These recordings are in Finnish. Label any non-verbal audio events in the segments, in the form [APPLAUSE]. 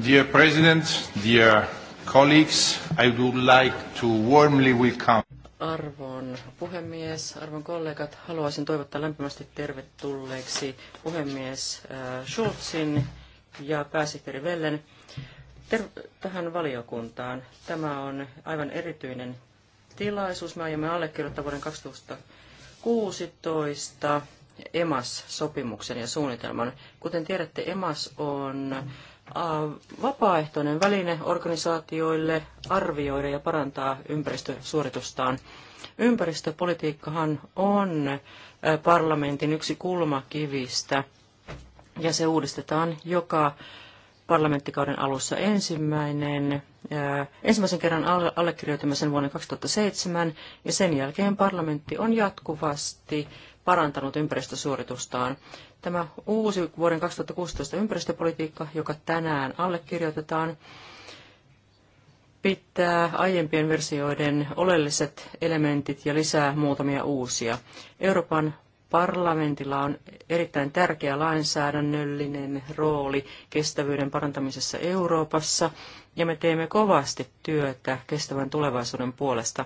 Dear President, dear colleagues, I would like to warmly welcome. Arvon puhemies, arvon kollegat, haluaisin toivottaa lämpimästi tervetulleeksi puhemies äh, Schulzin ja pääsihteeri Vellen ter- tähän valiokuntaan. Tämä on aivan erityinen tilaisuus. Me aiomme allekirjoittaa vuoden 2016 EMAS-sopimuksen ja suunnitelman. Kuten tiedätte, EMAS on vapaaehtoinen väline organisaatioille arvioida ja parantaa ympäristösuoritustaan. Ympäristöpolitiikkahan on parlamentin yksi kulmakivistä ja se uudistetaan joka parlamenttikauden alussa ensimmäinen, ensimmäisen kerran allekirjoitimme sen vuonna 2007 ja sen jälkeen parlamentti on jatkuvasti parantanut ympäristösuoritustaan. Tämä uusi vuoden 2016 ympäristöpolitiikka, joka tänään allekirjoitetaan, pitää aiempien versioiden oleelliset elementit ja lisää muutamia uusia. Euroopan parlamentilla on erittäin tärkeä lainsäädännöllinen rooli kestävyyden parantamisessa Euroopassa ja me teemme kovasti työtä kestävän tulevaisuuden puolesta.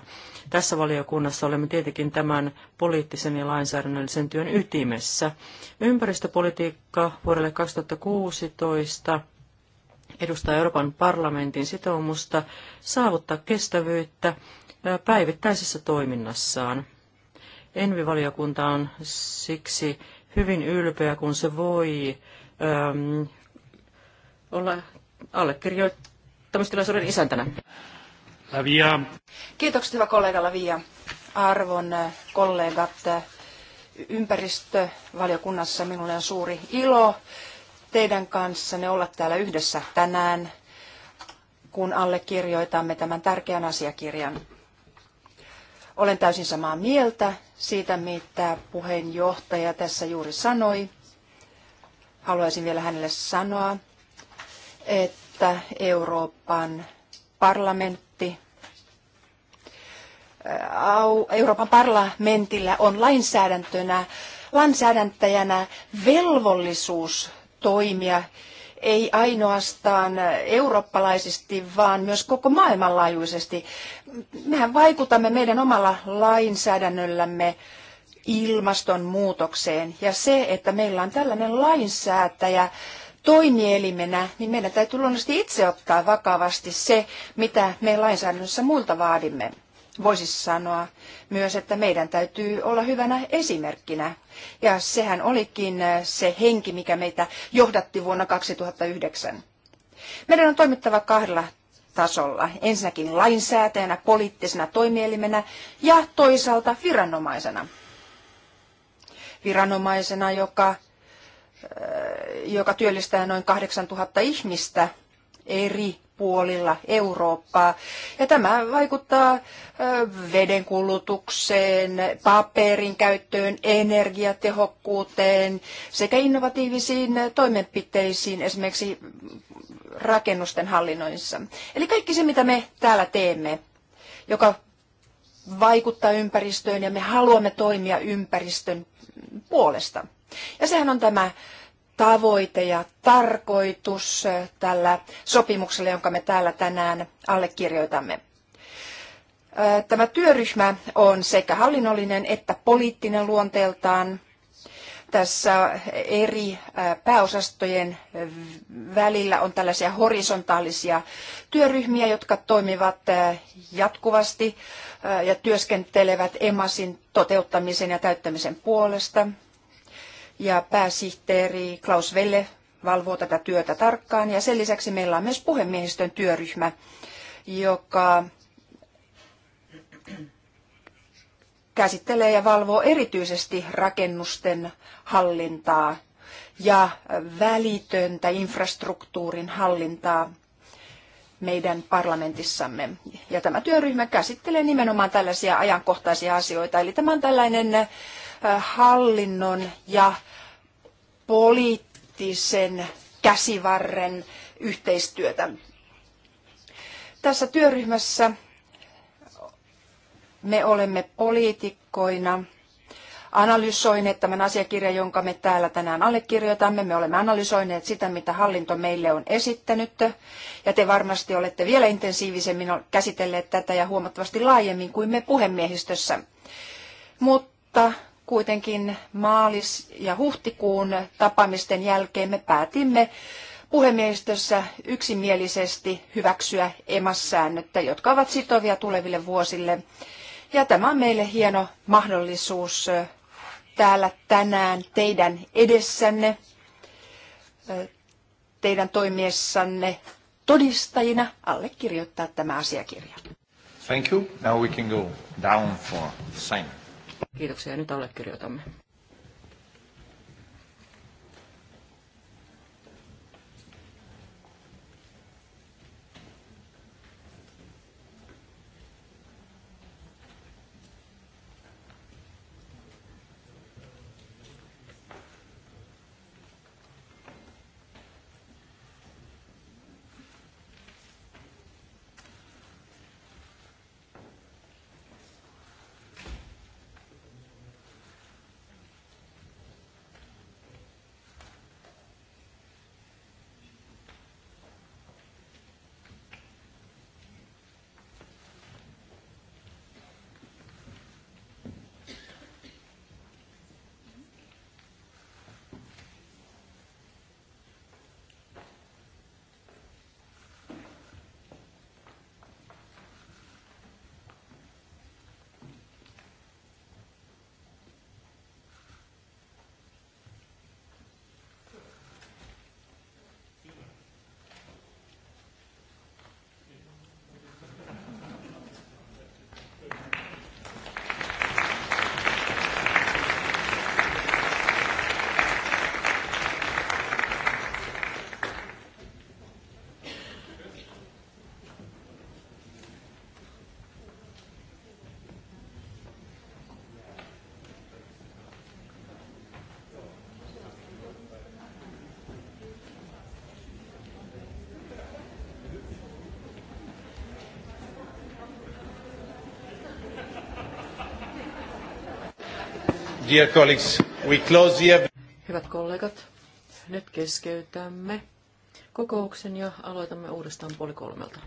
Tässä valiokunnassa olemme tietenkin tämän poliittisen ja lainsäädännöllisen työn ytimessä. Ympäristöpolitiikka vuodelle 2016 edustaa Euroopan parlamentin sitoumusta saavuttaa kestävyyttä päivittäisessä toiminnassaan. Envivaliokunta on siksi hyvin ylpeä, kun se voi äm, olla allekirjoittaa kuulemistilaisuuden isäntänä. Lavia. Kiitokset hyvä kollega Lavia. Arvon äh, kollegat äh, ympäristövaliokunnassa minulle on suuri ilo teidän kanssanne olla täällä yhdessä tänään, kun allekirjoitamme tämän tärkeän asiakirjan. Olen täysin samaa mieltä siitä, mitä puheenjohtaja tässä juuri sanoi. Haluaisin vielä hänelle sanoa, että että Euroopan parlamentti äh, Euroopan parlamentilla on lainsäädäntönä, lainsäädäntäjänä velvollisuus toimia ei ainoastaan eurooppalaisesti, vaan myös koko maailmanlaajuisesti. Mehän vaikutamme meidän omalla lainsäädännöllämme ilmastonmuutokseen ja se, että meillä on tällainen lainsäätäjä, toimielimenä, niin meidän täytyy luonnollisesti itse ottaa vakavasti se, mitä me lainsäädännössä muilta vaadimme. Voisi sanoa myös, että meidän täytyy olla hyvänä esimerkkinä. Ja sehän olikin äh, se henki, mikä meitä johdatti vuonna 2009. Meidän on toimittava kahdella tasolla. Ensinnäkin lainsäätäjänä, poliittisena toimielimenä ja toisaalta viranomaisena. Viranomaisena, joka joka työllistää noin 8000 ihmistä eri puolilla Eurooppaa. Ja tämä vaikuttaa vedenkulutukseen, paperin käyttöön, energiatehokkuuteen sekä innovatiivisiin toimenpiteisiin esimerkiksi rakennusten hallinnoinnissa. Eli kaikki se, mitä me täällä teemme, joka vaikuttaa ympäristöön ja me haluamme toimia ympäristön puolesta. Ja sehän on tämä tavoite ja tarkoitus tällä sopimuksella, jonka me täällä tänään allekirjoitamme. Tämä työryhmä on sekä hallinnollinen että poliittinen luonteeltaan. Tässä eri pääosastojen välillä on tällaisia horisontaalisia työryhmiä, jotka toimivat jatkuvasti ja työskentelevät EMASin toteuttamisen ja täyttämisen puolesta ja pääsihteeri Klaus Velle valvoo tätä työtä tarkkaan. Ja sen lisäksi meillä on myös puhemiehistön työryhmä, joka käsittelee ja valvoo erityisesti rakennusten hallintaa ja välitöntä infrastruktuurin hallintaa meidän parlamentissamme. Ja tämä työryhmä käsittelee nimenomaan tällaisia ajankohtaisia asioita. Eli tämä on tällainen hallinnon ja poliittisen käsivarren yhteistyötä. Tässä työryhmässä me olemme poliitikkoina analysoineet tämän asiakirjan, jonka me täällä tänään allekirjoitamme. Me olemme analysoineet sitä, mitä hallinto meille on esittänyt. Ja te varmasti olette vielä intensiivisemmin käsitelleet tätä ja huomattavasti laajemmin kuin me puhemiehistössä. Mutta kuitenkin maalis- ja huhtikuun tapaamisten jälkeen me päätimme puhemiehistössä yksimielisesti hyväksyä emassäännöt, jotka ovat sitovia tuleville vuosille. Ja tämä on meille hieno mahdollisuus täällä tänään teidän edessänne, teidän toimiessanne todistajina allekirjoittaa tämä asiakirja. Thank you. Now we can go down for Kiitoksia. Nyt allekirjoitamme. Dear colleagues, we close the... Hyvät kollegat, nyt keskeytämme kokouksen ja aloitamme uudestaan puoli kolmelta.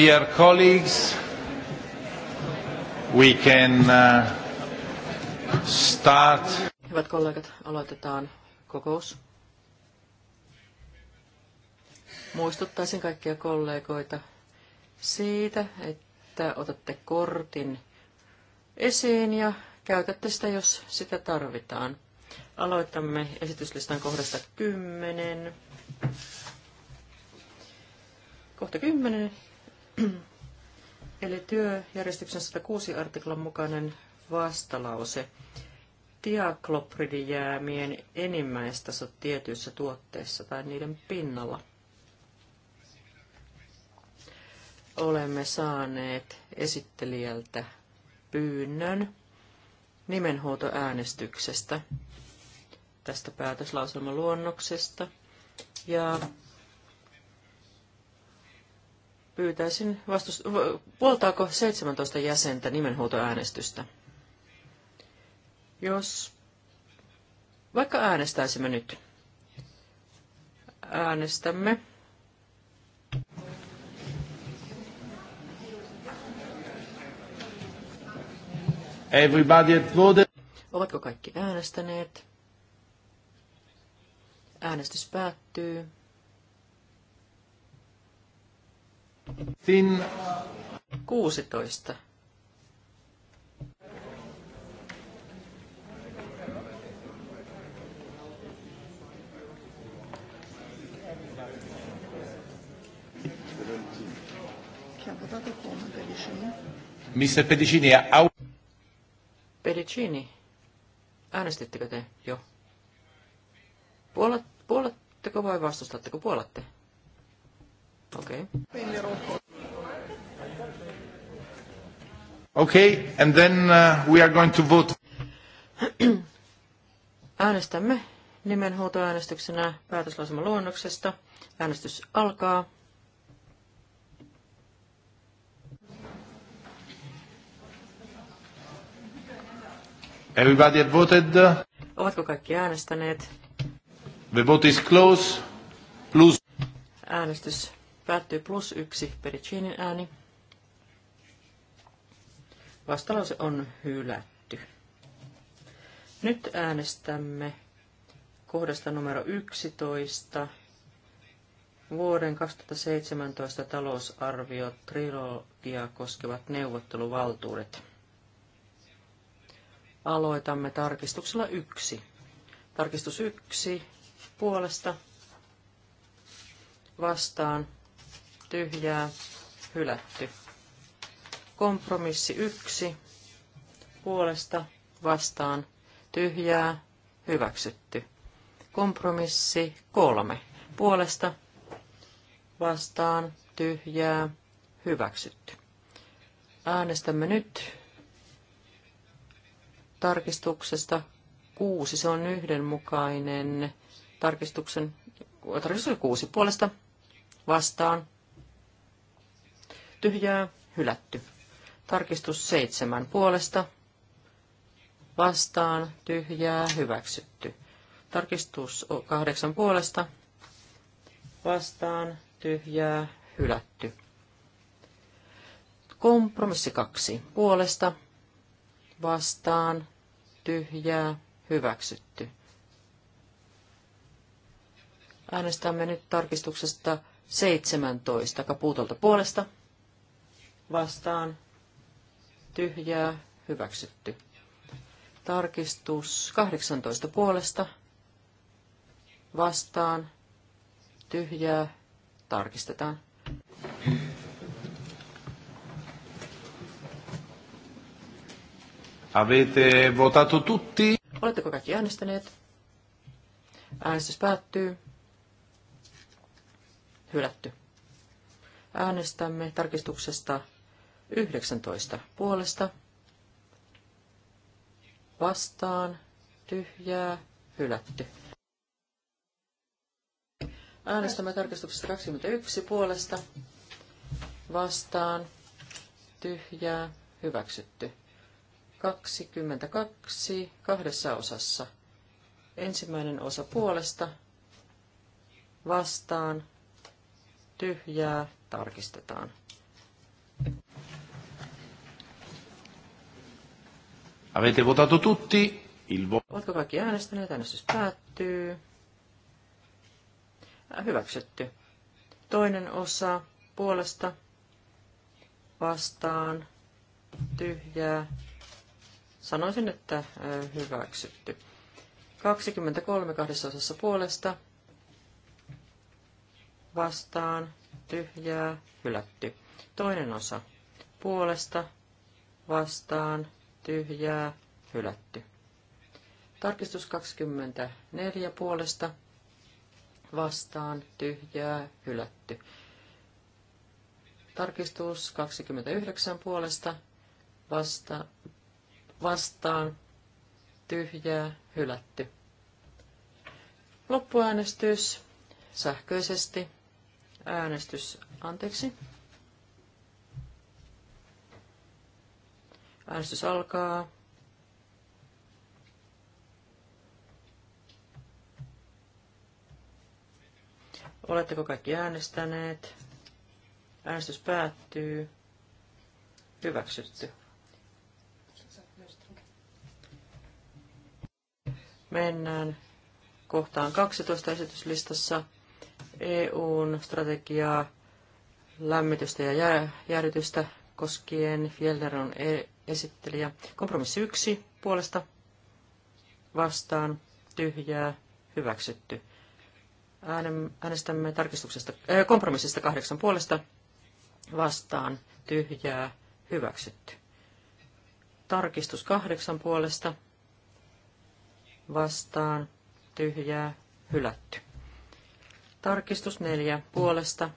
Dear colleagues, we can uh, start. Hyvät kollegat, aloitetaan kokous. Muistuttaisin kaikkia kollegoita siitä, että otatte kortin esiin ja käytätte sitä, jos sitä tarvitaan. Aloitamme esityslistan kohdasta 10. Kohta 10 [CLEARS THROAT] Eli työjärjestyksen 106 artiklan mukainen vastalause. Diaklopridijäämien enimmäistaso tietyissä tuotteissa tai niiden pinnalla. Olemme saaneet esittelijältä pyynnön nimenhuutoäänestyksestä tästä päätöslauselman luonnoksesta. Ja Pyytäisin vastus... Puoltaako 17 jäsentä nimenhuutoäänestystä? Jos vaikka äänestäisimme nyt. Äänestämme. Everybody voted. Ovatko kaikki äänestäneet? Äänestys päättyy. Finn. 16. Mr. Pedicini, au... Pedicini, äänestittekö te jo? Puolat, puolatteko vai vastustatteko? Puolatte. Okay. Okay, and then uh, we are going to vote. [CLEARS THROAT] Äänestämme nimenhuutoäänestyksenä päätöslausuman luonnoksesta. Äänestys alkaa. Everybody had voted. Ovatko kaikki äänestäneet? The vote is closed. Plus. Äänestys päättyy plus yksi Pericinin ääni. Vastalause on hylätty. Nyt äänestämme kohdasta numero 11, vuoden 2017 talousarvio trilogia koskevat neuvotteluvaltuudet. Aloitamme tarkistuksella yksi. Tarkistus yksi puolesta vastaan tyhjää, hylätty. Kompromissi yksi, puolesta, vastaan, tyhjää, hyväksytty. Kompromissi kolme, puolesta, vastaan, tyhjää, hyväksytty. Äänestämme nyt tarkistuksesta kuusi. Se on yhdenmukainen tarkistuksen, tarkistus kuusi puolesta vastaan, tyhjää, hylätty. Tarkistus seitsemän puolesta, vastaan, tyhjää, hyväksytty. Tarkistus kahdeksan puolesta, vastaan, tyhjää, hylätty. Kompromissi kaksi puolesta, vastaan, tyhjää, hyväksytty. Äänestämme nyt tarkistuksesta 17 kapuutolta puolesta vastaan tyhjää hyväksytty. Tarkistus 18 puolesta vastaan tyhjää tarkistetaan. Avete votato tutti? Oletteko kaikki äänestäneet? Äänestys päättyy. Hylätty. Äänestämme tarkistuksesta 19 puolesta vastaan tyhjää hylätty. Äänestämme tarkistuksesta 21 puolesta vastaan tyhjää hyväksytty. 22 kahdessa osassa. Ensimmäinen osa puolesta vastaan tyhjää tarkistetaan. Avete votato tutti? Il vo- Oletko kaikki äänestäneet? Äänestys päättyy. Äh, hyväksytty. Toinen osa puolesta vastaan tyhjää. Sanoisin, että äh, hyväksytty. 23 kahdessa osassa puolesta vastaan tyhjää hylätty. Toinen osa puolesta vastaan tyhjää, hylätty. Tarkistus 24 puolesta, vastaan, tyhjää, hylätty. Tarkistus 29 puolesta, vasta, vastaan, tyhjää, hylätty. Loppuäänestys sähköisesti. Äänestys, anteeksi, Äänestys alkaa. Oletteko kaikki äänestäneet? Äänestys päättyy. Hyväksytty. Mennään kohtaan 12 esityslistassa EUn strategiaa lämmitystä ja jäädytystä koskien. Fjellner on esittelijä. Kompromissi yksi puolesta vastaan tyhjää hyväksytty. Äänestämme tarkistuksesta, äh, kompromissista kahdeksan puolesta vastaan tyhjää hyväksytty. Tarkistus kahdeksan puolesta vastaan tyhjää hylätty. Tarkistus neljä puolesta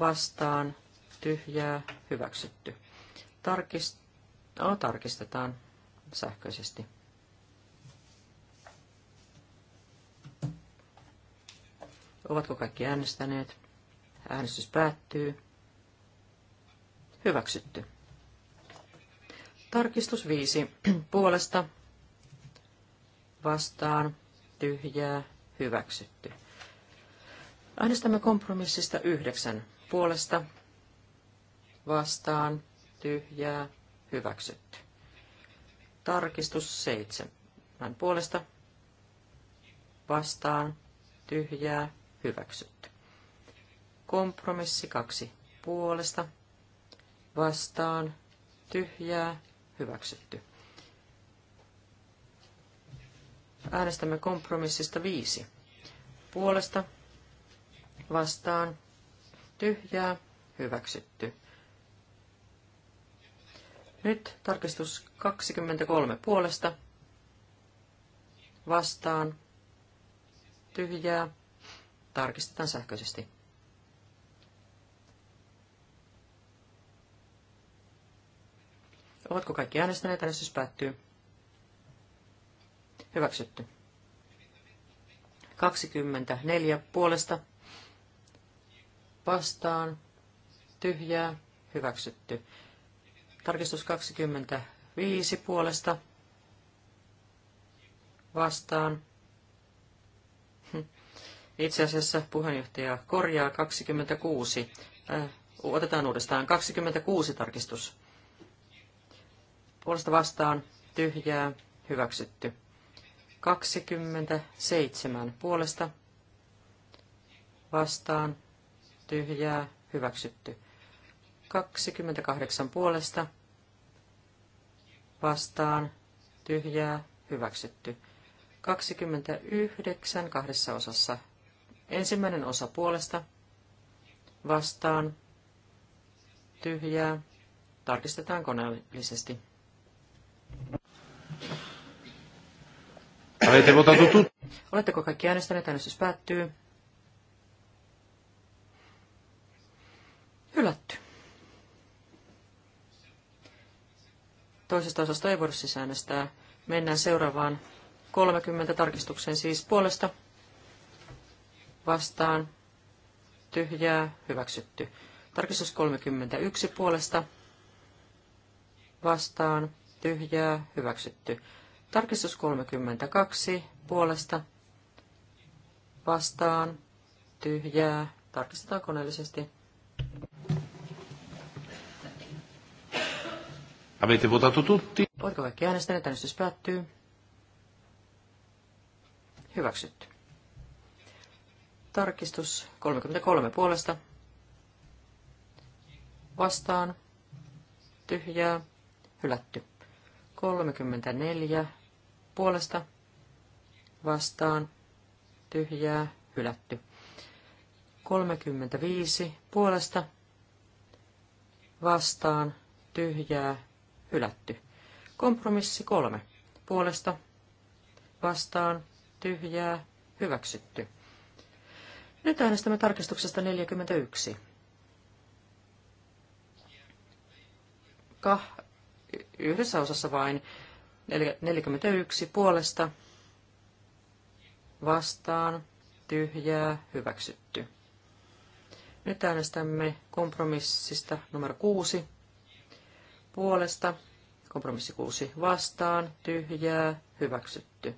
vastaan tyhjää hyväksytty. Tarkist... Oh, tarkistetaan sähköisesti. Ovatko kaikki äänestäneet? Äänestys päättyy. Hyväksytty. Tarkistus 5. [CLEARS THROAT] Puolesta vastaan tyhjää hyväksytty. Äänestämme kompromissista 9. Puolesta vastaan tyhjää, hyväksytty. Tarkistus seitsemän puolesta, vastaan, tyhjää, hyväksytty. Kompromissi kaksi puolesta, vastaan, tyhjää, hyväksytty. Äänestämme kompromissista viisi. Puolesta, vastaan, tyhjää, hyväksytty. Nyt tarkistus 23 puolesta. Vastaan. Tyhjää. Tarkistetaan sähköisesti. Ovatko kaikki äänestäneet? Äänestys päättyy. Hyväksytty. 24 puolesta. Vastaan. Tyhjää. Hyväksytty. Tarkistus 25 puolesta vastaan. Itse asiassa puheenjohtaja korjaa 26. Äh, otetaan uudestaan 26 tarkistus. Puolesta vastaan tyhjää hyväksytty. 27 puolesta vastaan tyhjää hyväksytty. 28 puolesta vastaan, tyhjää, hyväksytty. 29 kahdessa osassa. Ensimmäinen osa puolesta, vastaan, tyhjää, tarkistetaan koneellisesti. Oletteko kaikki äänestäneet? Äänestys päättyy. Toisesta osasta ei voida sisäänestää. Mennään seuraavaan 30 tarkistukseen siis puolesta. Vastaan. Tyhjää. Hyväksytty. Tarkistus 31 puolesta. Vastaan. Tyhjää. Hyväksytty. Tarkistus 32 puolesta. Vastaan. Tyhjää. Tarkistetaan koneellisesti. Avete votato tutti? Voitko kaikki äänestäneet? Äänestys päättyy. Hyväksytty. Tarkistus 33 puolesta. Vastaan. Tyhjää. Hylätty. 34 puolesta. Vastaan. Tyhjää. Hylätty. 35 puolesta. Vastaan. Tyhjää hylätty. Kompromissi kolme. Puolesta vastaan tyhjää hyväksytty. Nyt äänestämme tarkistuksesta 41. Kah, yhdessä osassa vain 41 puolesta vastaan tyhjää hyväksytty. Nyt äänestämme kompromissista numero 6 puolesta, kompromissi 6 vastaan, tyhjää, hyväksytty.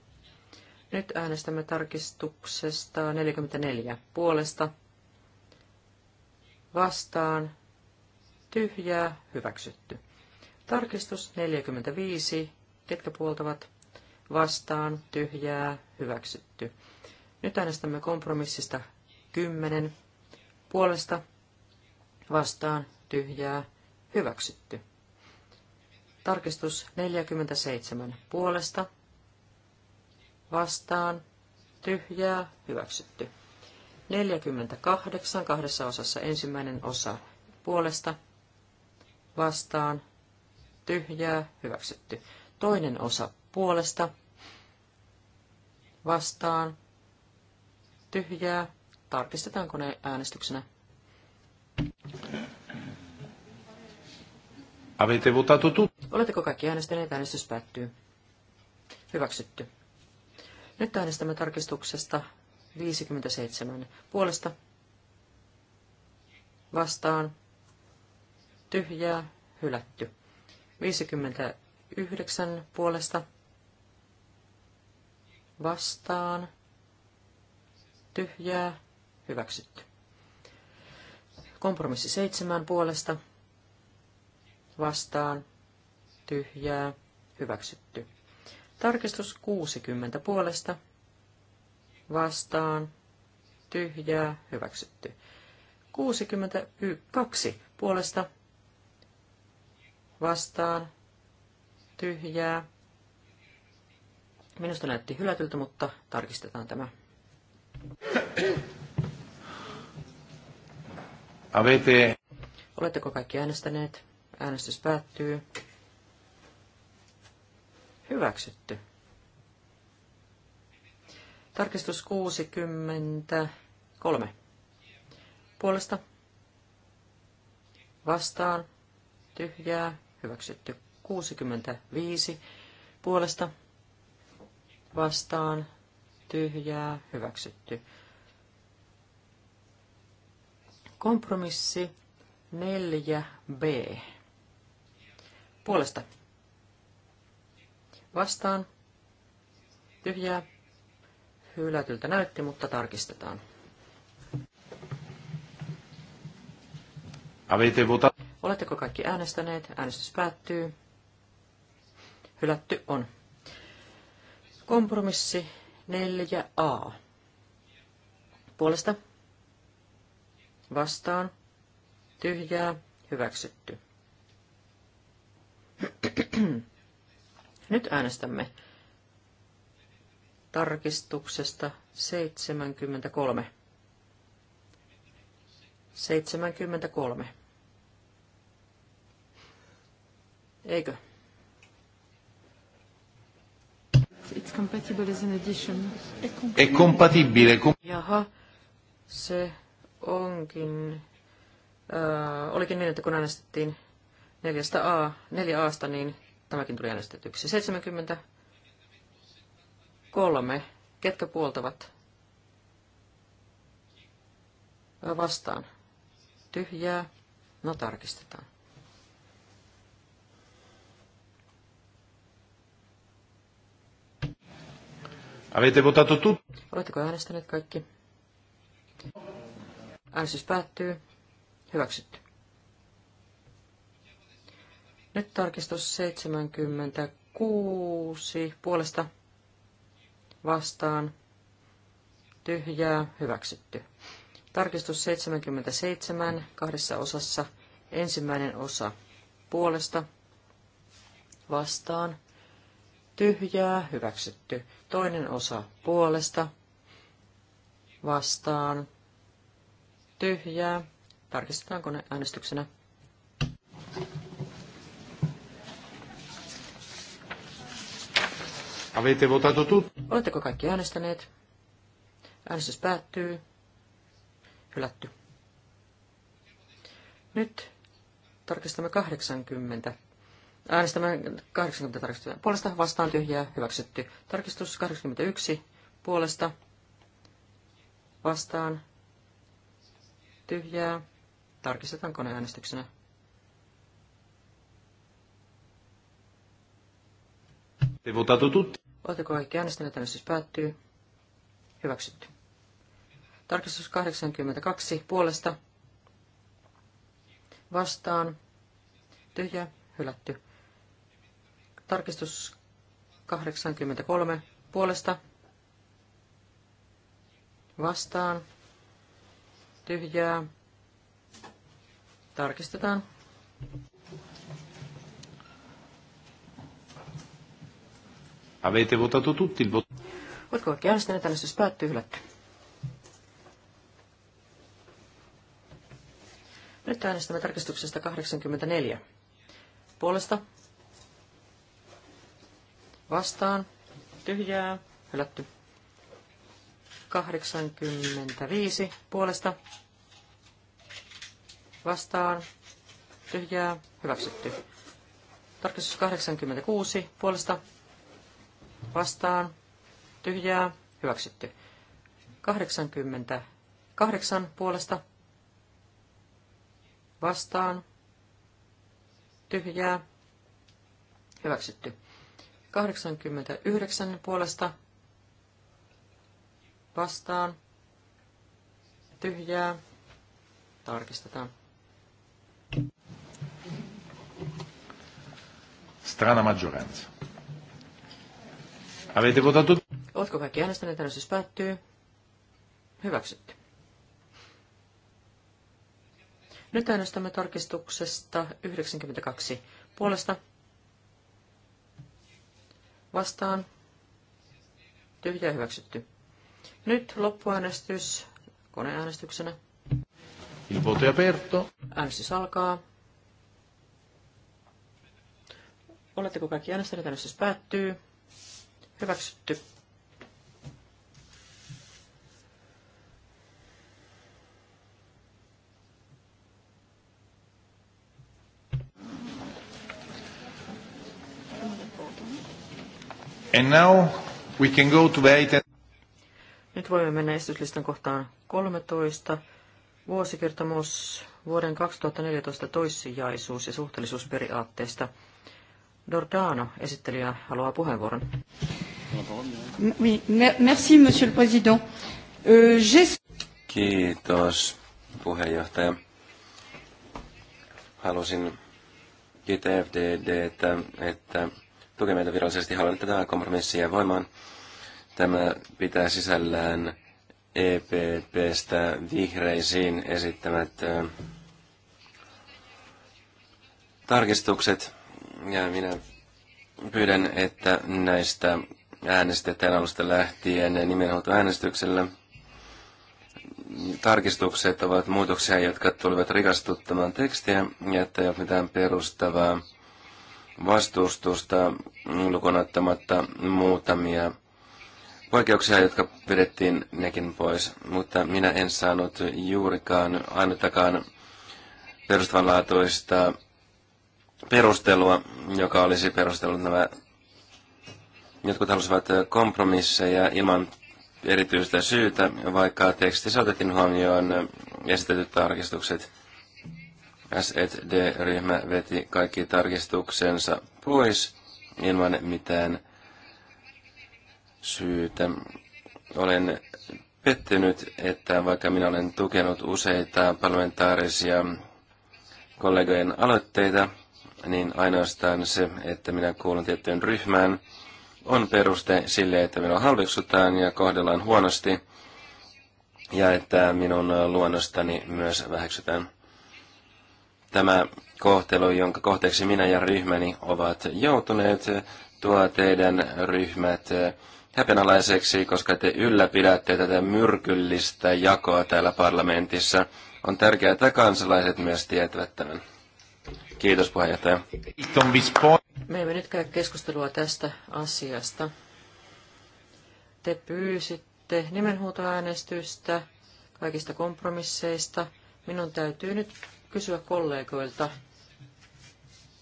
Nyt äänestämme tarkistuksesta 44 puolesta, vastaan, tyhjää, hyväksytty. Tarkistus 45, ketkä puoltavat, vastaan, tyhjää, hyväksytty. Nyt äänestämme kompromissista 10 puolesta, vastaan, tyhjää, hyväksytty. Tarkistus 47 puolesta. Vastaan. Tyhjää. Hyväksytty. 48 kahdessa osassa ensimmäinen osa puolesta. Vastaan. Tyhjää. Hyväksytty. Toinen osa puolesta. Vastaan. Tyhjää. Tarkistetaanko ne äänestyksenä. Avete votato tutto? Oletteko kaikki äänestäneet? Äänestys päättyy. Hyväksytty. Nyt äänestämme tarkistuksesta 57. Puolesta. Vastaan. Tyhjää. Hylätty. 59 puolesta. Vastaan. Tyhjää. Hyväksytty. Kompromissi 7 puolesta. Vastaan tyhjää, hyväksytty. Tarkistus 60 puolesta, vastaan, tyhjää, hyväksytty. 62 puolesta, vastaan, tyhjää. Minusta näytti hylätyltä, mutta tarkistetaan tämä. Avete. Oletteko kaikki äänestäneet? Äänestys päättyy. Hyväksytty. Tarkistus 63. Puolesta. Vastaan. Tyhjää. Hyväksytty. 65. Puolesta. Vastaan. Tyhjää. Hyväksytty. Kompromissi 4b. Puolesta Vastaan. Tyhjää. Hylätyltä näytti, mutta tarkistetaan. Oletteko kaikki äänestäneet? Äänestys päättyy. Hylätty on. Kompromissi 4a. Puolesta. Vastaan. Tyhjää. Hyväksytty. Nyt äänestämme tarkistuksesta 73. 73. Eikö? It's compatible as an addition. È compatibile. Jaha, se onkin. Äh, olikin niin, että kun äänestettiin 4A, 4Asta, niin Tämäkin tuli äänestetyksi. 73. Ketkä puoltavat? Vastaan. Tyhjää. No tarkistetaan. Avete votato Oletteko äänestäneet kaikki? Äänestys päättyy. Hyväksytty. Nyt tarkistus 76 puolesta vastaan tyhjää hyväksytty. Tarkistus 77 kahdessa osassa. Ensimmäinen osa puolesta vastaan tyhjää hyväksytty. Toinen osa puolesta vastaan tyhjää. Tarkistetaanko ne äänestyksenä? Avete votato tutti? Oletteko kaikki äänestäneet? Äänestys päättyy. Hylätty. Nyt tarkistamme 80. Äänestämme 80 tarkistusta. Puolesta vastaan tyhjää hyväksytty. Tarkistus 81. Puolesta vastaan tyhjää. Tarkistetaan koneäänestyksenä. Votato tutti. Oletteko kaikki äänestäneet? Äänestys päättyy. Hyväksytty. Tarkistus 82 puolesta. Vastaan. Tyhjä. Hylätty. Tarkistus 83 puolesta. Vastaan. Tyhjää. Tarkistetaan. Avete votato tutti il voto? Oletko kaikki äänestäneet? Äänestys päättyy, hylätty. Nyt äänestämme tarkistuksesta 84. Puolesta. Vastaan. Tyhjää. Hylätty. 85. Puolesta. Vastaan. Tyhjää. Hyväksytty. Tarkistus 86. Puolesta vastaan, tyhjää, hyväksytty. 88 puolesta vastaan, tyhjää, hyväksytty. 89 puolesta vastaan, tyhjää, tarkistetaan. Strana maggioranza. Avete votato? Oletko kaikki äänestäneet? Äänestys päättyy. Hyväksytty. Nyt äänestämme tarkistuksesta 92 puolesta. Vastaan. Tyhjä hyväksytty. Nyt loppuäänestys koneäänestyksenä. Il ja Perto. Äänestys alkaa. Oletteko kaikki äänestäneet? Äänestys päättyy. Hyväksytty. And now we can go to the item. Nyt voimme mennä esityslistan kohtaan 13. Vuosikertomus vuoden 2014 toissijaisuus- ja suhteellisuusperiaatteesta. Dordano, esittelijä, haluaa puheenvuoron merci, monsieur le président. Euh, Kiitos, puheenjohtaja. Halusin kiittää FDD, että, että tukee meitä virallisesti. Haluan tätä kompromissia voimaan. Tämä pitää sisällään EPPstä vihreisiin esittämät ö, tarkistukset. Ja minä pyydän, että näistä äänestetään alusta lähtien nimenhuoltoäänestyksellä. Tarkistukset ovat muutoksia, jotka tulivat rikastuttamaan tekstiä ja että ei ole mitään perustavaa vastustusta lukonattamatta muutamia poikkeuksia, jotka pidettiin nekin pois, mutta minä en saanut juurikaan ainuttakaan perustavanlaatuista perustelua, joka olisi perustellut nämä Jotkut halusivat kompromisseja ilman erityistä syytä, vaikka tekstissä otettiin huomioon esitetyt tarkistukset. SED-ryhmä veti kaikki tarkistuksensa pois ilman mitään syytä. Olen pettynyt, että vaikka minä olen tukenut useita parlamentaarisia kollegojen aloitteita, niin ainoastaan se, että minä kuulun tiettyyn ryhmään – on peruste sille, että minua halveksutaan ja kohdellaan huonosti ja että minun luonnostani myös väheksytään. Tämä kohtelu, jonka kohteeksi minä ja ryhmäni ovat joutuneet, tuo teidän ryhmät häpenalaiseksi, koska te ylläpidätte tätä myrkyllistä jakoa täällä parlamentissa. On tärkeää, että kansalaiset myös tietävät tämän. Kiitos puheenjohtaja. Me emme nyt käy keskustelua tästä asiasta. Te pyysitte nimenhuutoäänestystä kaikista kompromisseista. Minun täytyy nyt kysyä kollegoilta,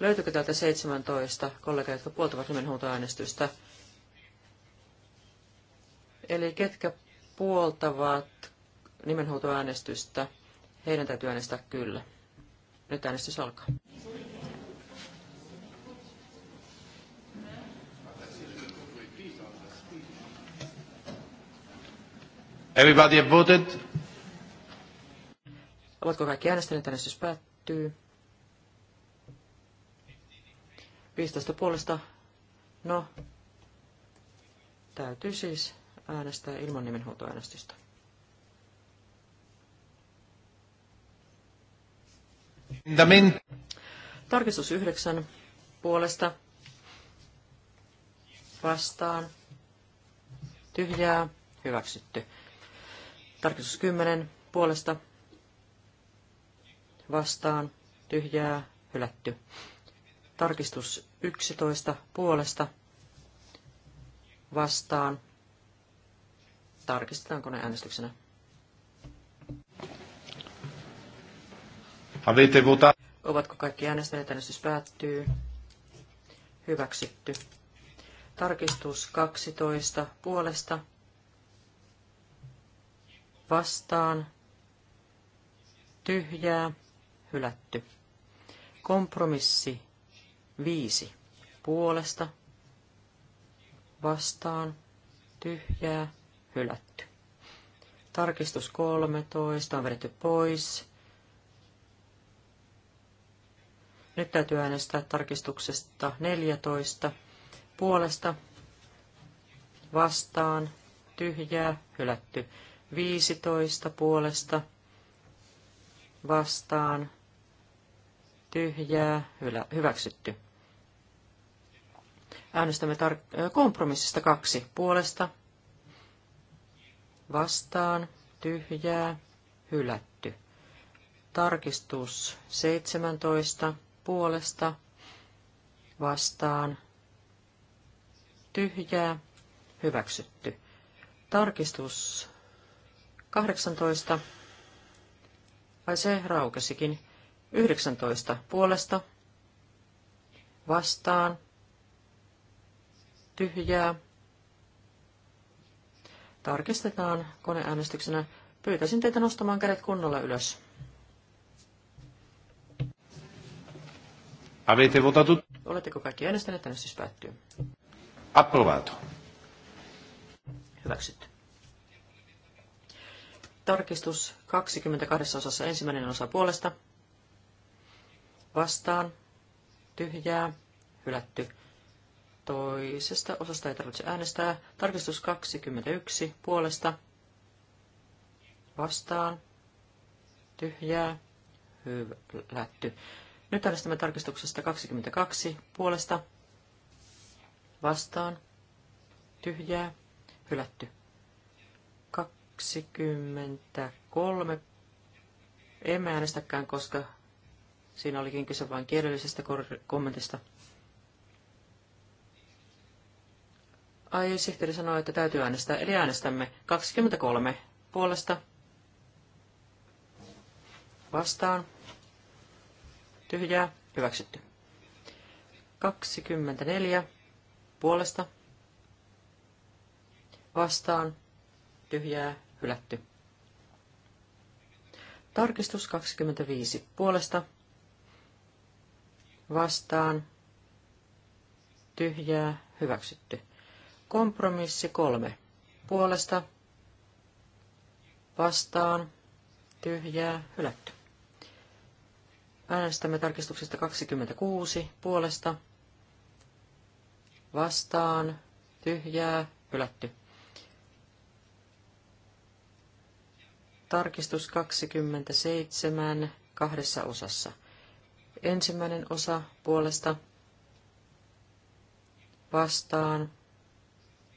löytyykö täältä 17 kollegaa, jotka puoltavat nimenhuutoäänestystä? Eli ketkä puoltavat nimenhuutoäänestystä, heidän täytyy äänestää kyllä. Nyt äänestys alkaa. Everybody have voted? Ovatko kaikki äänestäneet? Äänestys päättyy. 15 puolesta. No, täytyy siis äänestää ilman nimenhuutoäänestystä. Tarkistus yhdeksän puolesta vastaan. Tyhjää hyväksytty. Tarkistus 10 puolesta vastaan tyhjää hylätty. Tarkistus 11 puolesta vastaan. Tarkistetaan koneäänestyksenä. Ovatko kaikki äänestäneet? Äänestys päättyy. Hyväksytty. Tarkistus 12 puolesta vastaan, tyhjää, hylätty. Kompromissi viisi puolesta, vastaan, tyhjää, hylätty. Tarkistus 13 on vedetty pois. Nyt täytyy äänestää tarkistuksesta 14 puolesta, vastaan, tyhjää, hylätty. 15 puolesta vastaan tyhjää hyväksytty. Äänestämme tar- kompromissista kaksi puolesta vastaan tyhjää hylätty. Tarkistus 17 puolesta vastaan tyhjää hyväksytty. Tarkistus 18. Vai se raukesikin. 19 puolesta. Vastaan. Tyhjää. Tarkistetaan koneäänestyksenä. Pyytäisin teitä nostamaan kädet kunnolla ylös. Avete Oletteko kaikki äänestäneet? siis päättyy. Approvato. Hyväksytty. Tarkistus 22 osassa ensimmäinen osa puolesta. Vastaan. Tyhjää. Hylätty. Toisesta osasta ei tarvitse äänestää. Tarkistus 21 puolesta. Vastaan. Tyhjää. Hylätty. Nyt äänestämme tarkistuksesta 22 puolesta. Vastaan. Tyhjää. Hylätty. 23. En mä äänestäkään, koska siinä olikin kyse vain kielellisestä kommentista. Ai, sihteeri sanoi, että täytyy äänestää, eli äänestämme 23 puolesta vastaan. Tyhjää, hyväksytty. 24 puolesta vastaan. Tyhjää, hylätty. Tarkistus 25 puolesta vastaan tyhjää hyväksytty. Kompromissi 3 puolesta vastaan tyhjää hylätty. Äänestämme tarkistuksesta 26 puolesta vastaan tyhjää hylätty. Tarkistus 27 kahdessa osassa. Ensimmäinen osa puolesta vastaan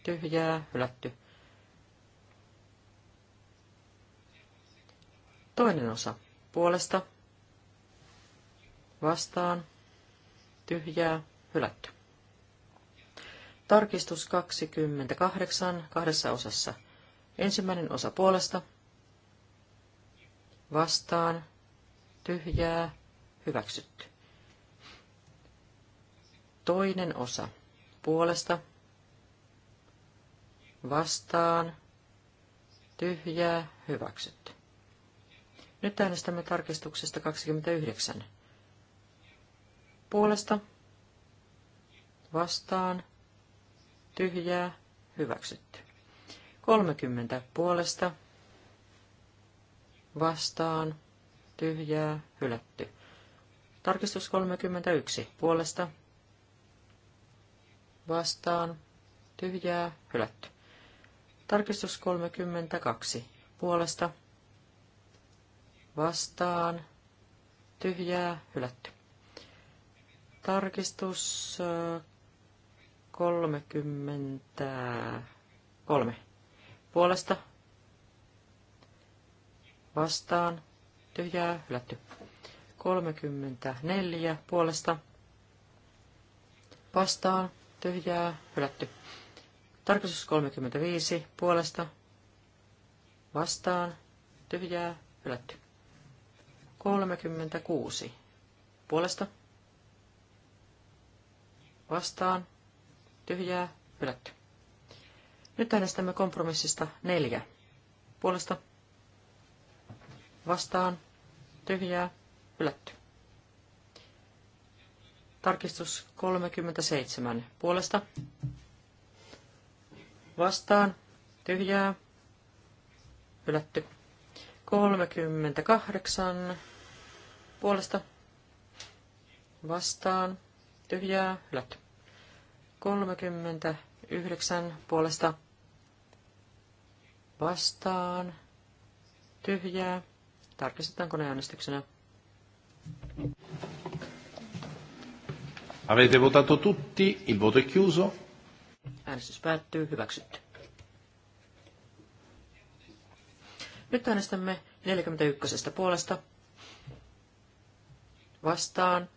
tyhjää hylätty. Toinen osa puolesta vastaan tyhjää hylätty. Tarkistus 28 kahdessa osassa. Ensimmäinen osa puolesta vastaan, tyhjää, hyväksytty. Toinen osa puolesta, vastaan, tyhjää, hyväksytty. Nyt äänestämme tarkistuksesta 29. Puolesta, vastaan, tyhjää, hyväksytty. 30 puolesta, vastaan, tyhjää, hylätty. Tarkistus 31, puolesta, vastaan, tyhjää, hylätty. Tarkistus 32, puolesta, vastaan, tyhjää, hylätty. Tarkistus 33, puolesta, vastaan, tyhjää, hylätty. 34 puolesta vastaan, tyhjää, hylätty. Tarkastus 35 puolesta vastaan, tyhjää, hylätty. 36 puolesta vastaan, tyhjää, hylätty. Nyt äänestämme kompromissista neljä puolesta vastaan, tyhjää, hylätty. Tarkistus 37 puolesta, vastaan, tyhjää, hylätty. 38 puolesta, vastaan, tyhjää, hylätty. 39 puolesta, vastaan, tyhjää, Tarkistetaan koneäänestyksenä. Avete votato tutti, il voto è chiuso. Äänestys päättyy, hyväksytty. Nyt äänestämme 41. puolesta. Vastaan.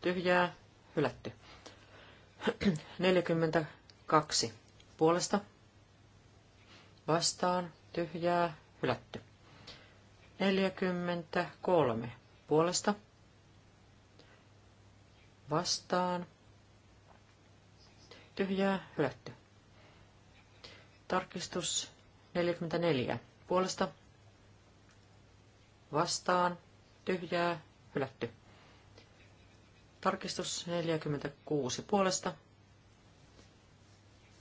Tyhjää. Hylätty. 42. Puolesta. Vastaan. Tyhjää. Hylätty. 43 puolesta vastaan tyhjää hylätty. Tarkistus 44 puolesta vastaan tyhjää hylätty. Tarkistus 46 puolesta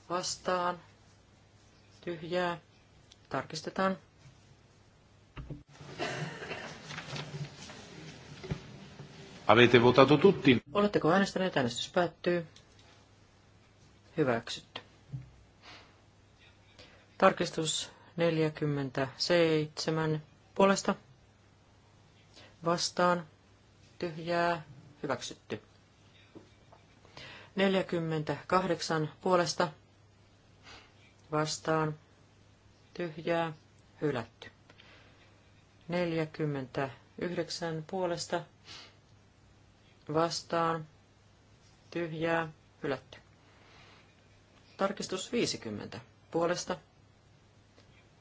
vastaan tyhjää tarkistetaan Avete votato tutti? Oletteko äänestäneet? Äänestys päättyy. Hyväksytty. Tarkistus 47 puolesta. Vastaan. Tyhjää. Hyväksytty. 48 puolesta. Vastaan. Tyhjää. Hylätty. 49 puolesta vastaan, tyhjää, hylätty. Tarkistus 50. Puolesta,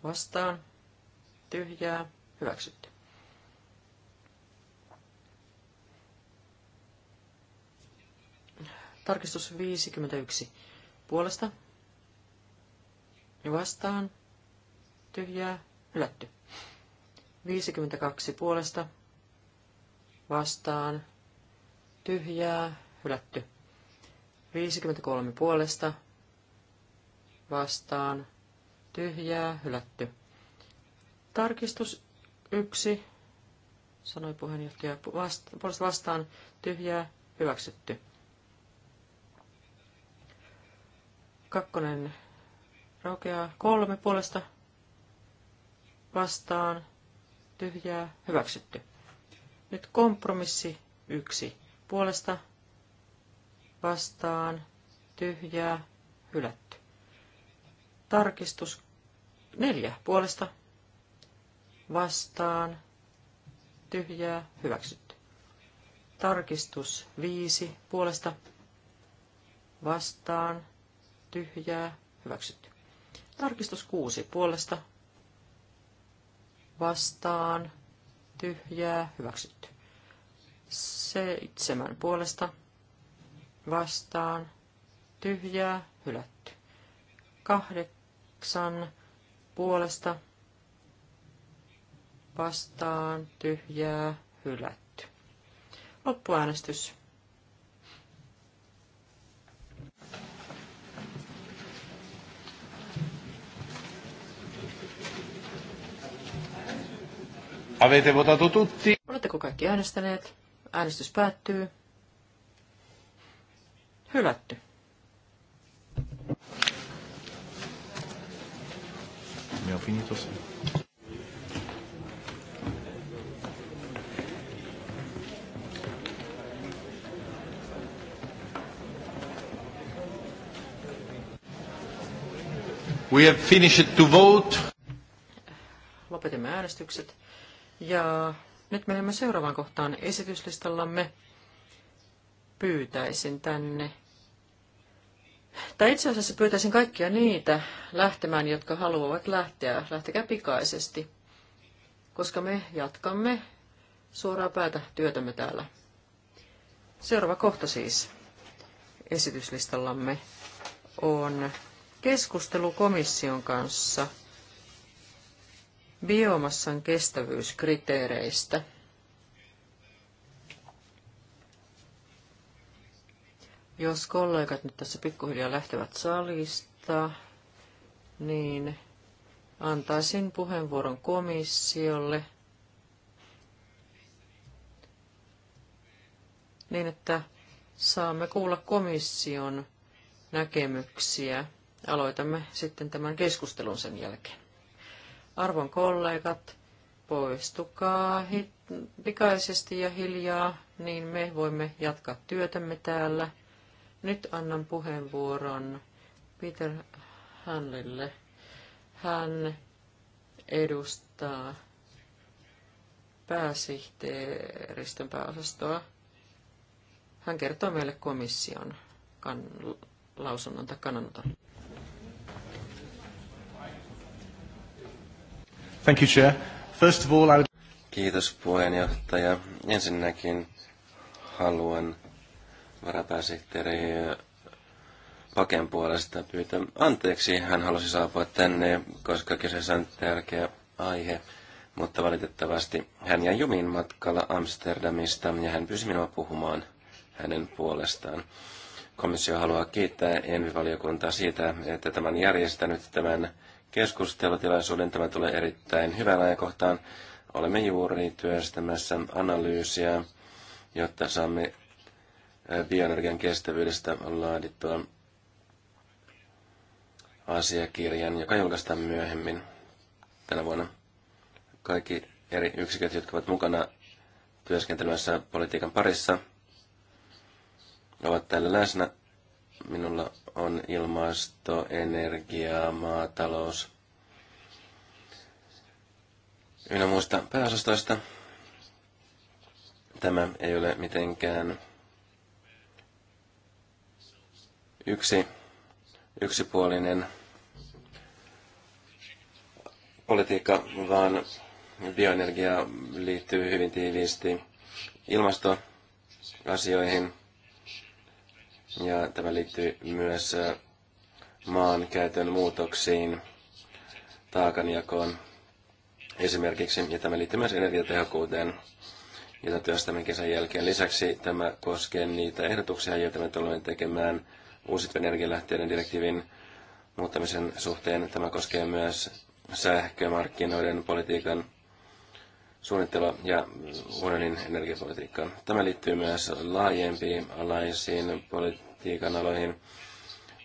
vastaan, tyhjää, hyväksytty. Tarkistus 51. Puolesta, vastaan, tyhjää, hylätty. 52 puolesta, vastaan, tyhjää, hylätty. 53 puolesta, vastaan, tyhjää, hylätty. Tarkistus 1, sanoi puheenjohtaja, vasta, puolesta vastaan, tyhjää, hyväksytty. Kakkonen raukeaa kolme puolesta, vastaan, tyhjää, hyväksytty. Nyt kompromissi yksi puolesta vastaan tyhjää hylätty. Tarkistus neljä puolesta vastaan tyhjää hyväksytty. Tarkistus viisi puolesta vastaan tyhjää hyväksytty. Tarkistus kuusi puolesta vastaan tyhjää hyväksytty. Seitsemän puolesta vastaan tyhjää hylätty. Kahdeksan puolesta vastaan tyhjää hylätty. Loppuäänestys. Avete votato tutti? Oletteko kaikki äänestäneet? Äänestys päättyy. Hylätty. Abbiamo finito sì. We have finished to vote. Lopetimme äänestykset ja nyt menemme seuraavaan kohtaan esityslistallamme. Pyytäisin tänne. Tai itse asiassa pyytäisin kaikkia niitä lähtemään, jotka haluavat lähteä. Lähtekää pikaisesti, koska me jatkamme suoraa päätä työtämme täällä. Seuraava kohta siis esityslistallamme on keskustelu komission kanssa – biomassan kestävyyskriteereistä. Jos kollegat nyt tässä pikkuhiljaa lähtevät salista, niin antaisin puheenvuoron komissiolle niin, että saamme kuulla komission näkemyksiä. Aloitamme sitten tämän keskustelun sen jälkeen. Arvon kollegat, poistukaa pikaisesti ja hiljaa, niin me voimme jatkaa työtämme täällä. Nyt annan puheenvuoron Peter Hanlille. Hän edustaa pääsihteeristön pääosastoa. Hän kertoo meille komission kan- lausunnon tai kannanoton. Thank you, Chair. First of all, I would... Kiitos puheenjohtaja. Ensinnäkin haluan varapääsihteeri Paken puolesta pyytää anteeksi. Hän halusi saapua tänne, koska kyseessä on tärkeä aihe, mutta valitettavasti hän jäi jumiin matkalla Amsterdamista ja hän pyysi minua puhumaan hänen puolestaan. Komissio haluaa kiittää Envivaliokuntaa siitä, että tämän järjestänyt tämän keskustelutilaisuuden. Tämä tulee erittäin hyvän ajankohtaan. Olemme juuri työstämässä analyysiä, jotta saamme bioenergian kestävyydestä laadittua asiakirjan, joka julkaistaan myöhemmin tänä vuonna. Kaikki eri yksiköt, jotka ovat mukana työskentelemässä politiikan parissa, ovat täällä läsnä Minulla on ilmasto, energia, maatalous ynnä muista pääosastoista. Tämä ei ole mitenkään yksi, yksipuolinen politiikka, vaan bioenergia liittyy hyvin tiiviisti ilmastoasioihin – ja tämä liittyy myös maankäytön muutoksiin, taakanjakoon esimerkiksi, ja tämä liittyy myös energiatehokkuuteen, jota työstämme kesän jälkeen. Lisäksi tämä koskee niitä ehdotuksia, joita me tulemme tekemään uusiutuvien energialähteiden direktiivin muuttamisen suhteen. Tämä koskee myös sähkömarkkinoiden politiikan suunnittelua ja unionin energiapolitiikkaa. Tämä liittyy myös laajempiin alaisiin politiikan aloihin,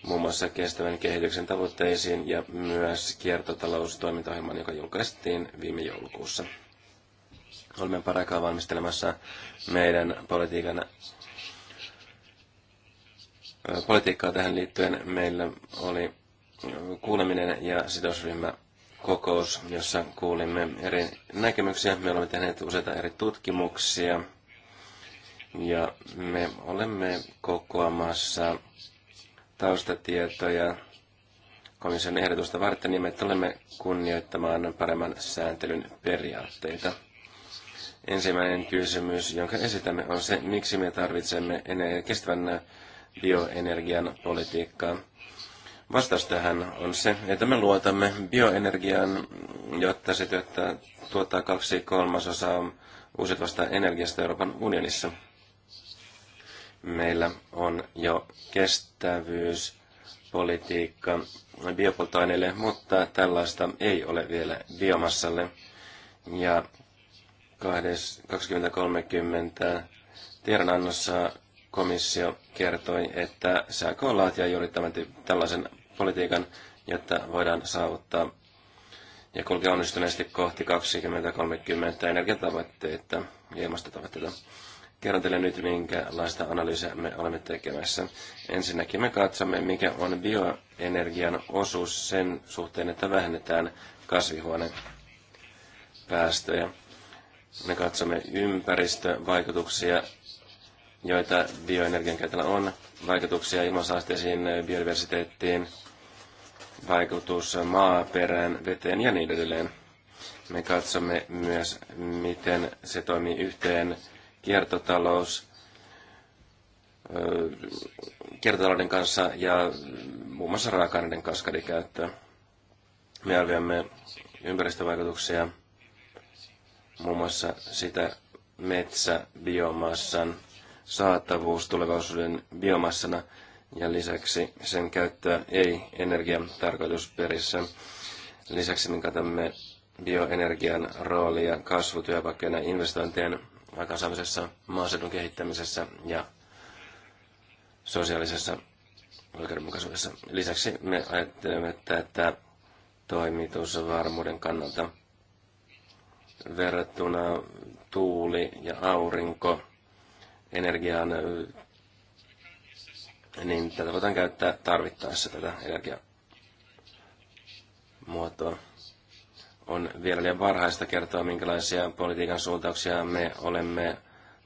muun muassa kestävän kehityksen tavoitteisiin ja myös kiertotaloustoimintaohjelman, joka julkaistiin viime joulukuussa. Olemme paraikaa valmistelemassa meidän politiikan politiikkaa tähän liittyen. Meillä oli kuuleminen ja sidosryhmä kokous, jossa kuulimme eri näkemyksiä. Me olemme tehneet useita eri tutkimuksia ja me olemme kokoamassa taustatietoja komission ehdotusta varten, niin me tulemme kunnioittamaan paremman sääntelyn periaatteita. Ensimmäinen kysymys, jonka esitämme, on se, miksi me tarvitsemme kestävän bioenergian politiikkaa. Vastaus tähän on se, että me luotamme bioenergiaan, jotta se työttää, tuottaa kaksi kolmasosaa uusiutuvasta energiasta Euroopan unionissa. Meillä on jo kestävyyspolitiikka biopolttoaineille, mutta tällaista ei ole vielä biomassalle. Ja 2030 tiedonannossa komissio kertoi, että on laatia juuri tämän tällaisen politiikan, jotta voidaan saavuttaa ja kulkea onnistuneesti kohti 2030 energiatavoitteita ja ilmastotavoitteita. Kerron teille nyt, minkälaista analyysiä me olemme tekemässä. Ensinnäkin me katsomme, mikä on bioenergian osuus sen suhteen, että vähennetään kasvihuonepäästöjä. Me katsomme ympäristövaikutuksia, joita bioenergian käytöllä on, vaikutuksia ilmansaasteisiin, biodiversiteettiin, vaikutus maaperään, veteen ja niin edelleen. Me katsomme myös, miten se toimii yhteen kiertotalous, kiertotalouden kanssa ja muun muassa raaka-aineiden kaskadikäyttöä. Me arvioimme ympäristövaikutuksia, muun muassa sitä metsäbiomassan saatavuus tulevaisuuden biomassana – ja lisäksi sen käyttöä ei energian tarkoitusperissä. Lisäksi me katsomme bioenergian roolia kasvutyöpaikkojen investointien aikaansaamisessa, maaseudun kehittämisessä ja sosiaalisessa oikeudenmukaisuudessa. Lisäksi me ajattelemme että tätä toimitusvarmuuden kannalta verrattuna tuuli- ja aurinko niin tätä voidaan käyttää tarvittaessa tätä energiamuotoa. On vielä liian varhaista kertoa, minkälaisia politiikan suuntauksia me olemme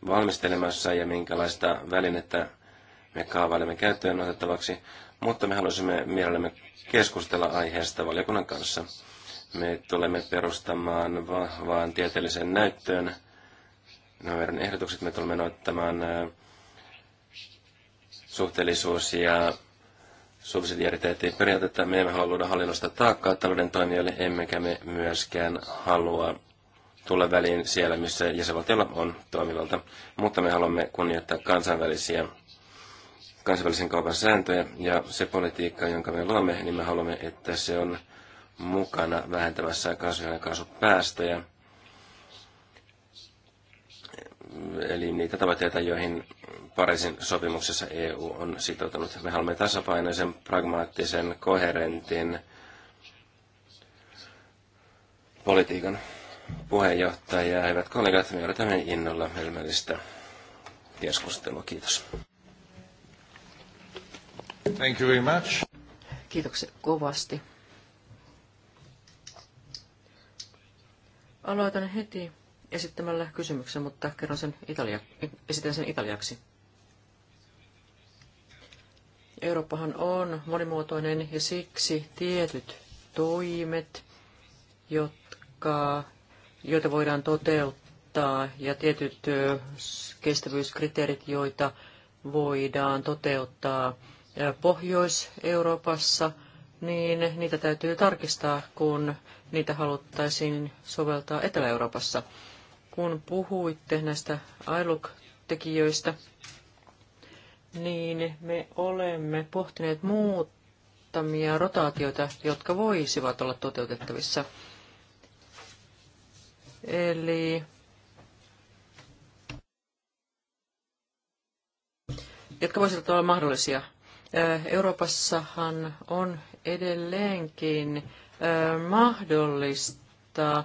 valmistelemassa ja minkälaista välinettä me kaavailemme käyttöön otettavaksi, mutta me haluaisimme mielellämme keskustella aiheesta valiokunnan kanssa. Me tulemme perustamaan vahvaan tieteelliseen näyttöön meidän ehdotukset. Me tulemme noittamaan äh, suhteellisuus ja periaatetta. Me emme halua hallinnosta taakkaa talouden toimijoille, emmekä me myöskään halua tulla väliin siellä, missä jäsenvaltiolla on toimivalta. Mutta me haluamme kunnioittaa kansainvälisiä kansainvälisen kaupan sääntöjä ja se politiikka, jonka me luomme, niin me haluamme, että se on mukana vähentämässä kasvihuonekaasupäästöjä eli niitä tavoitteita, joihin Pariisin sopimuksessa EU on sitoutunut. Me haluamme tasapainoisen, pragmaattisen, koherentin politiikan puheenjohtaja. Hyvät kollegat, me odotamme innolla helmällistä keskustelua. Kiitos. Thank you very much. Kiitoksia kovasti. Aloitan heti esittämällä kysymyksen, mutta kerron sen italia, esitän sen italiaksi. Eurooppahan on monimuotoinen ja siksi tietyt toimet, jotka, joita voidaan toteuttaa ja tietyt kestävyyskriteerit, joita voidaan toteuttaa Pohjois-Euroopassa, niin niitä täytyy tarkistaa, kun niitä haluttaisiin soveltaa Etelä-Euroopassa kun puhuitte näistä ILUK-tekijöistä, niin me olemme pohtineet muutamia rotaatioita, jotka voisivat olla toteutettavissa. Eli jotka voisivat olla mahdollisia. Euroopassahan on edelleenkin mahdollista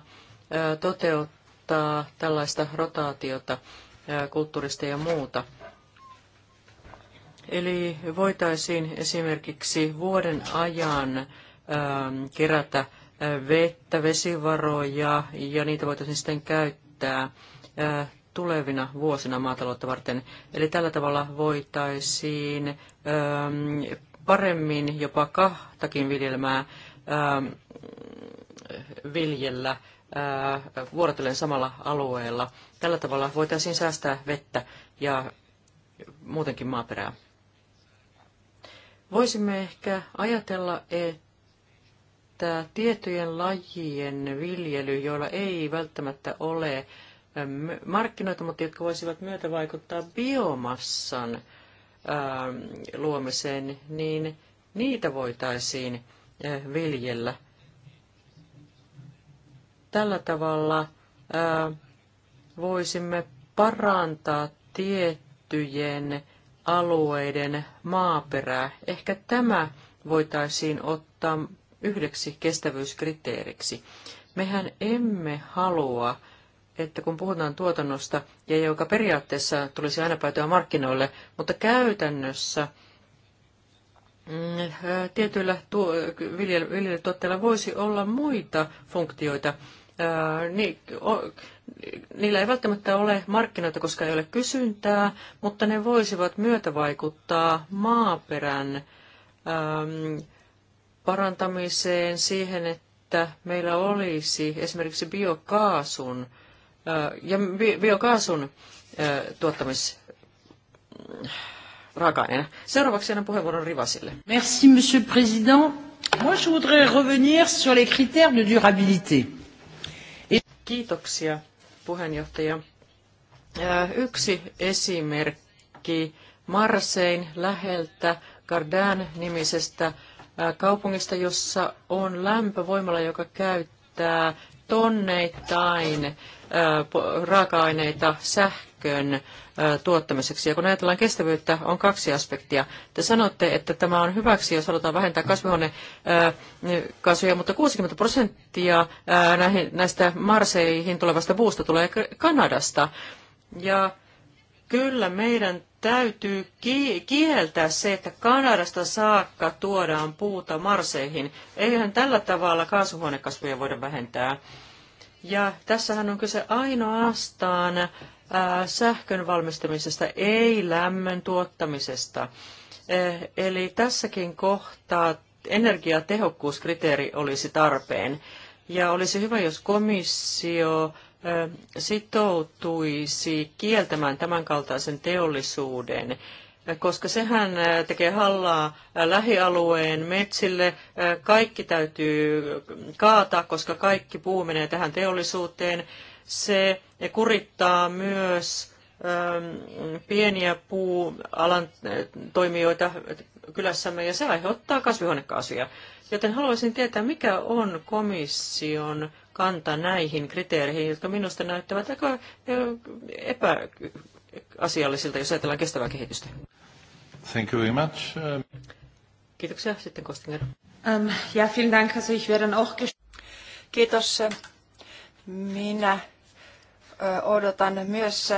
toteuttaa tarkoittaa tällaista rotaatiota, kulttuurista ja muuta. Eli voitaisiin esimerkiksi vuoden ajan kerätä vettä, vesivaroja ja niitä voitaisiin sitten käyttää tulevina vuosina maataloutta varten. Eli tällä tavalla voitaisiin paremmin jopa kahtakin viljelmää viljellä vuorotellen samalla alueella. Tällä tavalla voitaisiin säästää vettä ja muutenkin maaperää. Voisimme ehkä ajatella, että tiettyjen lajien viljely, joilla ei välttämättä ole markkinoita, mutta jotka voisivat myötä vaikuttaa biomassan luomiseen, niin niitä voitaisiin viljellä Tällä tavalla voisimme parantaa tiettyjen alueiden maaperää. Ehkä tämä voitaisiin ottaa yhdeksi kestävyyskriteeriksi. Mehän emme halua, että kun puhutaan tuotannosta, ja joka periaatteessa tulisi aina päätyä markkinoille, mutta käytännössä mm, tietyillä viljelytuotteilla voisi olla muita funktioita, niin, niillä ei välttämättä ole markkinoita, koska ei ole kysyntää, mutta ne voisivat myötävaikuttaa maaperän parantamiseen siihen, että meillä olisi esimerkiksi biokaasun ja biokaasun tuottamis aineena Seuraavaksi annan puheenvuoron Rivasille. Merci, monsieur le président. Moi, je voudrais revenir sur les critères de durabilité. Kiitoksia puheenjohtaja. Yksi esimerkki Marsein läheltä Gardan nimisestä kaupungista, jossa on lämpövoimala, joka käyttää tonneittain raaka-aineita sähköä sähkön tuottamiseksi. Ja kun ajatellaan kestävyyttä, on kaksi aspektia. Te sanotte, että tämä on hyväksi, jos halutaan vähentää kasvihuonekaasuja, mutta 60 prosenttia näistä Marseihin tulevasta puusta tulee Kanadasta. Ja kyllä meidän täytyy kieltää se, että Kanadasta saakka tuodaan puuta Marseihin. Eihän tällä tavalla kaasuhuonekasvuja voida vähentää. Ja tässähän on kyse ainoastaan sähkön valmistamisesta, ei lämmön tuottamisesta. Eli tässäkin kohtaa energiatehokkuuskriteeri olisi tarpeen. Ja olisi hyvä, jos komissio sitoutuisi kieltämään tämänkaltaisen teollisuuden, koska sehän tekee hallaa lähialueen metsille. Kaikki täytyy kaataa, koska kaikki puu menee tähän teollisuuteen. Se kurittaa myös ähm, pieniä puualan äh, toimijoita kylässämme ja se aiheuttaa kasvihuonekaasuja. Joten haluaisin tietää, mikä on komission kanta näihin kriteereihin, jotka minusta näyttävät aika äh, epäasiallisilta, jos ajatellaan kestävää kehitystä. Thank you very much. Um, Kiitoksia. Sitten Kostinger. Ähm, ja, vielen Dank. Also ich werde auch Kiitos. Minä odotan myös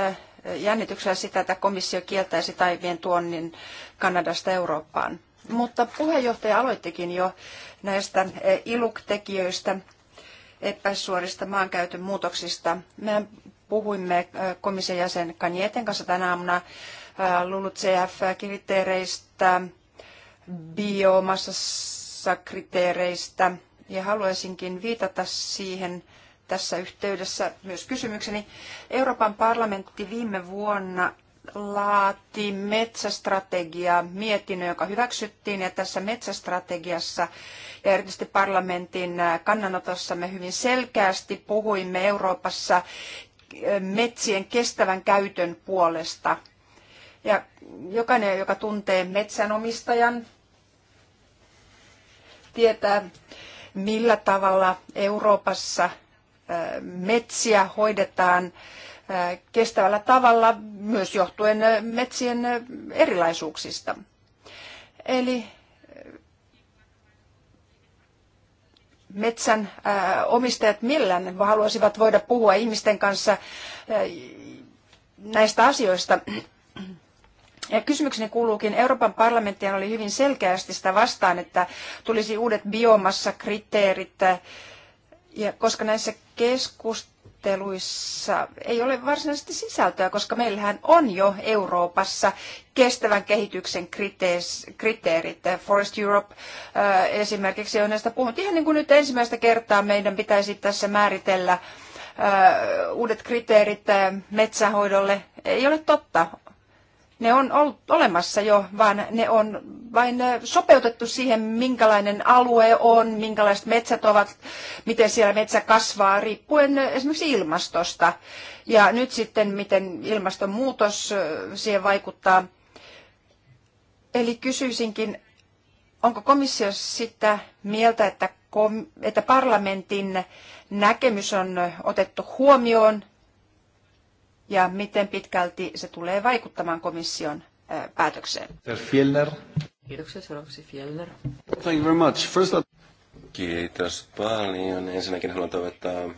jännityksellä sitä, että komissio kieltäisi taivien tuonnin Kanadasta Eurooppaan. Mutta puheenjohtaja aloittikin jo näistä iluktekijöistä, epäsuorista maankäytön muutoksista. Me puhuimme komission jäsen Kanieten kanssa tänä aamuna LULUCF-kriteereistä, biomassakriteereistä ja haluaisinkin viitata siihen, tässä yhteydessä myös kysymykseni. Euroopan parlamentti viime vuonna laati metsästrategia mietinnön, joka hyväksyttiin ja tässä metsästrategiassa ja erityisesti parlamentin kannanotossa me hyvin selkeästi puhuimme Euroopassa metsien kestävän käytön puolesta. Ja jokainen, joka tuntee metsänomistajan, tietää, millä tavalla Euroopassa metsiä hoidetaan kestävällä tavalla myös johtuen metsien erilaisuuksista. Eli metsän omistajat millään haluaisivat voida puhua ihmisten kanssa näistä asioista. Ja kysymykseni kuuluukin, Euroopan parlamenttihan oli hyvin selkeästi sitä vastaan, että tulisi uudet biomassakriteerit kriteerit ja koska näissä keskusteluissa ei ole varsinaisesti sisältöä, koska meillähän on jo Euroopassa kestävän kehityksen kriteerit. Forest Europe äh, esimerkiksi on näistä puhunut. Ihan niin kuin nyt ensimmäistä kertaa meidän pitäisi tässä määritellä äh, uudet kriteerit äh, metsähoidolle. Ei ole totta. Ne on ollut olemassa jo, vaan ne on vain sopeutettu siihen, minkälainen alue on, minkälaiset metsät ovat, miten siellä metsä kasvaa, riippuen esimerkiksi ilmastosta. Ja nyt sitten, miten ilmastonmuutos siihen vaikuttaa. Eli kysyisinkin, onko komissio sitä mieltä, että, kom- että parlamentin näkemys on otettu huomioon ja miten pitkälti se tulee vaikuttamaan komission päätökseen. Fjellner. Kiitoksia seuraavaksi Fjellner. Thank you very much. First up... Kiitos paljon. Ensinnäkin haluan toivottaa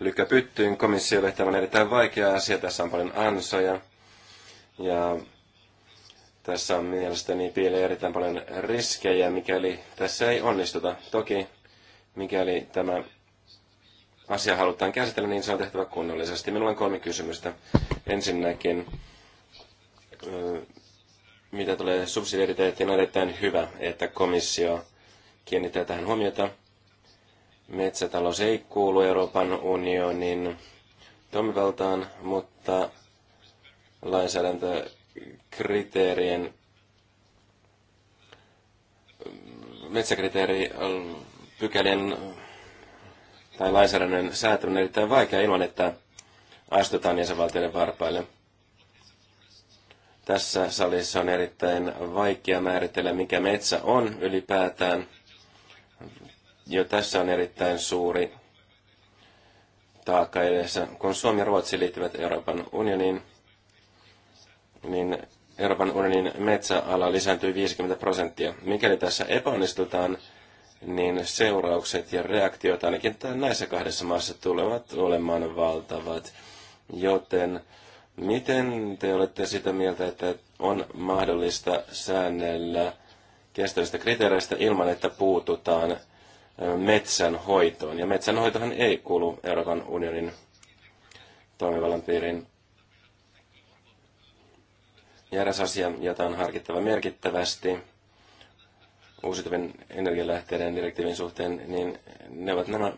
Lykkä Pyttyyn komissiolle. Tämä on erittäin vaikea asia. Tässä on paljon ansoja. Ja tässä on mielestäni piilee erittäin paljon riskejä, mikäli tässä ei onnistuta. Toki mikäli tämä asia halutaan käsitellä, niin se on tehtävä kunnollisesti. Minulla on kolme kysymystä. Ensinnäkin, mitä tulee subsidiariteettiin, on erittäin hyvä, että komissio kiinnittää tähän huomiota. Metsätalous ei kuulu Euroopan unionin toimivaltaan, mutta lainsäädäntökriteerien metsäkriteeri pykälien tai lainsäädännön säätäminen on erittäin vaikea ilman, että astutaan jäsenvaltioiden varpaille. Tässä salissa on erittäin vaikea määritellä, mikä metsä on ylipäätään. Jo tässä on erittäin suuri taakka edessä. Kun Suomi ja Ruotsi liittyvät Euroopan unioniin, niin Euroopan unionin metsäala lisääntyy 50 prosenttia. Mikäli tässä epäonnistutaan, niin seuraukset ja reaktiot ainakin näissä kahdessa maassa tulevat olemaan valtavat. Joten miten te olette sitä mieltä, että on mahdollista säännellä kestävistä kriteereistä ilman, että puututaan metsän hoitoon. Ja metsänhoitohan ei kuulu Euroopan unionin toimivallan piiriin. Ja eräs asia, jota on harkittava merkittävästi, uusiutuvien energialähteiden direktiivin suhteen, niin ne ovat nämä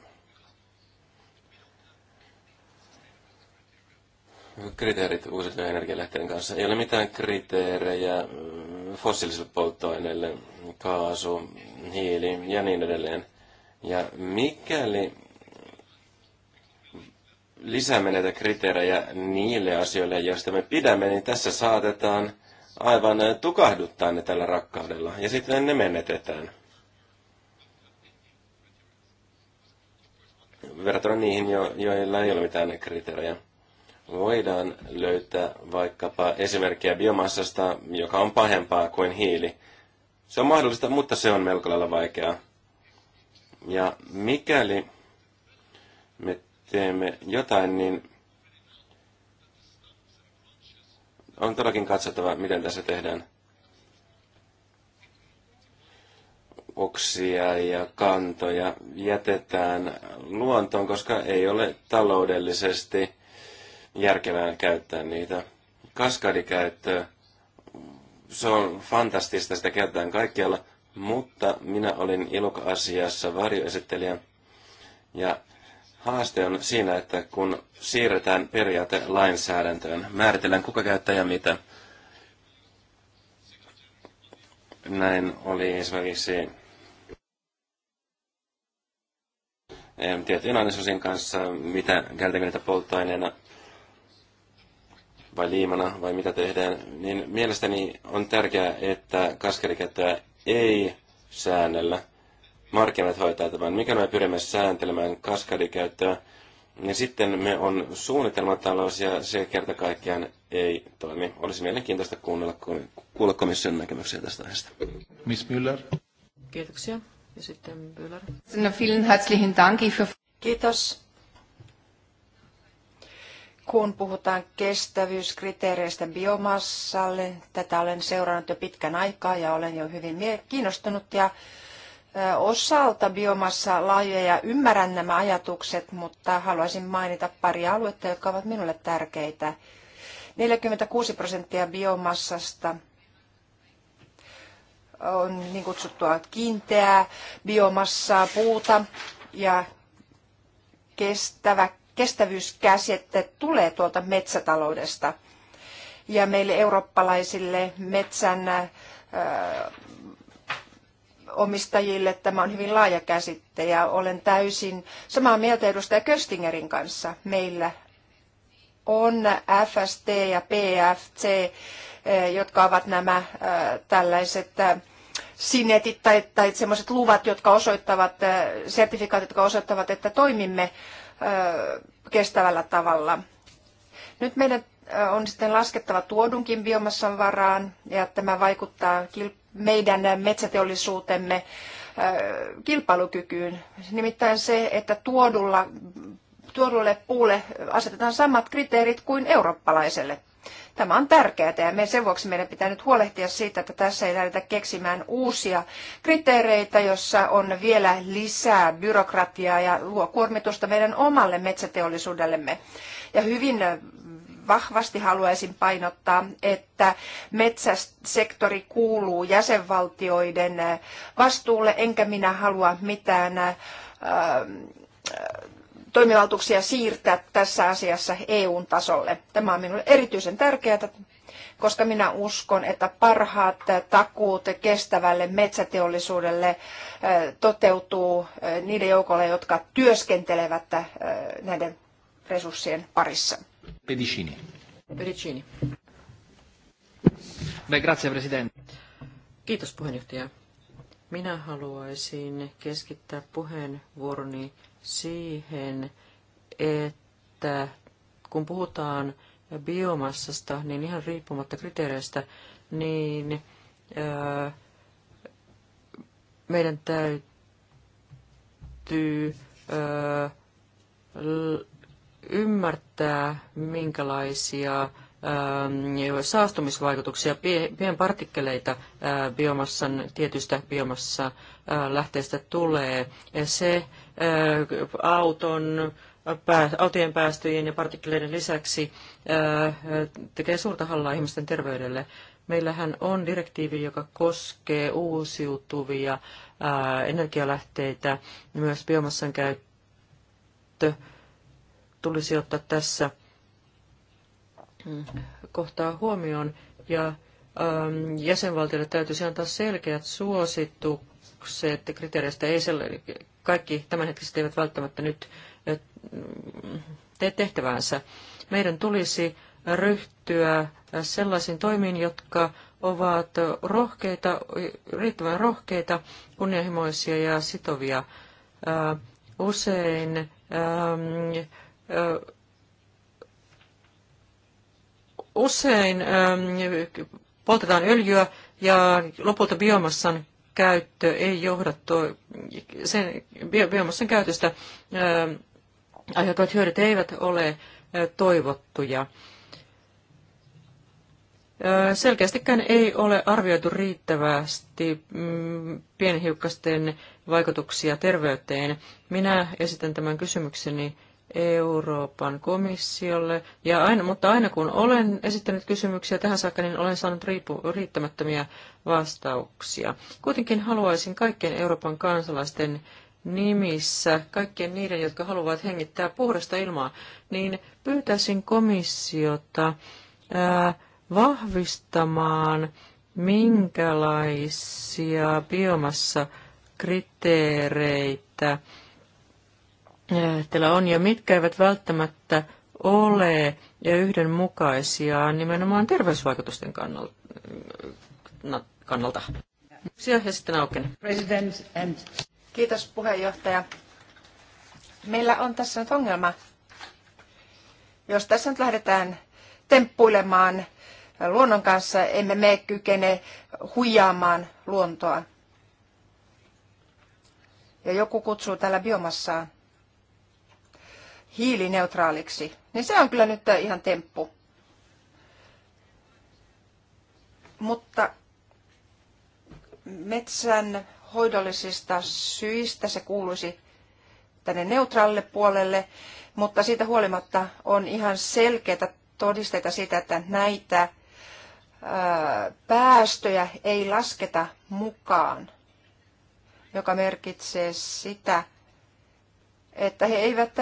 kriteerit uusiutuvien energialähteiden kanssa. Ei ole mitään kriteerejä fossiilisille polttoaineille, kaasu, hiili ja niin edelleen. Ja mikäli lisäämme näitä kriteerejä niille asioille, joista me pidämme, niin tässä saatetaan aivan eh, tukahduttaa ne tällä rakkaudella. Ja sitten ne menetetään. Verrattuna niihin, jo, joilla ei ole mitään kriteerejä. Voidaan löytää vaikkapa esimerkkiä biomassasta, joka on pahempaa kuin hiili. Se on mahdollista, mutta se on melko lailla vaikeaa. Ja mikäli me teemme jotain, niin On todellakin katsottava, miten tässä tehdään oksia ja kantoja jätetään luontoon, koska ei ole taloudellisesti järkevää käyttää niitä. Kaskadikäyttö, se on fantastista, sitä käytetään kaikkialla, mutta minä olin Ilok-asiassa varjoesittelijä ja Haaste on siinä, että kun siirretään periaate lainsäädäntöön, määritellään kuka käyttää ja mitä. Näin oli esimerkiksi tiettyjen ainesosien kanssa, mitä käytetään niitä polttoaineena vai liimana vai mitä tehdään, niin mielestäni on tärkeää, että kaskerikäyttöä ei säännellä markkinat hoitaa tämän, mikä me pyrimme sääntelemään kaskadikäyttöä, ja sitten me on suunnitelmatalous ja se kerta kaikkiaan ei toimi. Olisi mielenkiintoista kuunnella, kuulla komission näkemyksiä tästä aiheesta. Miss Müller. Kiitoksia. Ja sitten Müller. No, vielen herzlichen Dank. Kiitos. Kun puhutaan kestävyyskriteereistä biomassalle, tätä olen seurannut jo pitkän aikaa ja olen jo hyvin kiinnostunut ja osalta biomassa laajoja. Ymmärrän nämä ajatukset, mutta haluaisin mainita pari aluetta, jotka ovat minulle tärkeitä. 46 prosenttia biomassasta on niin kutsuttua kiinteää biomassaa, puuta ja kestävä, kestävyyskäsite tulee tuolta metsätaloudesta. Ja meille eurooppalaisille metsän omistajille tämä on hyvin laaja käsite ja olen täysin samaa mieltä edustaja Köstingerin kanssa. Meillä on FST ja PFC, eh, jotka ovat nämä eh, tällaiset eh, sinetit tai, tai sellaiset luvat, jotka osoittavat, sertifikaatit, jotka osoittavat, että toimimme kestävällä tavalla. Nyt meidän on sitten laskettava tuodunkin biomassan varaan ja tämä vaikuttaa meidän metsäteollisuutemme kilpailukykyyn. Nimittäin se, että tuodulla, tuodulle puulle asetetaan samat kriteerit kuin eurooppalaiselle. Tämä on tärkeää ja me sen vuoksi meidän pitää nyt huolehtia siitä, että tässä ei lähdetä keksimään uusia kriteereitä, jossa on vielä lisää byrokratiaa ja luo kuormitusta meidän omalle metsäteollisuudellemme. Ja hyvin vahvasti haluaisin painottaa, että metsäsektori kuuluu jäsenvaltioiden vastuulle, enkä minä halua mitään toimivaltuuksia siirtää tässä asiassa EUn tasolle. Tämä on minulle erityisen tärkeää, koska minä uskon, että parhaat takuut kestävälle metsäteollisuudelle toteutuu niiden joukolle, jotka työskentelevät näiden resurssien parissa. Pedicini. Pedicini. Beh, grazie, presidente. Kiitos puheenjohtaja. Minä haluaisin keskittää puheenvuoroni siihen, että kun puhutaan biomassasta, niin ihan riippumatta kriteereistä, niin meidän täytyy ymmärtää, minkälaisia ähm, saastumisvaikutuksia, pienpartikkeleita äh, biomassan, tietystä biomassa äh, lähteestä tulee. ja Se äh, auton, autojen päästöjen ja partikkeleiden lisäksi tekee suurta hallaa ihmisten terveydelle. Meillähän on direktiivi, joka koskee uusiutuvia energialähteitä, myös biomassan käyttö tulisi ottaa tässä mm, kohtaa huomioon ja ähm, jäsenvaltioille täytyisi antaa selkeät suositukset kriteereistä. Ei sellainen, kaikki tämänhetkiset eivät välttämättä nyt äh, tee tehtäväänsä. Meidän tulisi ryhtyä äh, sellaisiin toimiin, jotka ovat rohkeita, riittävän rohkeita, kunnianhimoisia ja sitovia. Äh, usein ähm, usein poltetaan öljyä ja lopulta biomassan käyttö ei johda tuo, sen, biomassan käytöstä aiheutuvat hyödyt eivät ole toivottuja. Selkeästikään ei ole arvioitu riittävästi mm, pienhiukkasten vaikutuksia terveyteen. Minä esitän tämän kysymykseni Euroopan komissiolle. Ja aina, mutta aina kun olen esittänyt kysymyksiä tähän saakka, niin olen saanut riippu, riittämättömiä vastauksia. Kuitenkin haluaisin kaikkien Euroopan kansalaisten nimissä, kaikkien niiden, jotka haluavat hengittää puhdasta ilmaa, niin pyytäisin komissiota ää, vahvistamaan, minkälaisia biomassa kriteereitä teillä on ja mitkä eivät välttämättä ole ja yhdenmukaisia nimenomaan terveysvaikutusten kannalta. Ja sitten Auken. President and... Kiitos puheenjohtaja. Meillä on tässä nyt ongelma. Jos tässä nyt lähdetään temppuilemaan luonnon kanssa, emme me kykene huijaamaan luontoa. Ja joku kutsuu täällä biomassaa hiilineutraaliksi, niin se on kyllä nyt ihan temppu. Mutta metsän hoidollisista syistä se kuuluisi tänne neutraalille puolelle, mutta siitä huolimatta on ihan selkeitä todisteita siitä, että näitä päästöjä ei lasketa mukaan, joka merkitsee sitä, että he eivät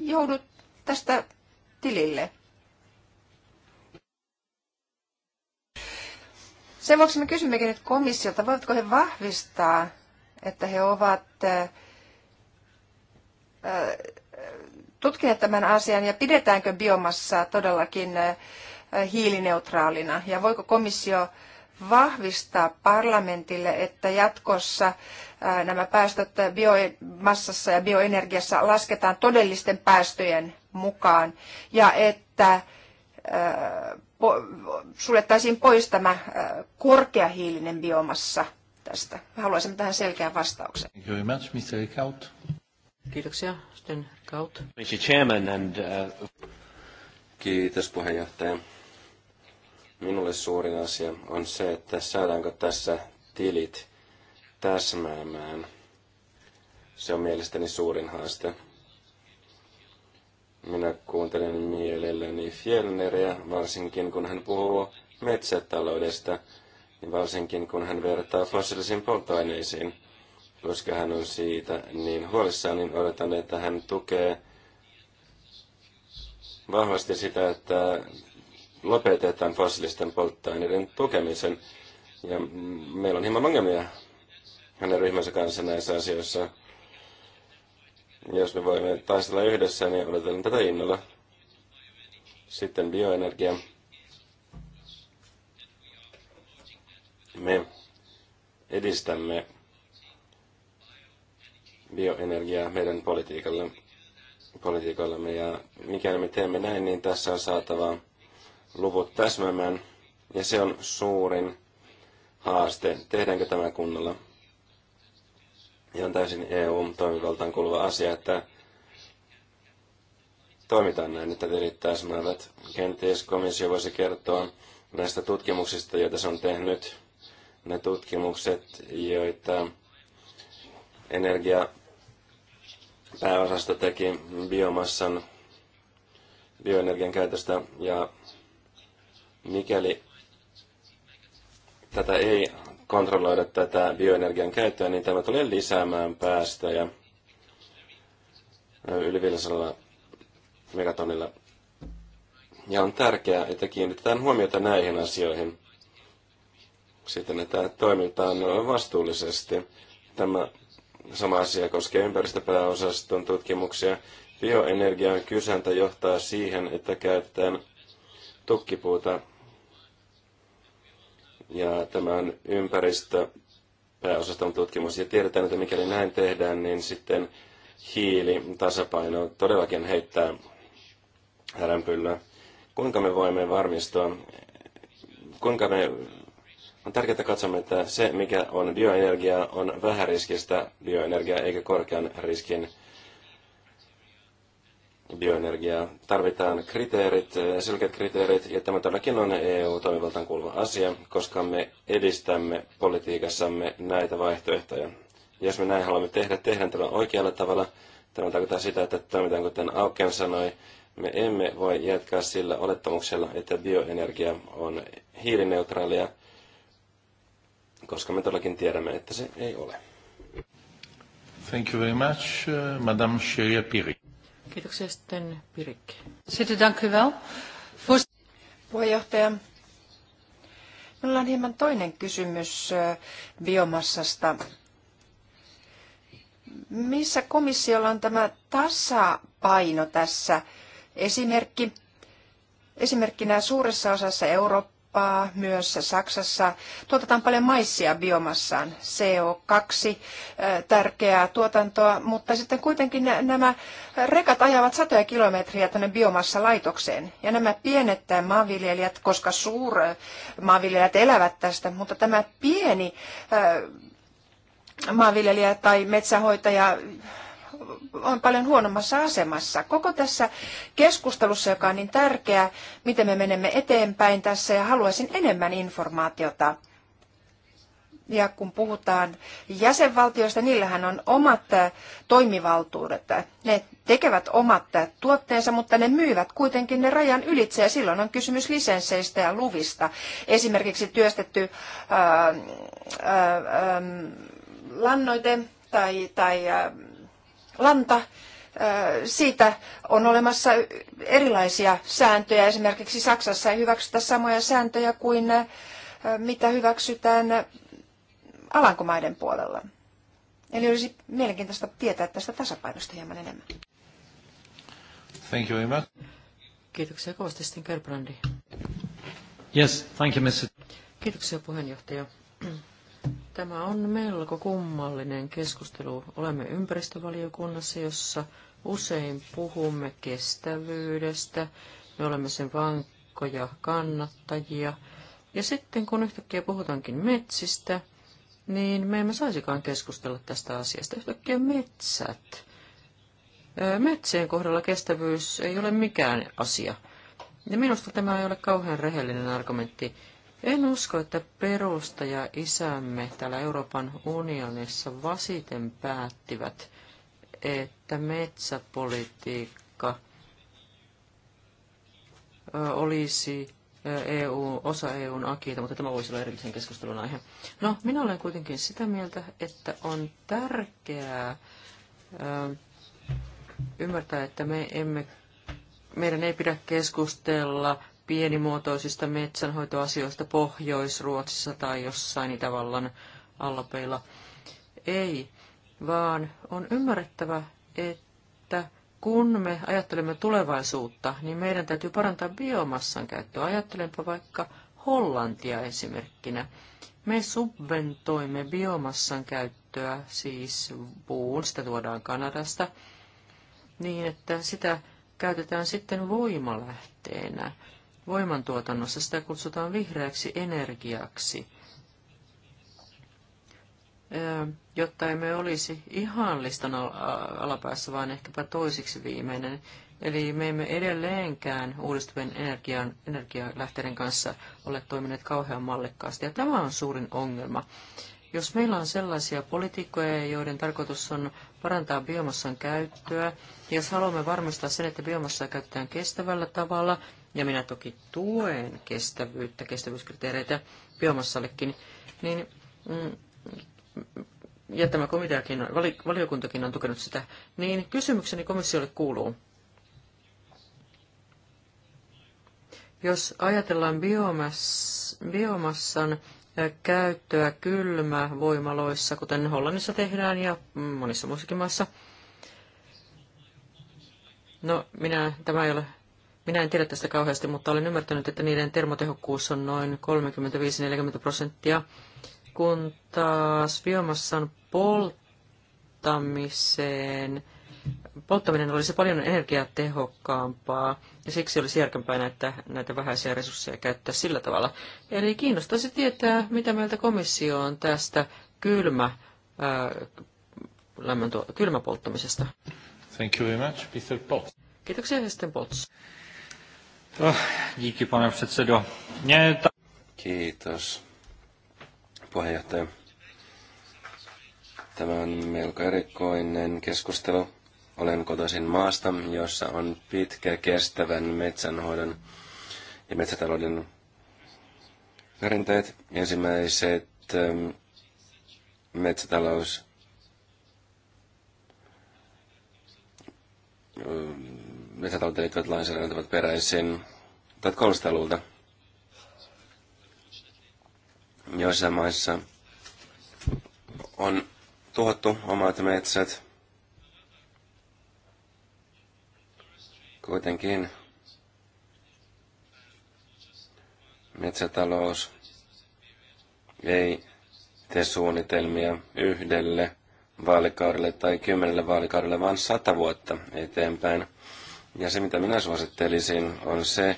joudu tästä tilille. Sen vuoksi me kysymmekin nyt komissiolta, voivatko he vahvistaa, että he ovat tutkineet tämän asian ja pidetäänkö biomassa todellakin hiilineutraalina ja voiko komissio vahvistaa parlamentille, että jatkossa nämä päästöt biomassassa ja bioenergiassa lasketaan todellisten päästöjen mukaan ja että suljettaisiin pois tämä korkeahiilinen biomassa tästä. Haluaisin tähän selkeän vastauksen. Kiitoksia, sitten Kaut. Chairman and, uh, Kiitos puheenjohtaja. Minulle suurin asia on se, että saadaanko tässä tilit täsmäämään. Se on mielestäni suurin haaste. Minä kuuntelen mielelläni Fjellneriä, varsinkin kun hän puhuu metsätaloudesta, niin varsinkin kun hän vertaa fossiilisiin polttoaineisiin. Koska hän on siitä niin huolissaan, niin odotan, että hän tukee vahvasti sitä, että lopetetaan fossiilisten polttoaineiden tukemisen. Ja meillä on hieman ongelmia hänen ryhmänsä kanssa näissä asioissa. Jos me voimme taistella yhdessä, niin odotellaan tätä innolla. Sitten bioenergia. Me edistämme bioenergiaa meidän politiikalle, politiikallamme. Ja mikäli me teemme näin, niin tässä on saatava luvut täsmämään. Ja se on suurin haaste. Tehdäänkö tämä kunnolla? ihan niin täysin EU-toimivaltaan kuuluva asia, että toimitaan näin, että välittäismäärät. Kenties komissio voisi kertoa näistä tutkimuksista, joita se on tehnyt, ne tutkimukset, joita energia pääosasto teki biomassan bioenergian käytöstä ja mikäli tätä ei kontrolloida tätä bioenergian käyttöä, niin tämä tulee lisäämään päästöjä yli 500 megatonnilla. Ja on tärkeää, että kiinnitetään huomiota näihin asioihin siten, että toimitaan vastuullisesti. Tämä sama asia koskee ympäristöpääosaston tutkimuksia. Bioenergian kysäntä johtaa siihen, että käytetään tukkipuuta ja tämä on ympäristö tutkimus. Ja tiedetään, että mikäli näin tehdään, niin sitten hiilitasapaino todellakin heittää häränpyllyä. Kuinka me voimme varmistua, kuinka me on tärkeää katsoa, että se mikä on bioenergia, on vähäriskistä bioenergiaa eikä korkean riskin bioenergiaa. Tarvitaan kriteerit, äh, selkeät kriteerit, ja tämä todellakin on EU-toimivaltaan kuuluva asia, koska me edistämme politiikassamme näitä vaihtoehtoja. Jos me näin haluamme tehdä, tehdään tämä oikealla tavalla. Tämä tarkoittaa sitä, että toimitaan kuten Auken sanoi, me emme voi jatkaa sillä olettamuksella, että bioenergia on hiilineutraalia, koska me todellakin tiedämme, että se ei ole. Thank you very much, uh, Madame Sheria Piri. Kiitoksia sitten Pirikki. Sitten danke wel. Puheenjohtaja, minulla on hieman toinen kysymys eh, biomassasta. Missä komissiolla on tämä tasapaino tässä? Esimerkki, esimerkkinä suuressa osassa Eurooppaa Eurooppaa, myös Saksassa. Tuotetaan paljon maissia biomassaan, CO2, äh, tärkeää tuotantoa, mutta sitten kuitenkin nämä rekat ajavat satoja kilometriä tänne biomassalaitokseen. Ja nämä pienet maanviljelijät, koska suur maanviljelijät elävät tästä, mutta tämä pieni äh, maanviljelijä tai metsähoitaja on paljon huonommassa asemassa. Koko tässä keskustelussa, joka on niin tärkeä, miten me menemme eteenpäin tässä ja haluaisin enemmän informaatiota. Ja kun puhutaan jäsenvaltioista, niillähän on omat toimivaltuudet. Ne tekevät omat tuotteensa, mutta ne myyvät kuitenkin ne rajan ylitse ja silloin on kysymys lisensseistä ja luvista. Esimerkiksi työstetty ää, ää, ää, lannoite tai, tai ää, lanta, siitä on olemassa erilaisia sääntöjä. Esimerkiksi Saksassa ei hyväksytä samoja sääntöjä kuin mitä hyväksytään Alankomaiden puolella. Eli olisi mielenkiintoista tietää tästä tasapainosta hieman enemmän. Thank you very much. Kiitoksia kovasti sitten Yes, thank you, Mr. Kiitoksia puheenjohtaja. Tämä on melko kummallinen keskustelu. Olemme ympäristövaliokunnassa, jossa usein puhumme kestävyydestä. Me olemme sen vankkoja kannattajia. Ja sitten kun yhtäkkiä puhutaankin metsistä, niin me emme saisikaan keskustella tästä asiasta. Yhtäkkiä metsät. Metsien kohdalla kestävyys ei ole mikään asia. Ja minusta tämä ei ole kauhean rehellinen argumentti. En usko, että perustaja isämme täällä Euroopan unionissa vasiten päättivät, että metsäpolitiikka olisi EU, osa EUn akiita, mutta tämä voisi olla erillisen keskustelun aihe. No, minä olen kuitenkin sitä mieltä, että on tärkeää ymmärtää, että me emme, meidän ei pidä keskustella pienimuotoisista metsänhoitoasioista Pohjois-Ruotsissa tai jossain Itävallan alpeilla. Ei, vaan on ymmärrettävä, että kun me ajattelemme tulevaisuutta, niin meidän täytyy parantaa biomassan käyttöä. Ajattelenpa vaikka Hollantia esimerkkinä. Me subventoimme biomassan käyttöä, siis puun, sitä tuodaan Kanadasta, niin että sitä käytetään sitten voimalähteenä voimantuotannossa. Sitä kutsutaan vihreäksi energiaksi, jotta emme olisi ihan listan alapäässä, vaan ehkäpä toisiksi viimeinen. Eli me emme edelleenkään uudistuvien energian, energialähteiden kanssa ole toimineet kauhean mallikkaasti, ja tämä on suurin ongelma. Jos meillä on sellaisia politiikkoja, joiden tarkoitus on parantaa biomassan käyttöä, ja jos haluamme varmistaa sen, että biomassaa käytetään kestävällä tavalla, ja minä toki tuen kestävyyttä, kestävyyskriteereitä biomassallekin, niin mm, ja tämä komiteakin, valiokuntakin on tukenut sitä, niin kysymykseni komissiolle kuuluu. Jos ajatellaan biomassan, biomassan käyttöä kylmävoimaloissa, kuten Hollannissa tehdään ja monissa muissakin maissa, no minä, tämä ei ole minä en tiedä tästä kauheasti, mutta olen ymmärtänyt, että niiden termotehokkuus on noin 35-40 prosenttia, kun taas biomassan polttamiseen, polttaminen olisi paljon energiatehokkaampaa, ja siksi olisi järkempää näitä, näitä vähäisiä resursseja käyttää sillä tavalla. Eli kiinnostaisi tietää, mitä meiltä komissio on tästä kylmä, ää, lämmöntu- kylmäpolttamisesta. Thank you very much, Mr. Potts. Kiitoksia, Hesten Potts. Oh, díky, pane předsedo. Kiitos, puheenjohtaja. Tämä on melko erikoinen keskustelu. Olen kotoisin maasta, jossa on pitkä kestävän metsänhoidon ja metsätalouden perinteet. Ensimmäiset ähm, metsätalous metsätalouteen liittyvät lainsäädännöt ovat peräisin 1300-luvulta. Joissa maissa on tuhottu omat metsät. Kuitenkin metsätalous ei tee suunnitelmia yhdelle vaalikaudelle tai kymmenelle vaalikaudelle, vaan sata vuotta eteenpäin. Ja se, mitä minä suosittelisin, on se,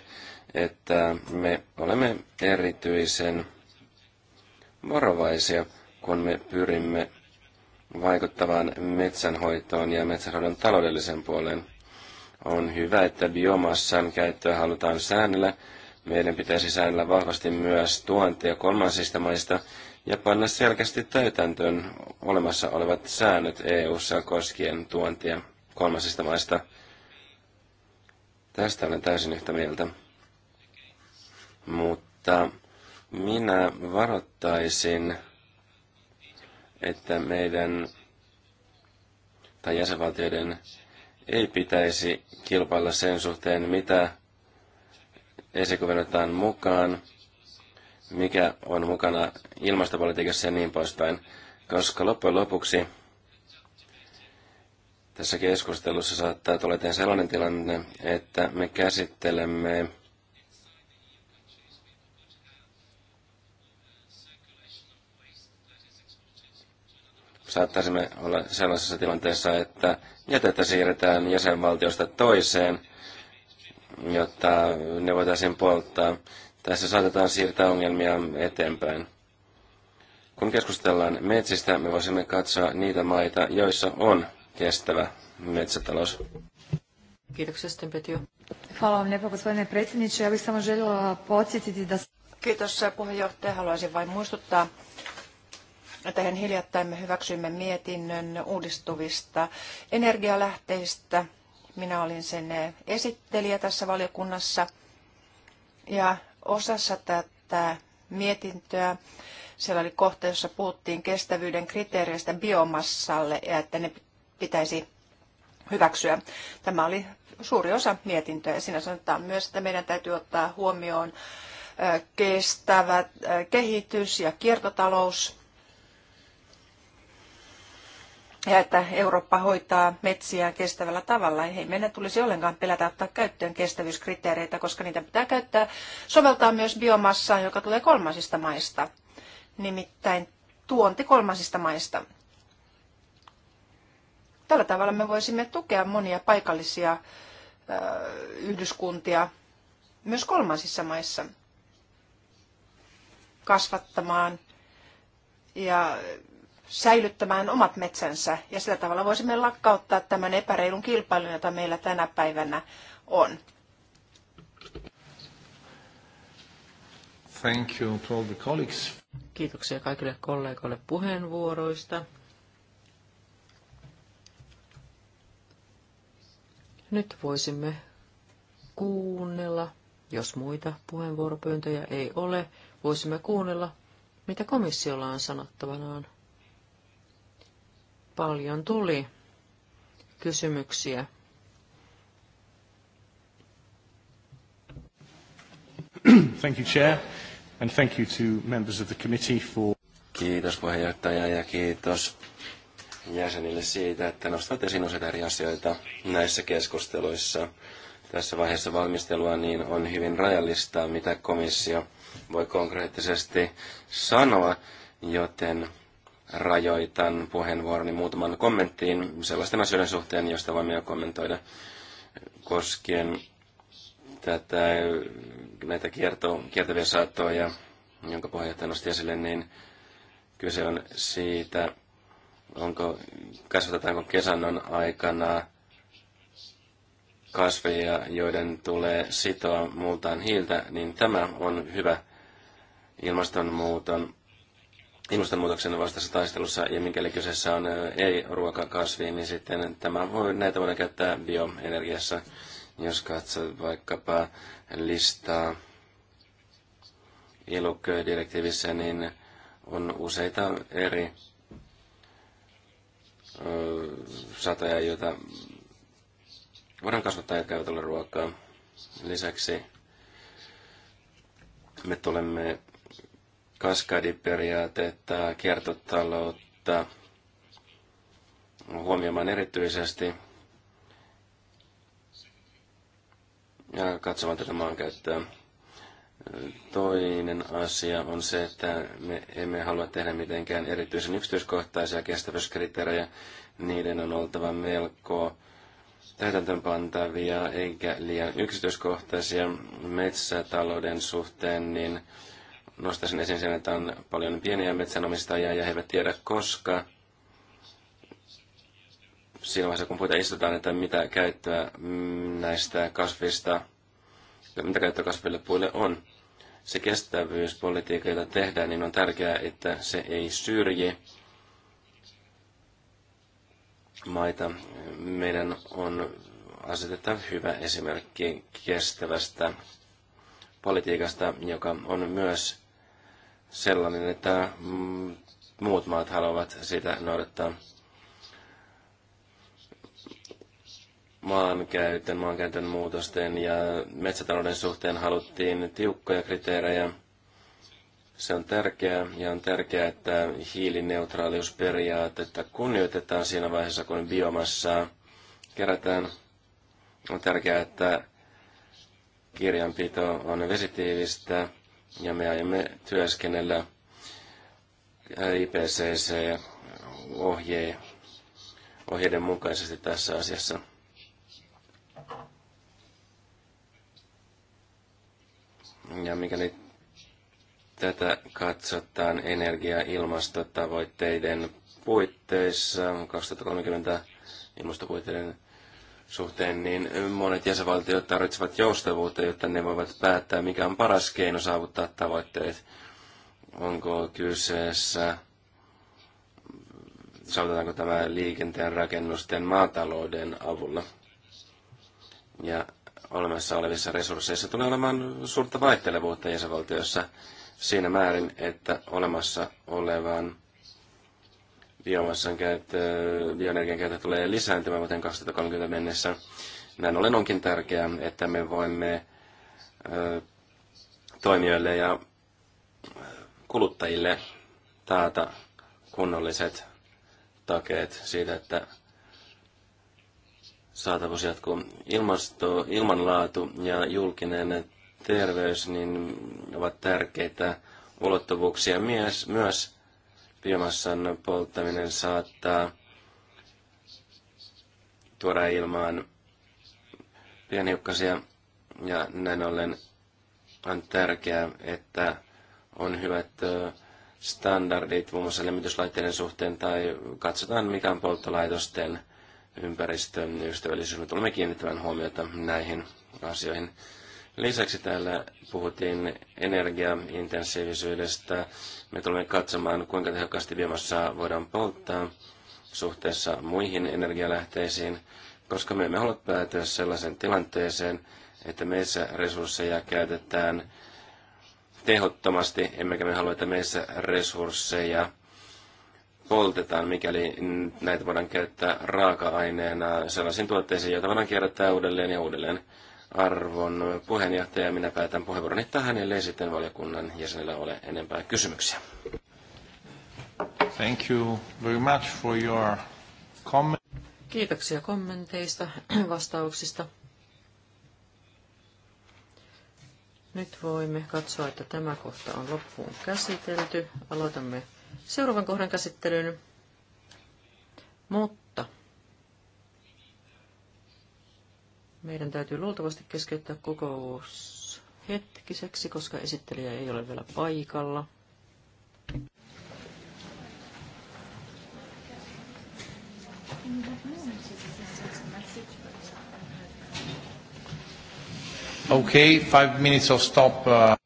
että me olemme erityisen varovaisia, kun me pyrimme vaikuttavaan metsänhoitoon ja metsänhoidon taloudellisen puolen. On hyvä, että biomassan käyttöä halutaan säännellä. Meidän pitäisi säännellä vahvasti myös tuontia kolmansista maista ja panna selkeästi täytäntöön olemassa olevat säännöt EU-ssa koskien tuontia kolmansista maista – Tästä olen täysin yhtä mieltä. Mutta minä varoittaisin, että meidän tai jäsenvaltioiden ei pitäisi kilpailla sen suhteen, mitä esikuvennetaan mukaan, mikä on mukana ilmastopolitiikassa ja niin poispäin, koska loppujen lopuksi tässä keskustelussa saattaa tulla eteen sellainen tilanne, että me käsittelemme saattaisimme olla sellaisessa tilanteessa, että jätettä siirretään jäsenvaltiosta toiseen, jotta ne voitaisiin polttaa. Tässä saatetaan siirtää ongelmia eteenpäin. Kun keskustellaan metsistä, me voisimme katsoa niitä maita, joissa on kestävä metsätalous. Kiitoksia sitten Petio. Hvala vam lijepo gospodine predsjedniče. Ja bih samo željela podsjetiti da... Kiitos puheenjohtaja. Haluaisin vain muistuttaa, että hän hiljattain me hyväksyimme mietinnön uudistuvista energialähteistä. Minä olin sen esittelijä tässä valiokunnassa ja osassa tätä mietintöä siellä oli kohta, jossa puhuttiin kestävyyden kriteereistä biomassalle ja että ne pitäisi hyväksyä. Tämä oli suuri osa mietintöä. Siinä sanotaan myös, että meidän täytyy ottaa huomioon kestävä kehitys ja kiertotalous. Ja että Eurooppa hoitaa metsiään kestävällä tavalla. Ei meidän tulisi ollenkaan pelätä ottaa käyttöön kestävyyskriteereitä, koska niitä pitää käyttää, soveltaa myös biomassaa, joka tulee kolmansista maista. Nimittäin tuonti kolmansista maista. Tällä tavalla me voisimme tukea monia paikallisia yhdyskuntia myös kolmansissa maissa kasvattamaan ja säilyttämään omat metsänsä. Ja sillä tavalla voisimme lakkauttaa tämän epäreilun kilpailun, jota meillä tänä päivänä on. Thank you to all the colleagues. Kiitoksia kaikille kollegoille puheenvuoroista. Nyt voisimme kuunnella, jos muita puheenvuoropyyntöjä ei ole, voisimme kuunnella, mitä komissiolla on sanottavanaan. Paljon tuli kysymyksiä. Thank you, Chair, and thank you to members of the committee for... Kiitos puheenjohtaja ja kiitos jäsenille siitä, että nostat esiin useita eri asioita näissä keskusteluissa. Tässä vaiheessa valmistelua niin on hyvin rajallista, mitä komissio voi konkreettisesti sanoa, joten rajoitan puheenvuoroni muutaman kommenttiin sellaisten asioiden suhteen, joista voimme jo kommentoida koskien tätä, näitä kierto, kiertäviä saattoja, jonka puheenjohtaja nosti esille, niin kyse on siitä, onko, kasvatetaanko kesannon aikana kasveja, joiden tulee sitoa multaan hiiltä, niin tämä on hyvä ilmastonmuuton, ilmastonmuutoksen vastaisessa taistelussa, ja mikäli kyseessä on ei-ruokakasvi, niin sitten tämä voi, näitä voidaan käyttää bioenergiassa. Jos katsot vaikkapa listaa ilukködirektiivissä, niin on useita eri satoja, joita voidaan kasvattaa ja käytöllä ruokaa. Lisäksi me tulemme kaskadiperiaatetta, kiertotaloutta huomioimaan erityisesti ja katsomaan tätä maankäyttöä. Toinen asia on se, että me emme halua tehdä mitenkään erityisen yksityiskohtaisia kestävyyskriteerejä. Niiden on oltava melko täytäntöönpantavia eikä liian yksityiskohtaisia metsätalouden suhteen, niin nostaisin esiin sen, että on paljon pieniä metsänomistajia ja he eivät tiedä koska siinä vaiheessa, kun puita istutaan, että mitä käyttöä näistä kasvista, mitä käyttöä kasville puille on se kestävyyspolitiikka, jota tehdään, niin on tärkeää, että se ei syrji maita. Meidän on asetettava hyvä esimerkki kestävästä politiikasta, joka on myös sellainen, että mm, muut maat haluavat sitä noudattaa. maankäytön, maankäytön muutosten ja metsätalouden suhteen haluttiin tiukkoja kriteerejä. Se on tärkeää ja on tärkeää, että hiilineutraaliusperiaatetta kunnioitetaan siinä vaiheessa, kun biomassaa kerätään. On tärkeää, että kirjanpito on vesitiivistä ja me aiomme työskennellä IPCC-ohjeiden mukaisesti tässä asiassa. Ja mikäli tätä katsotaan energia- ja ilmastotavoitteiden puitteissa 2030 ilmastopuitteiden suhteen, niin monet jäsenvaltiot tarvitsevat joustavuutta, jotta ne voivat päättää, mikä on paras keino saavuttaa tavoitteet. Onko kyseessä, saavutetaanko tämä liikenteen rakennusten maatalouden avulla. Ja olemassa olevissa resursseissa tulee olemaan suurta vaihtelevuutta jäsenvaltioissa siinä määrin, että olemassa olevan biomassan käyttö, bioenergian käyttö tulee lisääntymään vuoteen 2030 mennessä. Näin ollen onkin tärkeää, että me voimme ö, toimijoille ja kuluttajille taata kunnolliset takeet siitä, että saatavuus jatkuu. Ilmasto, ilmanlaatu ja julkinen terveys niin ovat tärkeitä ulottuvuuksia. Mies, myös biomassan polttaminen saattaa tuoda ilmaan pienhiukkasia ja näin ollen on tärkeää, että on hyvät standardit muun muassa lämmityslaitteiden suhteen tai katsotaan mikä on polttolaitosten ympäristön ystävällisyys. Me tulemme kiinnittämään huomiota näihin asioihin. Lisäksi täällä puhuttiin energiaintensiivisyydestä. Me tulemme katsomaan, kuinka tehokkaasti biomassa voidaan polttaa suhteessa muihin energialähteisiin, koska me emme halua päätyä sellaisen tilanteeseen, että meissä resursseja käytetään tehottomasti, emmekä me halua, että meissä resursseja poltetaan, mikäli näitä voidaan käyttää raaka-aineena sellaisiin tuotteisiin, joita voidaan kierrättää uudelleen ja uudelleen. Arvon puheenjohtaja, minä päätän puheenvuoroni tähän, ellei sitten valiokunnan jäsenillä ole enempää kysymyksiä. Thank you very much for your comment. Kiitoksia kommenteista, [CLEARS THROAT] vastauksista. Nyt voimme katsoa, että tämä kohta on loppuun käsitelty. Aloitamme seuraavan kohdan käsittelyyn. Mutta meidän täytyy luultavasti keskeyttää kokous hetkiseksi, koska esittelijä ei ole vielä paikalla. Okay, five minutes of stop. Uh...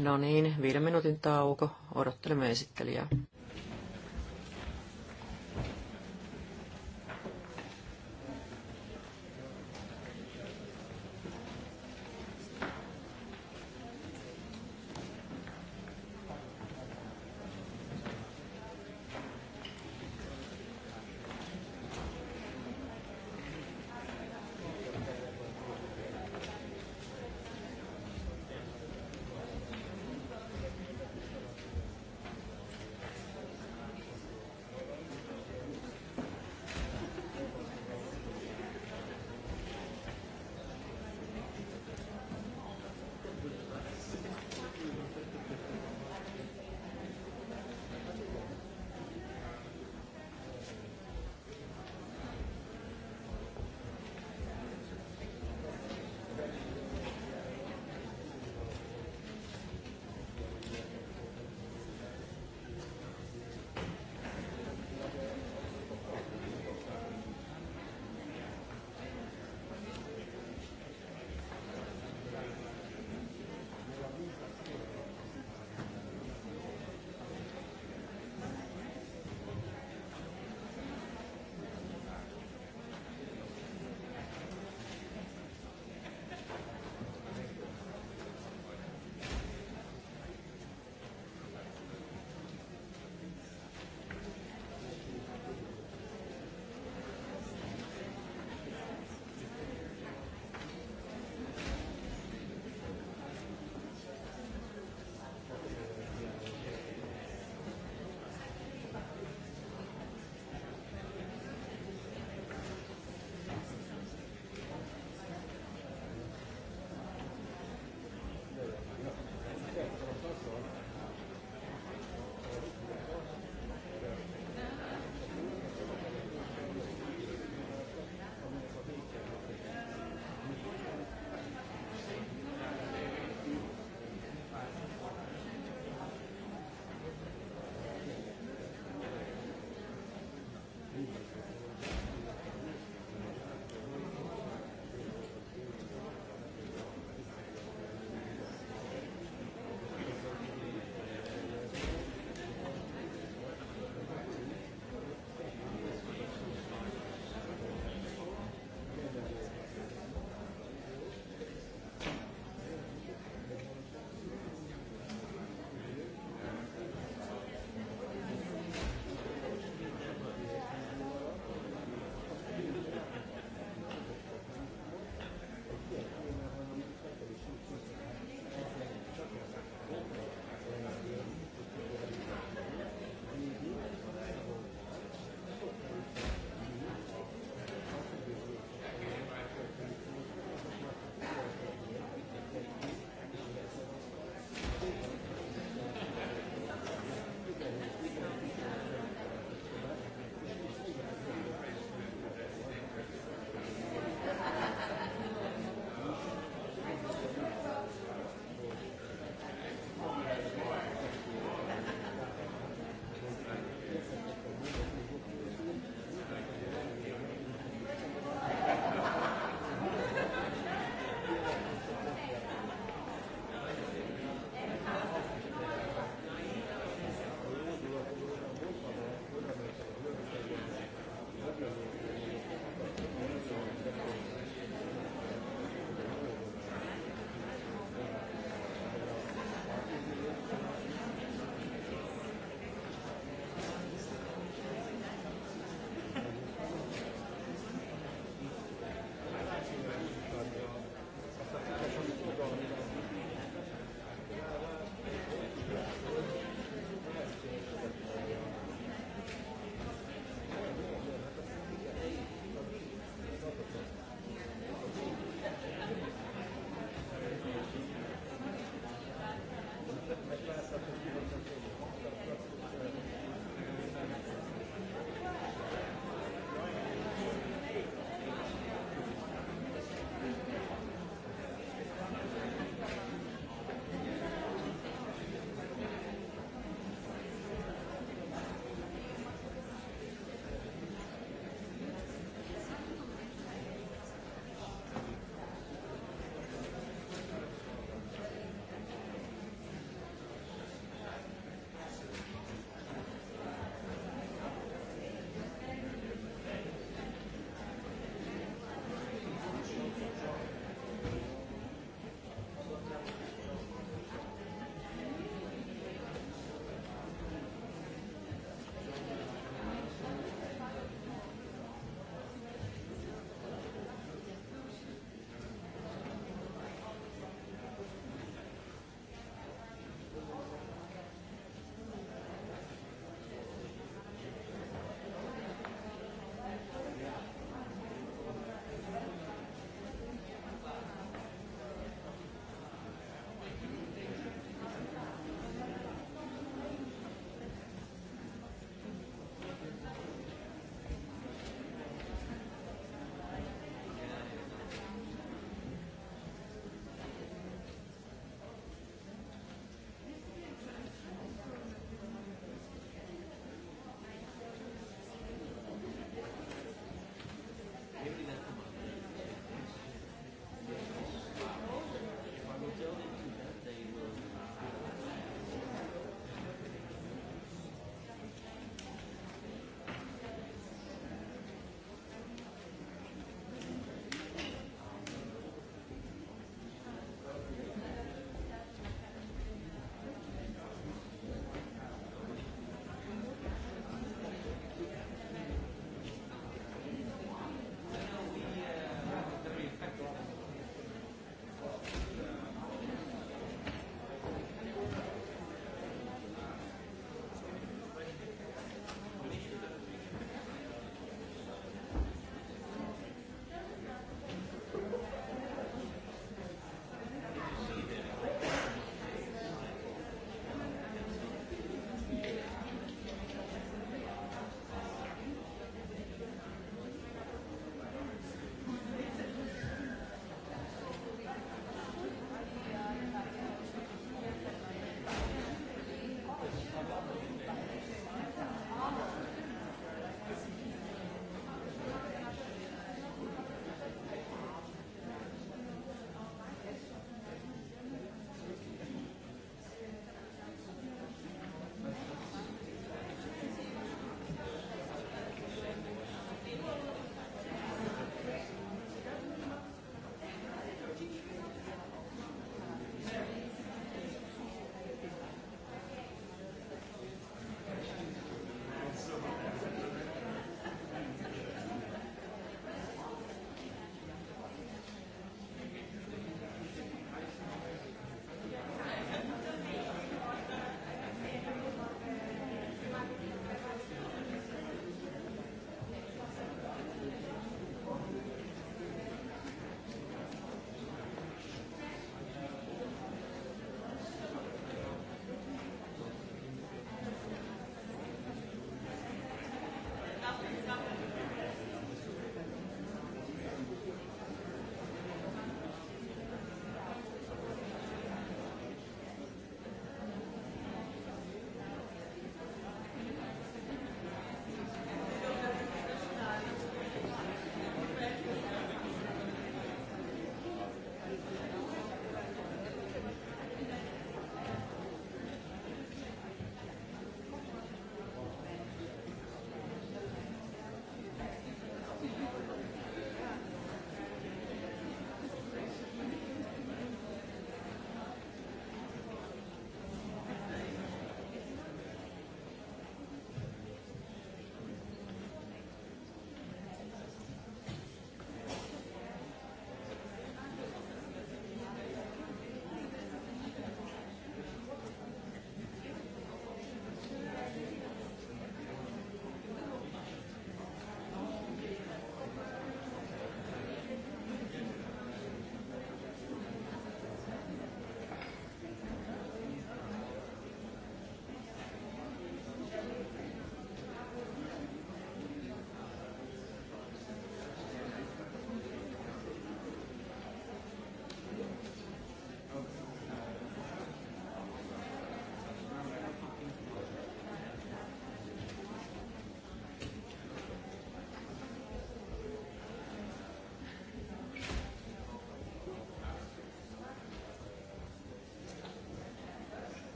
No niin, viiden minuutin tauko. Odottelemme esittelijää.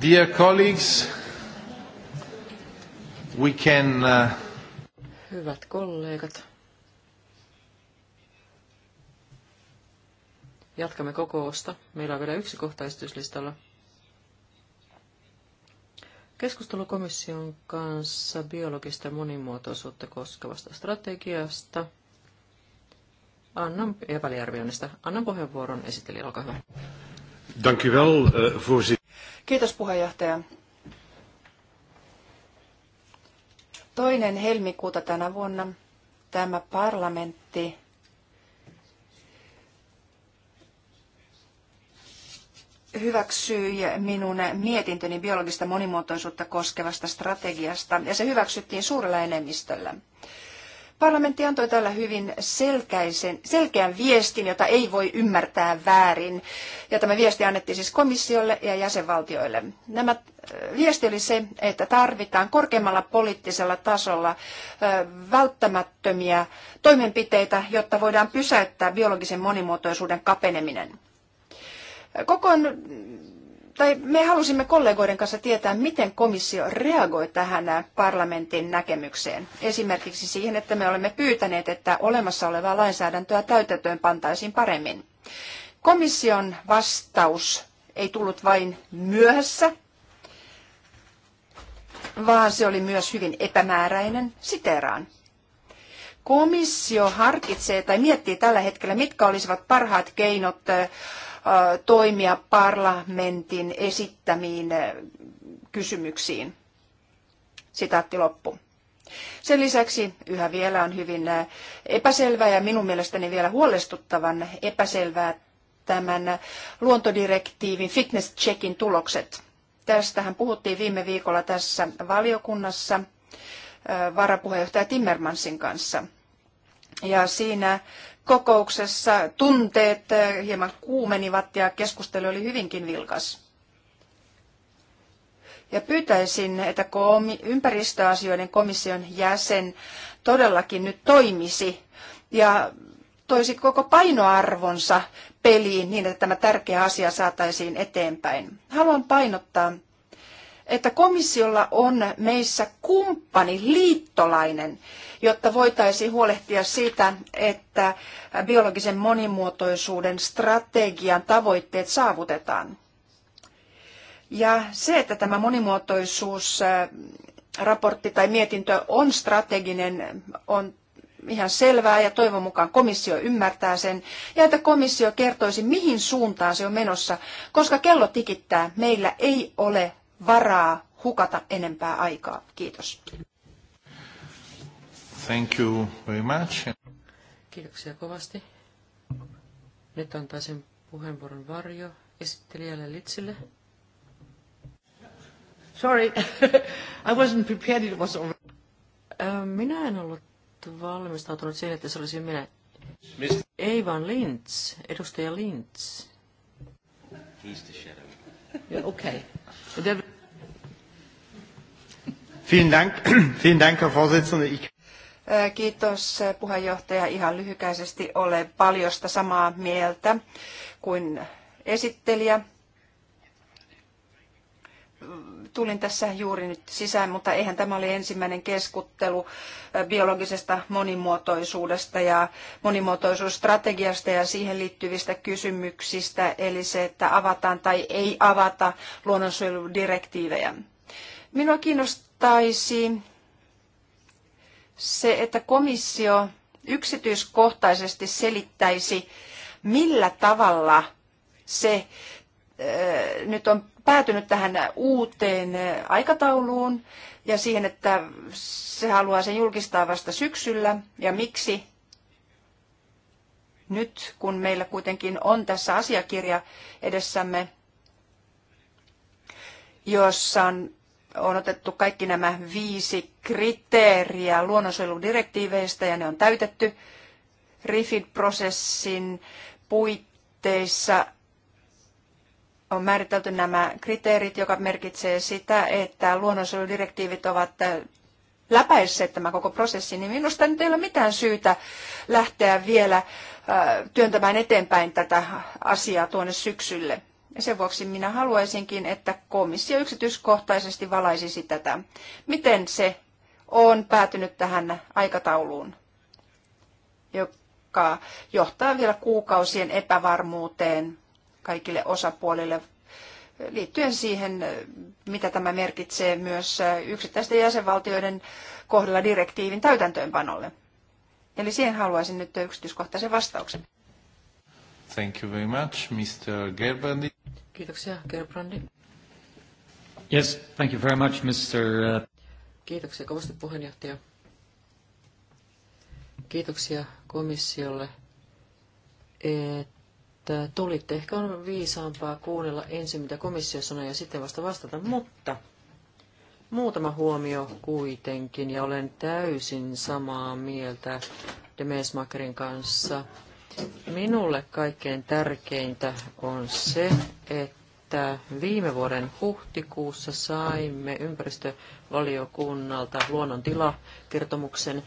Dear colleagues, we can... Uh, Hyvät kollegat, jatkamme kokousta. Meillä on vielä yksi kohta esityslistalla. Keskustelu komission kanssa biologista monimuotoisuutta koskevasta strategiasta. Annan, ja väliarvioinnista. Annan puheenvuoron esittelijä, olkaa hyvä. Dank u wel, uh, Kiitos puheenjohtaja. Toinen helmikuuta tänä vuonna tämä parlamentti hyväksyi minun mietintöni biologista monimuotoisuutta koskevasta strategiasta, ja se hyväksyttiin suurella enemmistöllä. Parlamentti antoi tällä hyvin selkäisen, selkeän viestin, jota ei voi ymmärtää väärin. Ja tämä viesti annettiin siis komissiolle ja jäsenvaltioille. Nämä äh, viesti oli se, että tarvitaan korkeammalla poliittisella tasolla äh, välttämättömiä toimenpiteitä, jotta voidaan pysäyttää biologisen monimuotoisuuden kapeneminen. Koko tai me halusimme kollegoiden kanssa tietää, miten komissio reagoi tähän parlamentin näkemykseen. Esimerkiksi siihen, että me olemme pyytäneet, että olemassa olevaa lainsäädäntöä täytäntöön pantaisiin paremmin. Komission vastaus ei tullut vain myöhässä, vaan se oli myös hyvin epämääräinen siteraan. Komissio harkitsee tai miettii tällä hetkellä, mitkä olisivat parhaat keinot toimia parlamentin esittämiin kysymyksiin. Sitaatti loppu. Sen lisäksi yhä vielä on hyvin epäselvää ja minun mielestäni vielä huolestuttavan epäselvää tämän luontodirektiivin fitness checkin tulokset. Tästähän puhuttiin viime viikolla tässä valiokunnassa varapuheenjohtaja Timmermansin kanssa. Ja siinä kokouksessa tunteet eh, hieman kuumenivat ja keskustelu oli hyvinkin vilkas. Ja pyytäisin, että ympäristöasioiden komission jäsen todellakin nyt toimisi ja toisi koko painoarvonsa peliin niin, että tämä tärkeä asia saataisiin eteenpäin. Haluan painottaa että komissiolla on meissä kumppani, liittolainen, jotta voitaisiin huolehtia siitä, että biologisen monimuotoisuuden strategian tavoitteet saavutetaan. Ja se, että tämä monimuotoisuusraportti tai mietintö on strateginen, on ihan selvää ja toivon mukaan komissio ymmärtää sen ja että komissio kertoisi, mihin suuntaan se on menossa, koska kello tikittää, meillä ei ole varaa hukata enempää aikaa. Kiitos. Thank you very much. Kiitoksia kovasti. Nyt antaisin puheenvuoron varjo esittelijälle Litsille. Sorry, [LAUGHS] I wasn't prepared, it was already. Äh, minä en ollut valmistautunut siihen, että se olisi minä. Mist? Ei vaan Lintz, edustaja Lintz. He's the shadow. Yeah, okay. Vielen Dank, [CLEARS THROAT] vielen Dank, Herr Vorsitzender. Ich äh, Kiitos äh, puheenjohtaja. Ihan lyhykäisesti ole paljosta samaa mieltä kuin esittelijä tulin tässä juuri nyt sisään, mutta eihän tämä oli ensimmäinen keskustelu biologisesta monimuotoisuudesta ja monimuotoisuusstrategiasta ja siihen liittyvistä kysymyksistä, eli se, että avataan tai ei avata luonnonsuojeludirektiivejä. Minua kiinnostaisi se, että komissio yksityiskohtaisesti selittäisi, millä tavalla se nyt on päätynyt tähän uuteen aikatauluun ja siihen, että se haluaa sen julkistaa vasta syksyllä. Ja miksi? Nyt, kun meillä kuitenkin on tässä asiakirja edessämme, jossa on, on otettu kaikki nämä viisi kriteeriä luonnonsuojeludirektiiveistä ja ne on täytetty RIFID-prosessin puitteissa on määritelty nämä kriteerit, joka merkitsee sitä, että luonnonsuojeludirektiivit ovat äh, läpäisseet tämä koko prosessi, niin minusta nyt ei ole mitään syytä lähteä vielä äh, työntämään eteenpäin tätä asiaa tuonne syksylle. Ja sen vuoksi minä haluaisinkin, että komissio yksityiskohtaisesti valaisisi tätä. Miten se on päätynyt tähän aikatauluun, joka johtaa vielä kuukausien epävarmuuteen kaikille osapuolille liittyen siihen, mitä tämä merkitsee myös yksittäisten jäsenvaltioiden kohdalla direktiivin täytäntöönpanolle. Eli siihen haluaisin nyt yksityiskohtaisen vastauksen. Thank you very much, Mr. Gerbrandi. Kiitoksia, Gerbrandi. Yes, thank you very much, Mr. Uh, Kiitoksia kovasti puheenjohtaja. Kiitoksia komissiolle, että tulitte. Ehkä on viisaampaa kuunnella ensin, mitä komissio sanoi, ja sitten vasta vastata, mutta muutama huomio kuitenkin, ja olen täysin samaa mieltä Demesmakerin kanssa. Minulle kaikkein tärkeintä on se, että viime vuoden huhtikuussa saimme ympäristövaliokunnalta luonnontilakertomuksen,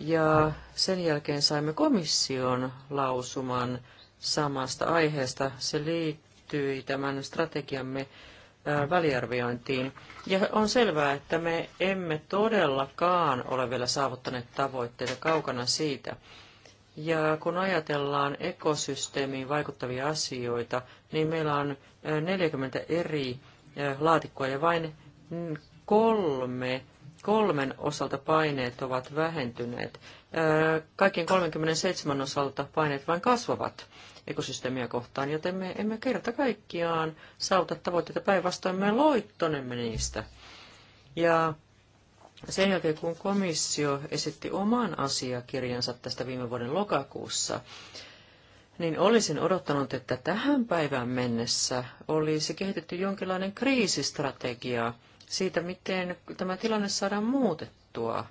ja sen jälkeen saimme komission lausuman samasta aiheesta. Se liittyy tämän strategiamme väliarviointiin. Ja on selvää, että me emme todellakaan ole vielä saavuttaneet tavoitteita kaukana siitä. Ja kun ajatellaan ekosysteemiin vaikuttavia asioita, niin meillä on 40 eri laatikkoa ja vain kolme, kolmen osalta paineet ovat vähentyneet kaikkien 37 osalta paineet vain kasvavat ekosysteemiä kohtaan, joten me emme kerta kaikkiaan saavuta tavoitteita päinvastoin, me loittonemme niistä. Ja sen jälkeen, kun komissio esitti oman asiakirjansa tästä viime vuoden lokakuussa, niin olisin odottanut, että tähän päivään mennessä olisi kehitetty jonkinlainen kriisistrategia siitä, miten tämä tilanne saadaan muutettua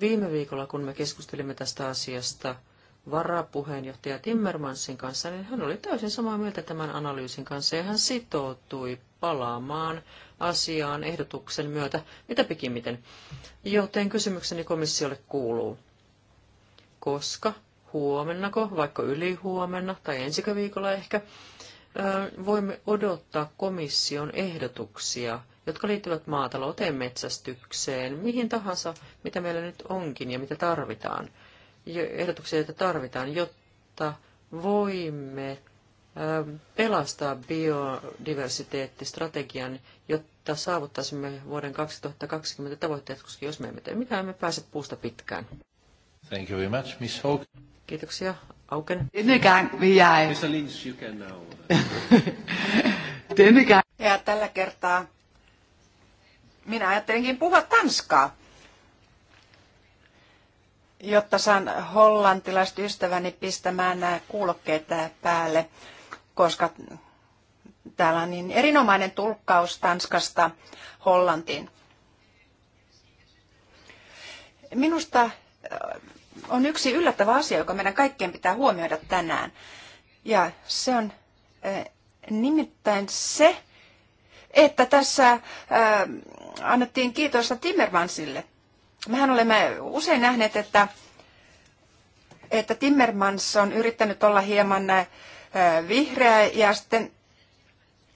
Viime viikolla, kun me keskustelimme tästä asiasta varapuheenjohtaja Timmermansin kanssa, niin hän oli täysin samaa mieltä tämän analyysin kanssa ja hän sitoutui palaamaan asiaan ehdotuksen myötä mitä pikimmiten. Joten kysymykseni komissiolle kuuluu, koska huomennako, vaikka ylihuomenna tai ensi viikolla ehkä, voimme odottaa komission ehdotuksia jotka liittyvät maatalouteen, metsästykseen, mihin tahansa, mitä meillä nyt onkin ja mitä tarvitaan. Ehdotuksia, joita tarvitaan, jotta voimme ähm, pelastaa biodiversiteettistrategian, jotta saavuttaisimme vuoden 2020 tavoitteet, koska jos me emme tee mitään, me pääse puusta pitkään. Thank you very much, Miss Hawk. Kiitoksia, Auken. Denne gang vil you can now. Denne [LAUGHS] gang... Ja tällä kertaa minä ajattelinkin puhua tanskaa, jotta saan hollantilaiset ystäväni pistämään nämä kuulokkeet päälle, koska täällä on niin erinomainen tulkkaus Tanskasta Hollantiin. Minusta äh, on yksi yllättävä asia, joka meidän kaikkien pitää huomioida tänään. Ja se on äh, nimittäin se, että tässä äh, annettiin kiitosta Timmermansille. Mehän olemme usein nähneet, että, että Timmermans on yrittänyt olla hieman äh, vihreä ja sitten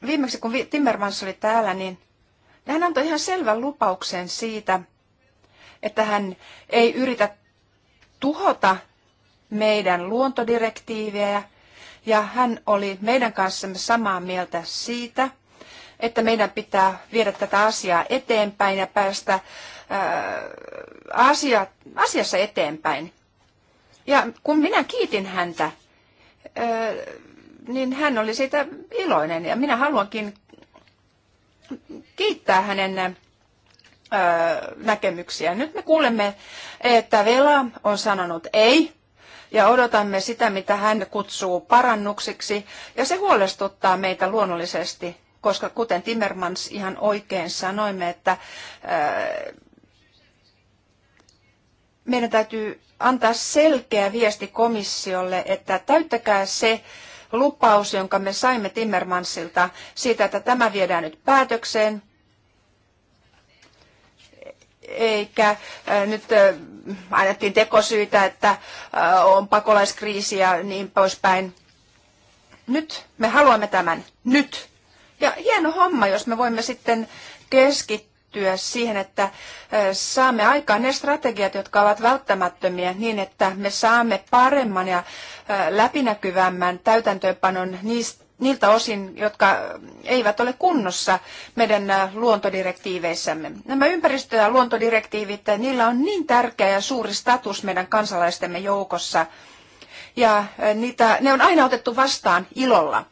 viimeksi kun Timmermans oli täällä, niin hän antoi ihan selvän lupauksen siitä, että hän ei yritä tuhota meidän luontodirektiivejä ja hän oli meidän kanssamme samaa mieltä siitä – että meidän pitää viedä tätä asiaa eteenpäin ja päästä ää, asia, asiassa eteenpäin. Ja kun minä kiitin häntä, ää, niin hän oli siitä iloinen ja minä haluankin kiittää hänen näkemyksiä. Nyt me kuulemme, että Vela on sanonut ei ja odotamme sitä, mitä hän kutsuu parannuksiksi ja se huolestuttaa meitä luonnollisesti koska kuten Timmermans ihan oikein sanoimme, että meidän täytyy antaa selkeä viesti komissiolle, että täyttäkää se lupaus, jonka me saimme Timmermansilta siitä, että tämä viedään nyt päätökseen, eikä nyt annettiin tekosyitä, että on pakolaiskriisi ja niin poispäin. Nyt me haluamme tämän nyt. Ja hieno homma, jos me voimme sitten keskittyä siihen, että saamme aikaan ne strategiat, jotka ovat välttämättömiä niin, että me saamme paremman ja läpinäkyvämmän täytäntöönpanon niistä niiltä osin, jotka eivät ole kunnossa meidän luontodirektiiveissämme. Nämä ympäristö- ja luontodirektiivit, niillä on niin tärkeä ja suuri status meidän kansalaistemme joukossa, ja niitä, ne on aina otettu vastaan ilolla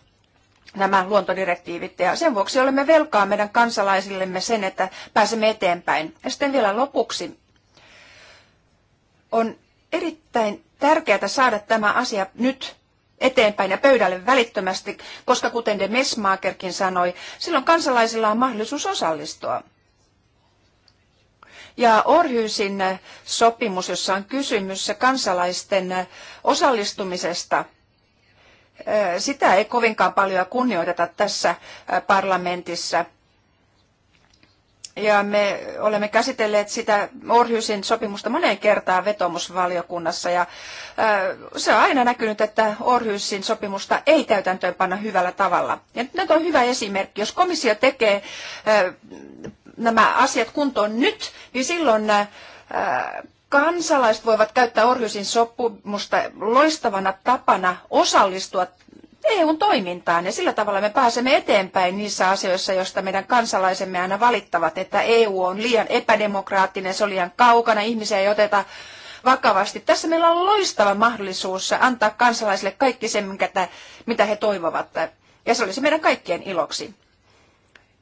nämä luontodirektiivit. Ja sen vuoksi olemme velkaa meidän kansalaisillemme sen, että pääsemme eteenpäin. Ja sitten vielä lopuksi on erittäin tärkeää saada tämä asia nyt eteenpäin ja pöydälle välittömästi, koska kuten de Messmakerkin sanoi, silloin kansalaisilla on mahdollisuus osallistua. Ja Orhyysin sopimus, jossa on kysymys kansalaisten osallistumisesta – sitä ei kovinkaan paljon kunnioiteta tässä parlamentissa. Ja me olemme käsitelleet sitä Orhysin sopimusta moneen kertaan vetomusvaliokunnassa ja se on aina näkynyt, että Orhysin sopimusta ei täytäntöönpanna hyvällä tavalla. Ja nyt on hyvä esimerkki. Jos komissio tekee nämä asiat kuntoon nyt, niin silloin kansalaiset voivat käyttää Orhusin sopimusta loistavana tapana osallistua EUn toimintaan ja sillä tavalla me pääsemme eteenpäin niissä asioissa, joista meidän kansalaisemme aina valittavat, että EU on liian epädemokraattinen, se on liian kaukana, ihmisiä ei oteta vakavasti. Tässä meillä on loistava mahdollisuus antaa kansalaisille kaikki se, mitä he toivovat. Ja se olisi meidän kaikkien iloksi.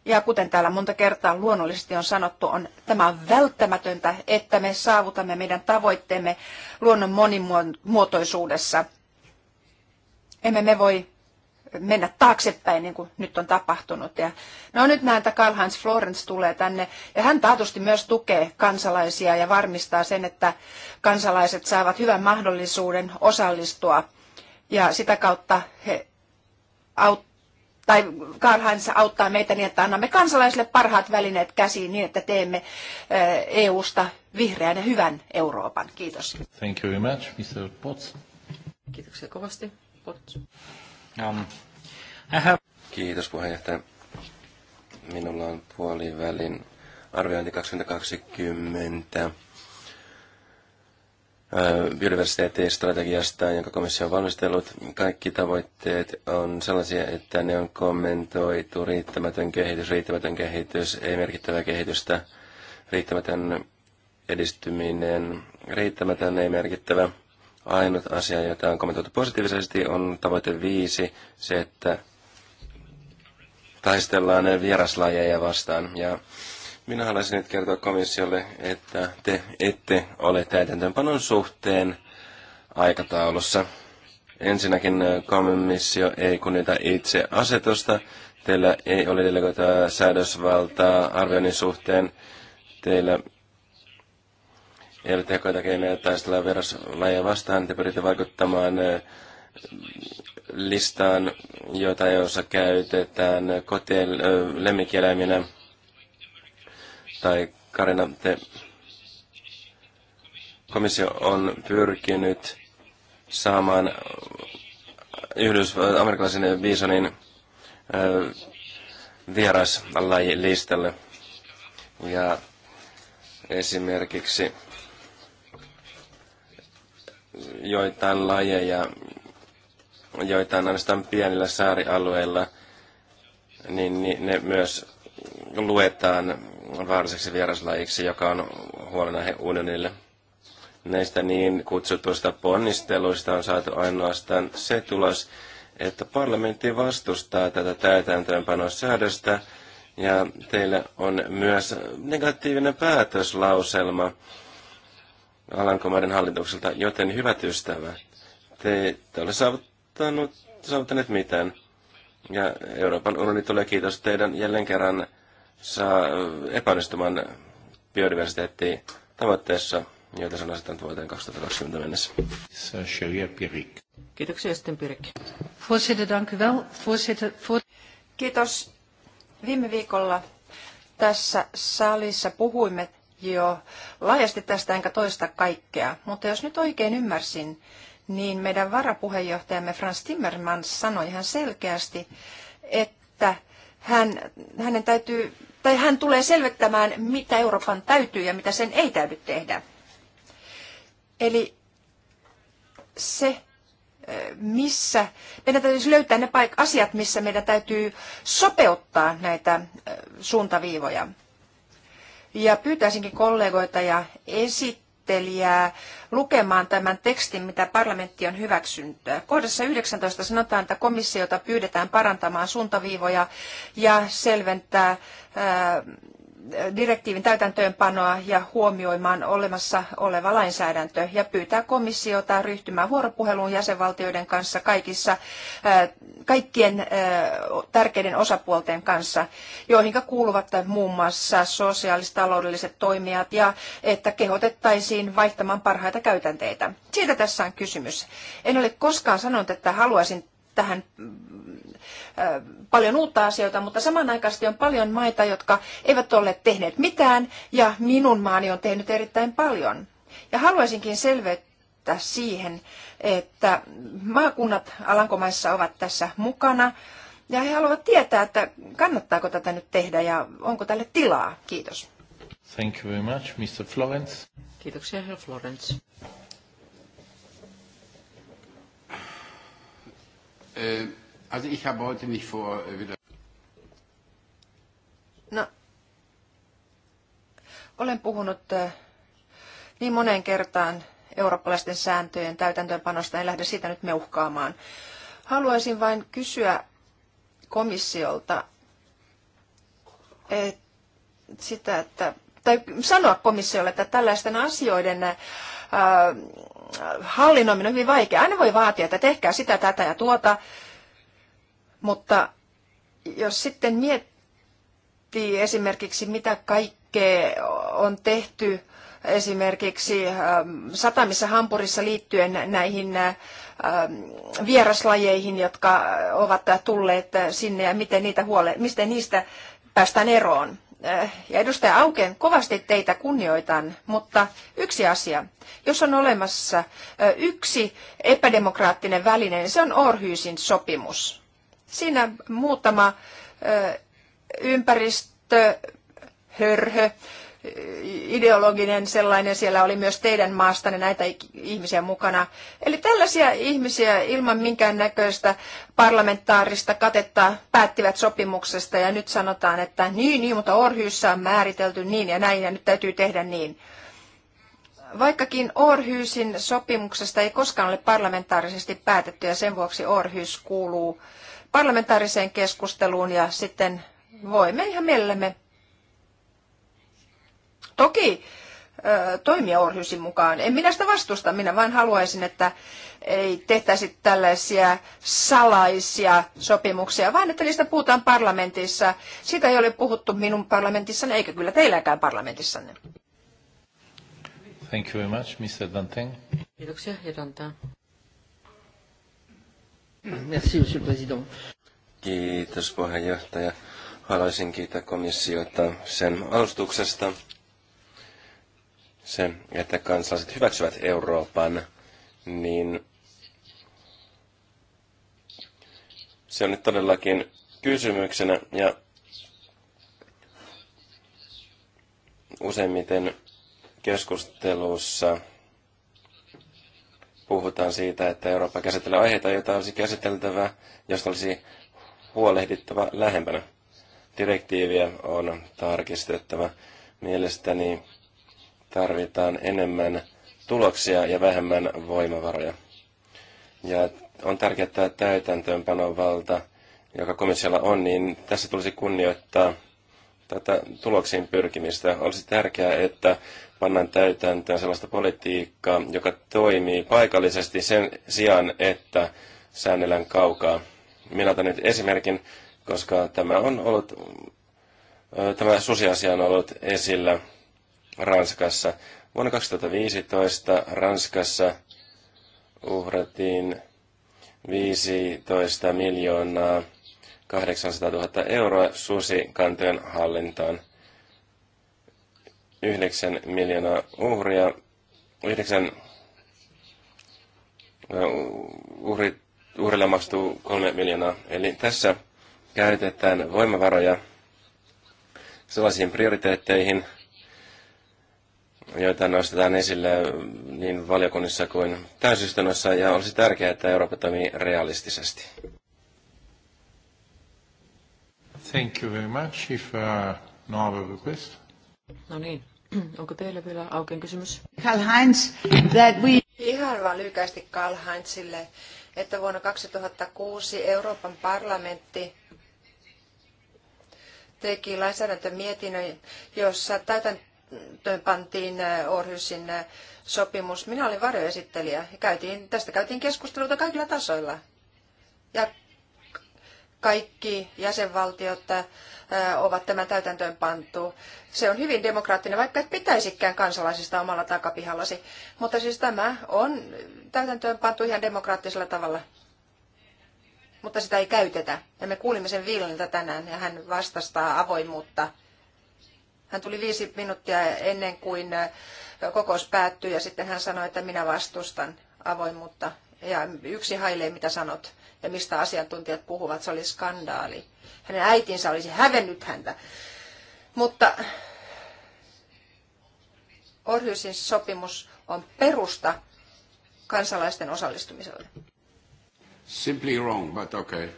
Ja kuten täällä monta kertaa luonnollisesti on sanottu, on, tämä on välttämätöntä, että me saavutamme meidän tavoitteemme luonnon monimuotoisuudessa. Emme me voi mennä taaksepäin, niin kuin nyt on tapahtunut. Ja no nyt näen, että Karl-Heinz Florence tulee tänne, ja hän taatusti myös tukee kansalaisia ja varmistaa sen, että kansalaiset saavat hyvän mahdollisuuden osallistua, ja sitä kautta he auttavat tai Karhansa auttaa meitä niin, että annamme kansalaisille parhaat välineet käsiin niin, että teemme EUsta eh, e vihreän ja hyvän Euroopan. Kiitos. Thank you very much, Mr. Potts. Kiitoksia kovasti, Potts. Um, Kiitos puheenjohtaja. Minulla on puolivälin arviointi 2020 biodiversiteettistrategiasta, jonka komissio on valmistellut. Kaikki tavoitteet on sellaisia, että ne on kommentoitu riittämätön kehitys, riittämätön kehitys, ei merkittävää kehitystä, riittämätön edistyminen, riittämätön, ei merkittävä. Ainut asia, jota on kommentoitu positiivisesti, on tavoite viisi, se, että taistellaan vieraslajeja vastaan. Ja minä haluaisin nyt kertoa komissiolle, että te ette ole täytäntöönpanon suhteen aikataulussa. Ensinnäkin äh, komissio ei kunnita itse asetusta. Teillä ei ole delegoitua säädösvaltaa arvioinnin suhteen. Teillä ei ole tehokkaita keinoja taistella veroslajeja vastaan. Te pyritte vaikuttamaan äh, listaan, joita EUssa käytetään kotien äh, lemmikieläiminä – tai Karina, te, komissio on pyrkinyt saamaan Yhdys, amerikkalaisen bisonin vieraslajilistalle. Ja esimerkiksi joitain lajeja, joitain ainoastaan pienillä saarialueilla, niin, niin ne myös luetaan vaaralliseksi vieraslajiksi, joka on huolenaihe unionille. Näistä niin kutsutuista ponnisteluista on saatu ainoastaan se tulos, että parlamentti vastustaa tätä täytäntöönpanosäädöstä, ja teillä on myös negatiivinen päätöslauselma Alankomaiden hallitukselta, joten hyvät ystävät, te ette ole saavuttanut, saavuttaneet mitään. Ja Euroopan unioni tulee kiitos teidän jälleen kerran saa epäonnistumaan biodiversiteettiin tavoitteessa, joita se on asettanut vuoteen 2020 mennessä. Kiitoksia sitten Pirik. Kiitos. Viime viikolla tässä salissa puhuimme jo laajasti tästä, enkä toista kaikkea. Mutta jos nyt oikein ymmärsin, niin meidän varapuheenjohtajamme Frans Timmermans sanoi ihan selkeästi, että hän, hänen täytyy, tai hän tulee selvittämään, mitä Euroopan täytyy ja mitä sen ei täydy tehdä. Eli se, missä meidän täytyisi löytää ne paik- asiat, missä meidän täytyy sopeuttaa näitä suuntaviivoja. Ja pyytäisinkin kollegoita ja esittää, esittelijää lukemaan tämän tekstin, mitä parlamentti on hyväksynyt. Kohdassa 19 sanotaan, että komissiota pyydetään parantamaan suuntaviivoja ja selventää direktiivin täytäntöönpanoa ja huomioimaan olemassa oleva lainsäädäntö ja pyytää komissiota ryhtymään vuoropuheluun jäsenvaltioiden kanssa kaikissa, kaikkien tärkeiden osapuolten kanssa, joihin kuuluvat muun muassa sosiaalistaloudelliset toimijat ja että kehotettaisiin vaihtamaan parhaita käytänteitä. Siitä tässä on kysymys. En ole koskaan sanonut, että haluaisin tähän äh, paljon uutta asioita, mutta samanaikaisesti on paljon maita, jotka eivät ole tehneet mitään ja minun maani on tehnyt erittäin paljon. Ja haluaisinkin selvittää siihen, että maakunnat Alankomaissa ovat tässä mukana ja he haluavat tietää, että kannattaako tätä nyt tehdä ja onko tälle tilaa. Kiitos. Thank you very much, Mr. Florence. Kiitoksia, Herr Florence. Äh, also ich habe heute nicht vor äh, wieder... No, olen puhunut äh, niin moneen kertaan eurooppalaisten sääntöjen täytäntöönpanosta, en lähde sitä nyt meuhkaamaan. Haluaisin vain kysyä komissiolta et, sitä, että, tai sanoa komissiolle, että tällaisten asioiden ää, hallinnoiminen on hyvin vaikea. Aina voi vaatia, että tehkää sitä, tätä ja tuota, mutta jos sitten miettii esimerkiksi, mitä kaikkea on tehty esimerkiksi ähm, satamissa Hampurissa liittyen näihin äh, vieraslajeihin, jotka ovat tulleet sinne ja miten, niitä huole- miten niistä päästään eroon. Äh, ja edustaja Auken, kovasti teitä kunnioitan, mutta yksi asia. Jos on olemassa äh, yksi epädemokraattinen väline, niin se on Orhyysin sopimus. Siinä muutama äh, ympäristöhörhö ideologinen sellainen, siellä oli myös teidän maastanne näitä ihmisiä mukana. Eli tällaisia ihmisiä ilman minkäännäköistä parlamentaarista katetta päättivät sopimuksesta ja nyt sanotaan, että niin, niin, mutta Orhyyssä on määritelty niin ja näin ja nyt täytyy tehdä niin. Vaikkakin Orhyysin sopimuksesta ei koskaan ole parlamentaarisesti päätetty ja sen vuoksi Orhyys kuuluu parlamentaariseen keskusteluun ja sitten voimme ihan mielellämme toki toimia Orhysin mukaan. En minä sitä vastusta, minä vain haluaisin, että ei tehtäisi tällaisia salaisia sopimuksia, vaan että niistä puhutaan parlamentissa. Sitä ei ole puhuttu minun parlamentissani, eikä kyllä teilläkään parlamentissanne. Thank you very much, Mr. Dantin. Kiitoksia, herra Dantin. Merci, monsieur le président. Kiitos, puheenjohtaja. Haluaisin kiittää komissiota sen alustuksesta se, että kansalaiset hyväksyvät Euroopan, niin se on nyt todellakin kysymyksenä ja useimmiten keskustelussa puhutaan siitä, että Eurooppa käsittelee aiheita, joita olisi käsiteltävä, josta olisi huolehdittava lähempänä. Direktiiviä on tarkistettava. Mielestäni tarvitaan enemmän tuloksia ja vähemmän voimavaroja. Ja on tärkeää, että valta, joka komissiolla on, niin tässä tulisi kunnioittaa tätä tuloksiin pyrkimistä. Olisi tärkeää, että pannaan täytäntöön sellaista politiikkaa, joka toimii paikallisesti sen sijaan, että säännellään kaukaa. Minä otan nyt esimerkin, koska tämä on ollut, tämä susiasia on ollut esillä Ranskassa. Vuonna 2015 Ranskassa uhrattiin 15 miljoonaa 800 000 euroa susikantojen hallintaan. 9 miljoonaa uhria, 9 uhri, uhrille maksuu 3 miljoonaa. Eli tässä käytetään voimavaroja sellaisiin prioriteetteihin – joita nostetaan esille niin valiokunnissa kuin täysistunnossa, ja olisi tärkeää, että Eurooppa toimii realistisesti. Thank you very much. If uh, no other request. No niin. [CLEARS THROAT] Onko teillä vielä auken kysymys? Karl Heinz, that we... Ihan vaan lyhyesti Karl Heinzille, että vuonna 2006 Euroopan parlamentti teki lainsäädäntömietinnön, jossa täytän pantiin Orhysin sopimus. Minä olin varjoesittelijä. Käytiin, tästä käytiin keskusteluita kaikilla tasoilla. Ja kaikki jäsenvaltiot ovat tämän täytäntöön pantu. Se on hyvin demokraattinen, vaikka et pitäisikään kansalaisista omalla takapihallasi. Mutta siis tämä on täytäntöön pantu ihan demokraattisella tavalla. Mutta sitä ei käytetä. Ja me kuulimme sen Viilalta tänään ja hän vastastaa avoimuutta hän tuli viisi minuuttia ennen kuin äh, kokous päättyi ja sitten hän sanoi, että minä vastustan avoimuutta. Ja yksi hailee, mitä sanot ja mistä asiantuntijat puhuvat. Se oli skandaali. Hänen äitinsä olisi hävennyt häntä. Mutta Orhysin sopimus on perusta kansalaisten osallistumiselle. Simply wrong, but okay.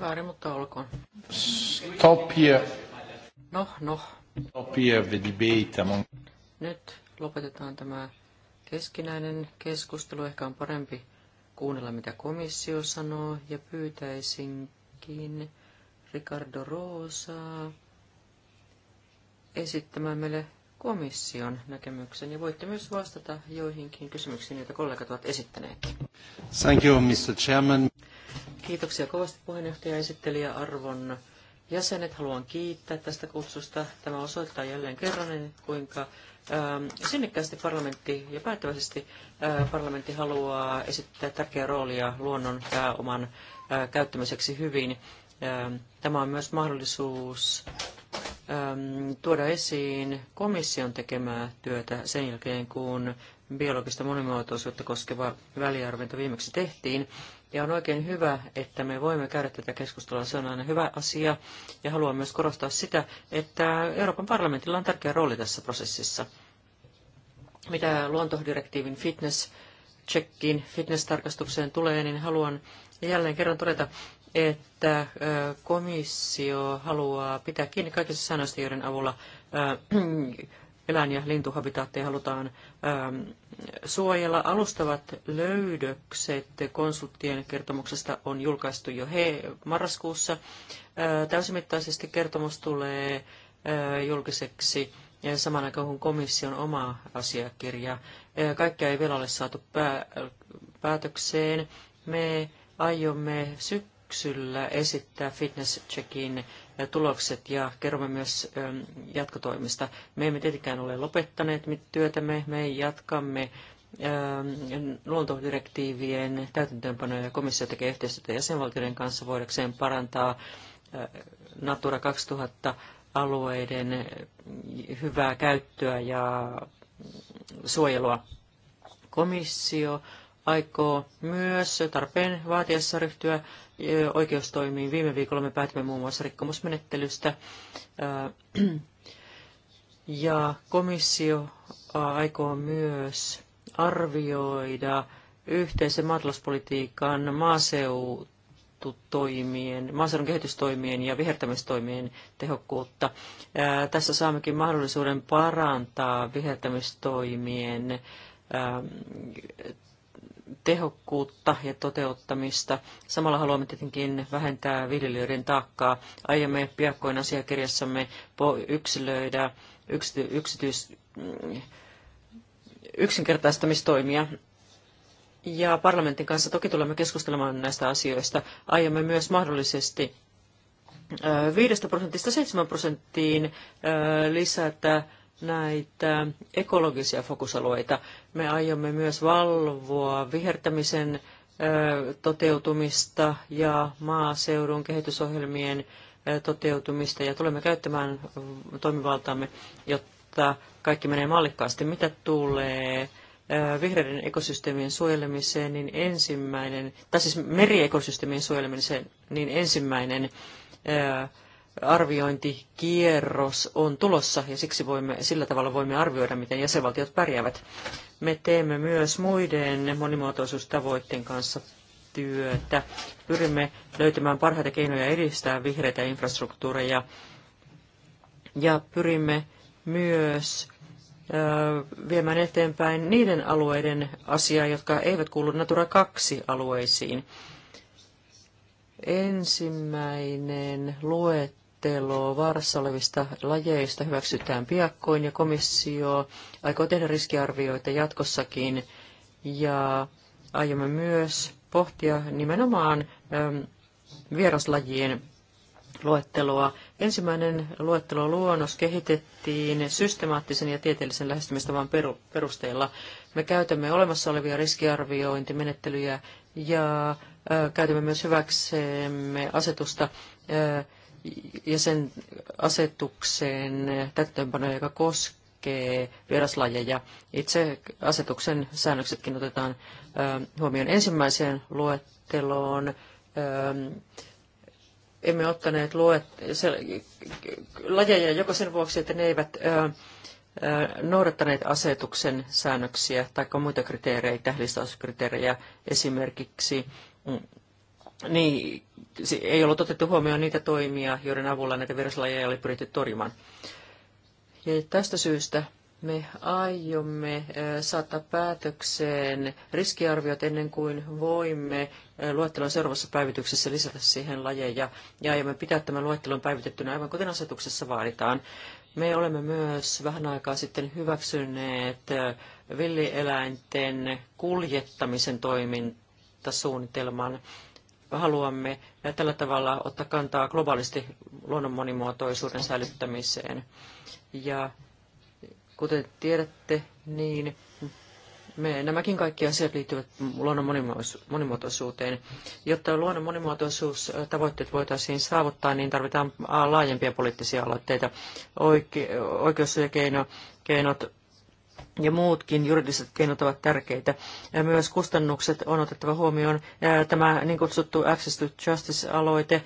Väärin, mutta olkoon. Stop here. Noh, noh. Nyt lopetetaan tämä keskinäinen keskustelu. Ehkä on parempi kuunnella, mitä komissio sanoo, ja pyytäisinkin Ricardo Rosaa esittämään meille komission näkemyksen, ja voitte myös vastata joihinkin kysymyksiin, joita kollegat ovat esittäneet. Thank you, Mr. Chairman. Kiitoksia kovasti puheenjohtaja esittelijä Arvon jäsenet. Haluan kiittää tästä kutsusta. Tämä osoittaa jälleen kerran, kuinka ähm, sinnikkäästi parlamentti ja päättävästi äh, parlamentti haluaa esittää tärkeää roolia luonnon pääoman äh, käyttämiseksi hyvin. Ähm, tämä on myös mahdollisuus ähm, tuoda esiin komission tekemää työtä sen jälkeen, kun biologista monimuotoisuutta koskeva väliarviointi viimeksi tehtiin. Ja on oikein hyvä, että me voimme käydä tätä keskustelua. Se on aina hyvä asia. Ja haluan myös korostaa sitä, että Euroopan parlamentilla on tärkeä rooli tässä prosessissa. Mitä luontodirektiivin fitness checkiin, fitness-tarkastukseen tulee, niin haluan jälleen kerran todeta, että komissio haluaa pitää kiinni kaikista säännöistä, joiden avulla eläin- ja lintuhabitaatteja halutaan äm, suojella. Alustavat löydökset konsulttien kertomuksesta on julkaistu jo he marraskuussa. Ää, äh, täysimittaisesti kertomus tulee ää, äh, julkiseksi ja saman aikaan kuin komission oma asiakirja. Ää, äh, kaikkea ei vielä ole saatu pää, päätökseen. Me aiomme sy- syksyllä esittää fitness checkin äh, tulokset ja kerromme myös ähm, jatkotoimista. Me emme tietenkään ole lopettaneet työtämme, me jatkamme ähm, luontodirektiivien täytäntöönpanoja ja komissio tekee yhteistyötä jäsenvaltioiden kanssa voidakseen parantaa äh, Natura 2000 alueiden äh, hyvää käyttöä ja suojelua. Komissio aikoo myös tarpeen vaatiessa ryhtyä oikeustoimiin. Viime viikolla me päätimme muun muassa rikkomusmenettelystä. Ja komissio aikoo myös arvioida yhteisen maatalouspolitiikan maaseututoimien, maaseudun kehitystoimien ja vihertämistoimien tehokkuutta. Ää, tässä saammekin mahdollisuuden parantaa vihertämistoimien ää, tehokkuutta ja toteuttamista. Samalla haluamme tietenkin vähentää viljelijöiden taakkaa. Aiomme piakkoin asiakirjassamme yksilöidä yksity, yksityis, yksinkertaistamistoimia. Ja parlamentin kanssa toki tulemme keskustelemaan näistä asioista. Aiomme myös mahdollisesti 5 prosentista 7 prosenttiin lisätä näitä ekologisia fokusalueita. Me aiomme myös valvoa vihertämisen toteutumista ja maaseudun kehitysohjelmien toteutumista ja tulemme käyttämään toimivaltaamme, jotta kaikki menee mallikkaasti. Mitä tulee vihreiden ekosysteemien suojelemiseen, niin ensimmäinen, tai siis meriekosysteemien suojelemiseen, niin ensimmäinen arviointikierros on tulossa ja siksi voimme, sillä tavalla voimme arvioida, miten jäsenvaltiot pärjäävät. Me teemme myös muiden monimuotoisuustavoitteen kanssa työtä. Pyrimme löytämään parhaita keinoja edistää vihreitä infrastruktuureja ja pyrimme myös viemään eteenpäin niiden alueiden asiaa, jotka eivät kuulu Natura 2-alueisiin. Ensimmäinen luettelo luettelo vaarassa olevista lajeista hyväksytään piakkoin ja komissio aikoo tehdä riskiarvioita jatkossakin ja aiomme myös pohtia nimenomaan vieraslajien luetteloa. Ensimmäinen luetteloluonnos kehitettiin systemaattisen ja tieteellisen lähestymistavan perusteella. Me käytämme olemassa olevia riskiarviointimenettelyjä ja käytämme myös hyväksemme asetusta ja sen joka koskee vieraslajeja. Itse asetuksen säännöksetkin otetaan huomioon ensimmäiseen luetteloon. Emme ottaneet luet, se, lajeja joko sen vuoksi, että ne eivät noudattaneet asetuksen säännöksiä tai muita kriteereitä, listauskriteerejä esimerkiksi mm, niin ei ollut otettu huomioon niitä toimia, joiden avulla näitä viruslajeja oli pyritty torjumaan. Ja tästä syystä me aiomme saattaa päätökseen riskiarviot ennen kuin voimme luettelon seuraavassa päivityksessä lisätä siihen lajeja ja aiomme pitää tämän luettelon päivitettynä aivan kuten asetuksessa vaaditaan. Me olemme myös vähän aikaa sitten hyväksyneet villieläinten kuljettamisen toimintasuunnitelman haluamme tällä tavalla ottaa kantaa globaalisti luonnon monimuotoisuuden säilyttämiseen. Ja kuten tiedätte, niin me, nämäkin kaikki asiat liittyvät luonnon monimuotoisuuteen. Jotta luonnon monimuotoisuustavoitteet voitaisiin saavuttaa, niin tarvitaan laajempia poliittisia aloitteita. Oike, oikeus- ja keino, keinot, ja muutkin juridiset keinot ovat tärkeitä. ja Myös kustannukset on otettava huomioon. Tämä niin kutsuttu Access to Justice-aloite,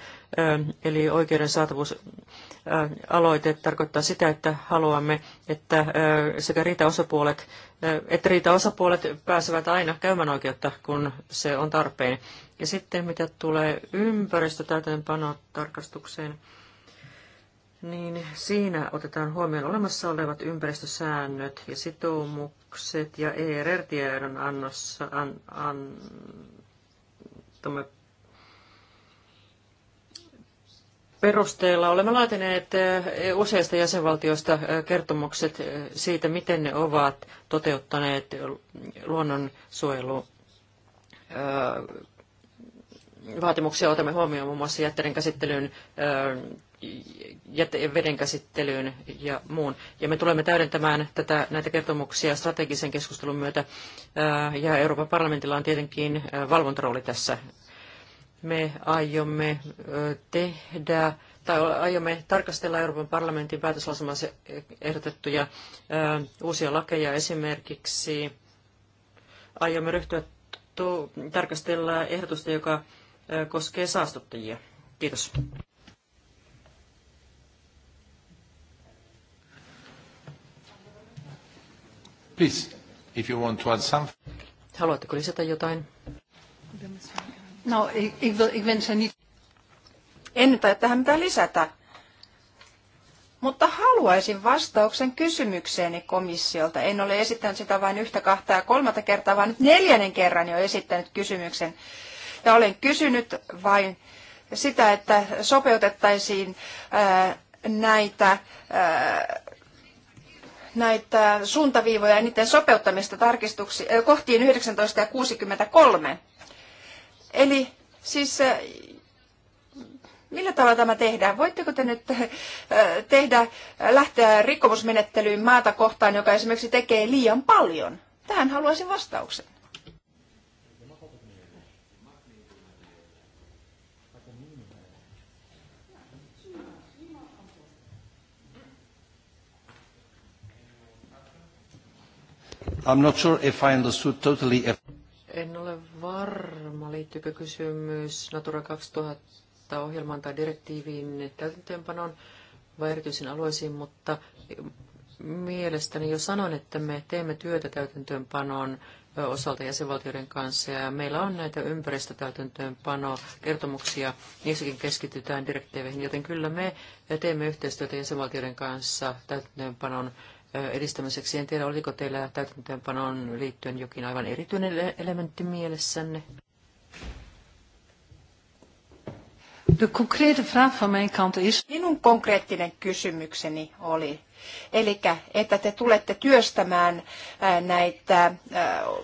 eli oikeuden saatavuusaloite, tarkoittaa sitä, että haluamme, että sekä riitaosapuolet, että riitaosapuolet pääsevät aina käymään oikeutta, kun se on tarpeen. Ja sitten mitä tulee ympäristötäytäntöönpanotarkastukseen, tarkastukseen niin siinä otetaan huomioon olemassa olevat ympäristösäännöt ja sitoumukset ja ERR-tiedon annossa an, an, tämä perusteella olemme laatineet eh, useista jäsenvaltioista eh, kertomukset eh, siitä, miten ne ovat toteuttaneet luonnonsuojelu vaatimuksia otamme huomioon muun muassa jätteiden käsittelyn jäte- vedenkäsittelyyn ja muun. Ja me tulemme täydentämään tätä, näitä kertomuksia strategisen keskustelun myötä, äh, ja Euroopan parlamentilla on tietenkin äh, valvontarooli tässä. Me aiomme äh, tehdä tai aiomme tarkastella Euroopan parlamentin päätöslauselmassa ehdotettuja uusia lakeja esimerkiksi. Aiomme ryhtyä tarkastella ehdotusta, joka koskee saastuttajia. Kiitos. Please, if you want to add something. Haluatteko lisätä jotain? No, ik, wil, ik er niet. En nyt tähän mitään lisätä. Mutta haluaisin vastauksen kysymykseeni komissiolta. En ole esittänyt sitä vain yhtä, kahta ja kolmatta kertaa, vaan nyt neljännen kerran jo esittänyt kysymyksen. Ja olen kysynyt vain sitä, että sopeutettaisiin näitä ää, näitä suuntaviivoja ja niiden sopeuttamista tarkistuksi, kohtiin 19 ja 63. Eli siis millä tavalla tämä tehdään? Voitteko te nyt tehdä, lähteä rikkomusmenettelyyn maata kohtaan, joka esimerkiksi tekee liian paljon? Tähän haluaisin vastauksen. I'm not sure if I understood totally. If... En ole varma, liittyykö kysymys Natura 2000 ohjelmaan tai direktiiviin täytäntöönpanoon vai erityisiin alueisiin, mutta mielestäni jo sanoin, että me teemme työtä täytäntöönpanoon osalta jäsenvaltioiden kanssa ja meillä on näitä ympäristötäytäntöönpano kertomuksia, niissäkin keskitytään direktiiveihin, joten kyllä me teemme yhteistyötä jäsenvaltioiden kanssa täytäntöönpanon edistämiseksi. En tiedä, oliko teillä täytäntöönpanoon liittyen jokin aivan erityinen elementti mielessänne? Minun konkreettinen kysymykseni oli, eli että te tulette työstämään näitä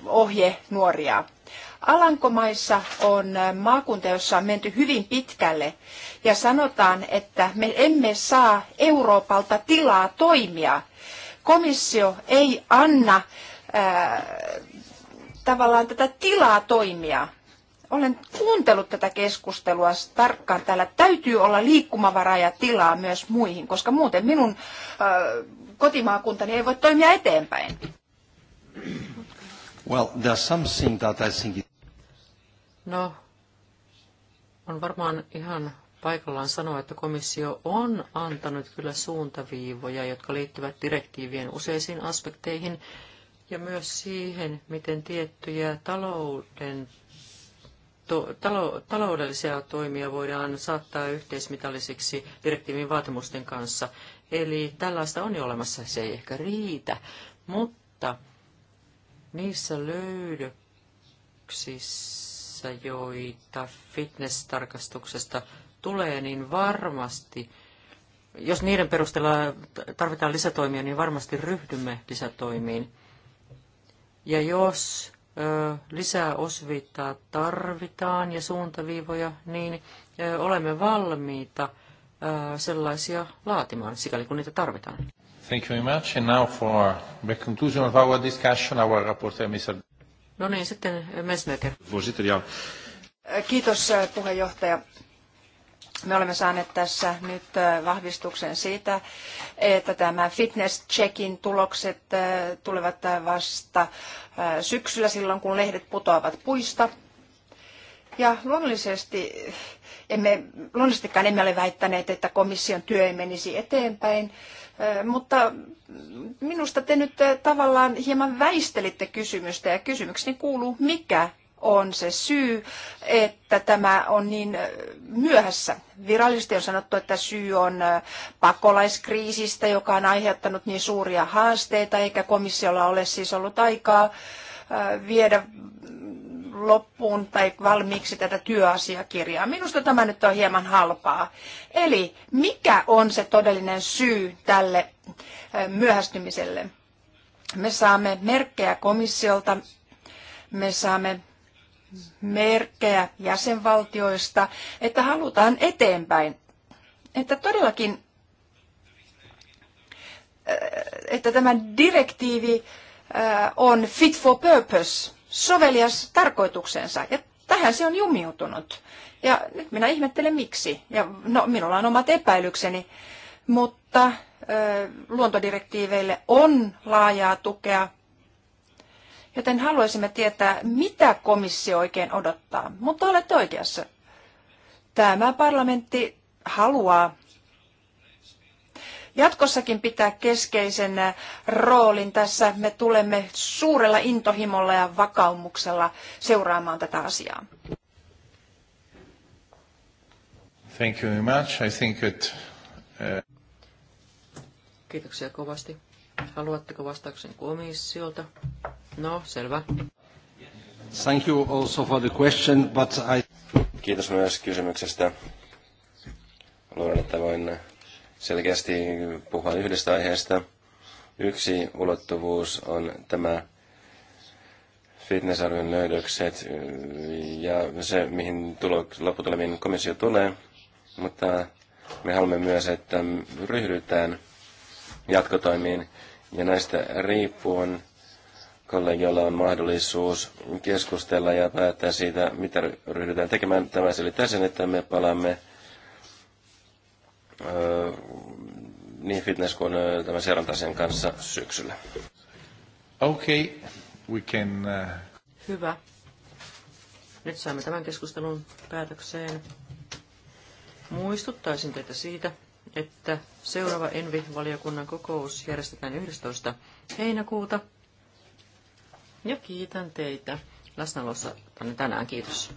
ohjenuoria. Alankomaissa on maakunta, jossa on menty hyvin pitkälle ja sanotaan, että me emme saa Euroopalta tilaa toimia komissio ei anna ää, tavallaan tätä tilaa toimia. Olen kuuntellut tätä keskustelua tarkkaan. Täällä täytyy olla liikkumavaraa ja tilaa myös muihin, koska muuten minun ää, kotimaakuntani ei voi toimia eteenpäin. Well, there's something that I think... No, on varmaan ihan paikallaan sanoa, että komissio on antanut kyllä suuntaviivoja, jotka liittyvät direktiivien useisiin aspekteihin ja myös siihen, miten tiettyjä talouden, to, talo, taloudellisia toimia voidaan saattaa yhteismitallisiksi direktiivin vaatimusten kanssa. Eli tällaista on jo olemassa, se ei ehkä riitä, mutta niissä löydöksissä joita fitness-tarkastuksesta tulee, niin varmasti, jos niiden perusteella tarvitaan lisätoimia, niin varmasti ryhdymme lisätoimiin. Ja jos ö, lisää osviittaa tarvitaan ja suuntaviivoja, niin ö, olemme valmiita ö, sellaisia laatimaan, sikäli kun niitä tarvitaan. Thank you very much. And now for the conclusion of our discussion, our rapporteur, Mr. No niin, sitten Mesmerker. Kiitos puheenjohtaja. Me olemme saaneet tässä nyt vahvistuksen siitä, että tämä fitness checkin tulokset tulevat vasta syksyllä silloin, kun lehdet putoavat puista. Ja luonnollisesti emme, luonnollisestikaan emme ole väittäneet, että komission työ ei menisi eteenpäin, mutta minusta te nyt tavallaan hieman väistelitte kysymystä ja kysymykseni kuuluu, mikä on se syy, että tämä on niin myöhässä. Virallisesti on sanottu, että syy on pakolaiskriisistä, joka on aiheuttanut niin suuria haasteita, eikä komissiolla ole siis ollut aikaa viedä loppuun tai valmiiksi tätä työasiakirjaa. Minusta tämä nyt on hieman halpaa. Eli mikä on se todellinen syy tälle myöhästymiselle? Me saamme merkkejä komissiolta, me saamme merkkejä jäsenvaltioista, että halutaan eteenpäin. Että todellakin, äh, että tämä direktiivi äh, on fit for purpose, sovelias tarkoituksensa. Ja tähän se on jumiutunut. Ja nyt minä ihmettelen miksi. Ja no, minulla on omat epäilykseni, mutta äh, luontodirektiiveille on laajaa tukea Joten haluaisimme tietää, mitä komissio oikein odottaa. Mutta olette oikeassa. Tämä parlamentti haluaa jatkossakin pitää keskeisen roolin tässä. Me tulemme suurella intohimolla ja vakaumuksella seuraamaan tätä asiaa. Thank you very much. I think it, uh... Kiitoksia kovasti. Haluatteko vastauksen komissiolta? No, selvä. Thank you also for the question, but I... Kiitos myös kysymyksestä. Luulen, että voin selkeästi puhua yhdestä aiheesta. Yksi ulottuvuus on tämä fitnessarvion löydökset ja se, mihin tulok, lopputulemiin komissio tulee, mutta me haluamme myös, että ryhdytään jatkotoimiin ja näistä riippuen kollegiolla on mahdollisuus keskustella ja päättää siitä, mitä ryhdytään tekemään. Tämä selittää sen, että me palaamme äh, niin fitness kuin tämän seurantaisen kanssa syksyllä. Okay, we can... Uh... Hyvä. Nyt saamme tämän keskustelun päätökseen. Muistuttaisin teitä siitä, että seuraava Envi-valiokunnan kokous järjestetään 11. heinäkuuta ja kiitän teitä läsnäolosta tänään. Kiitos.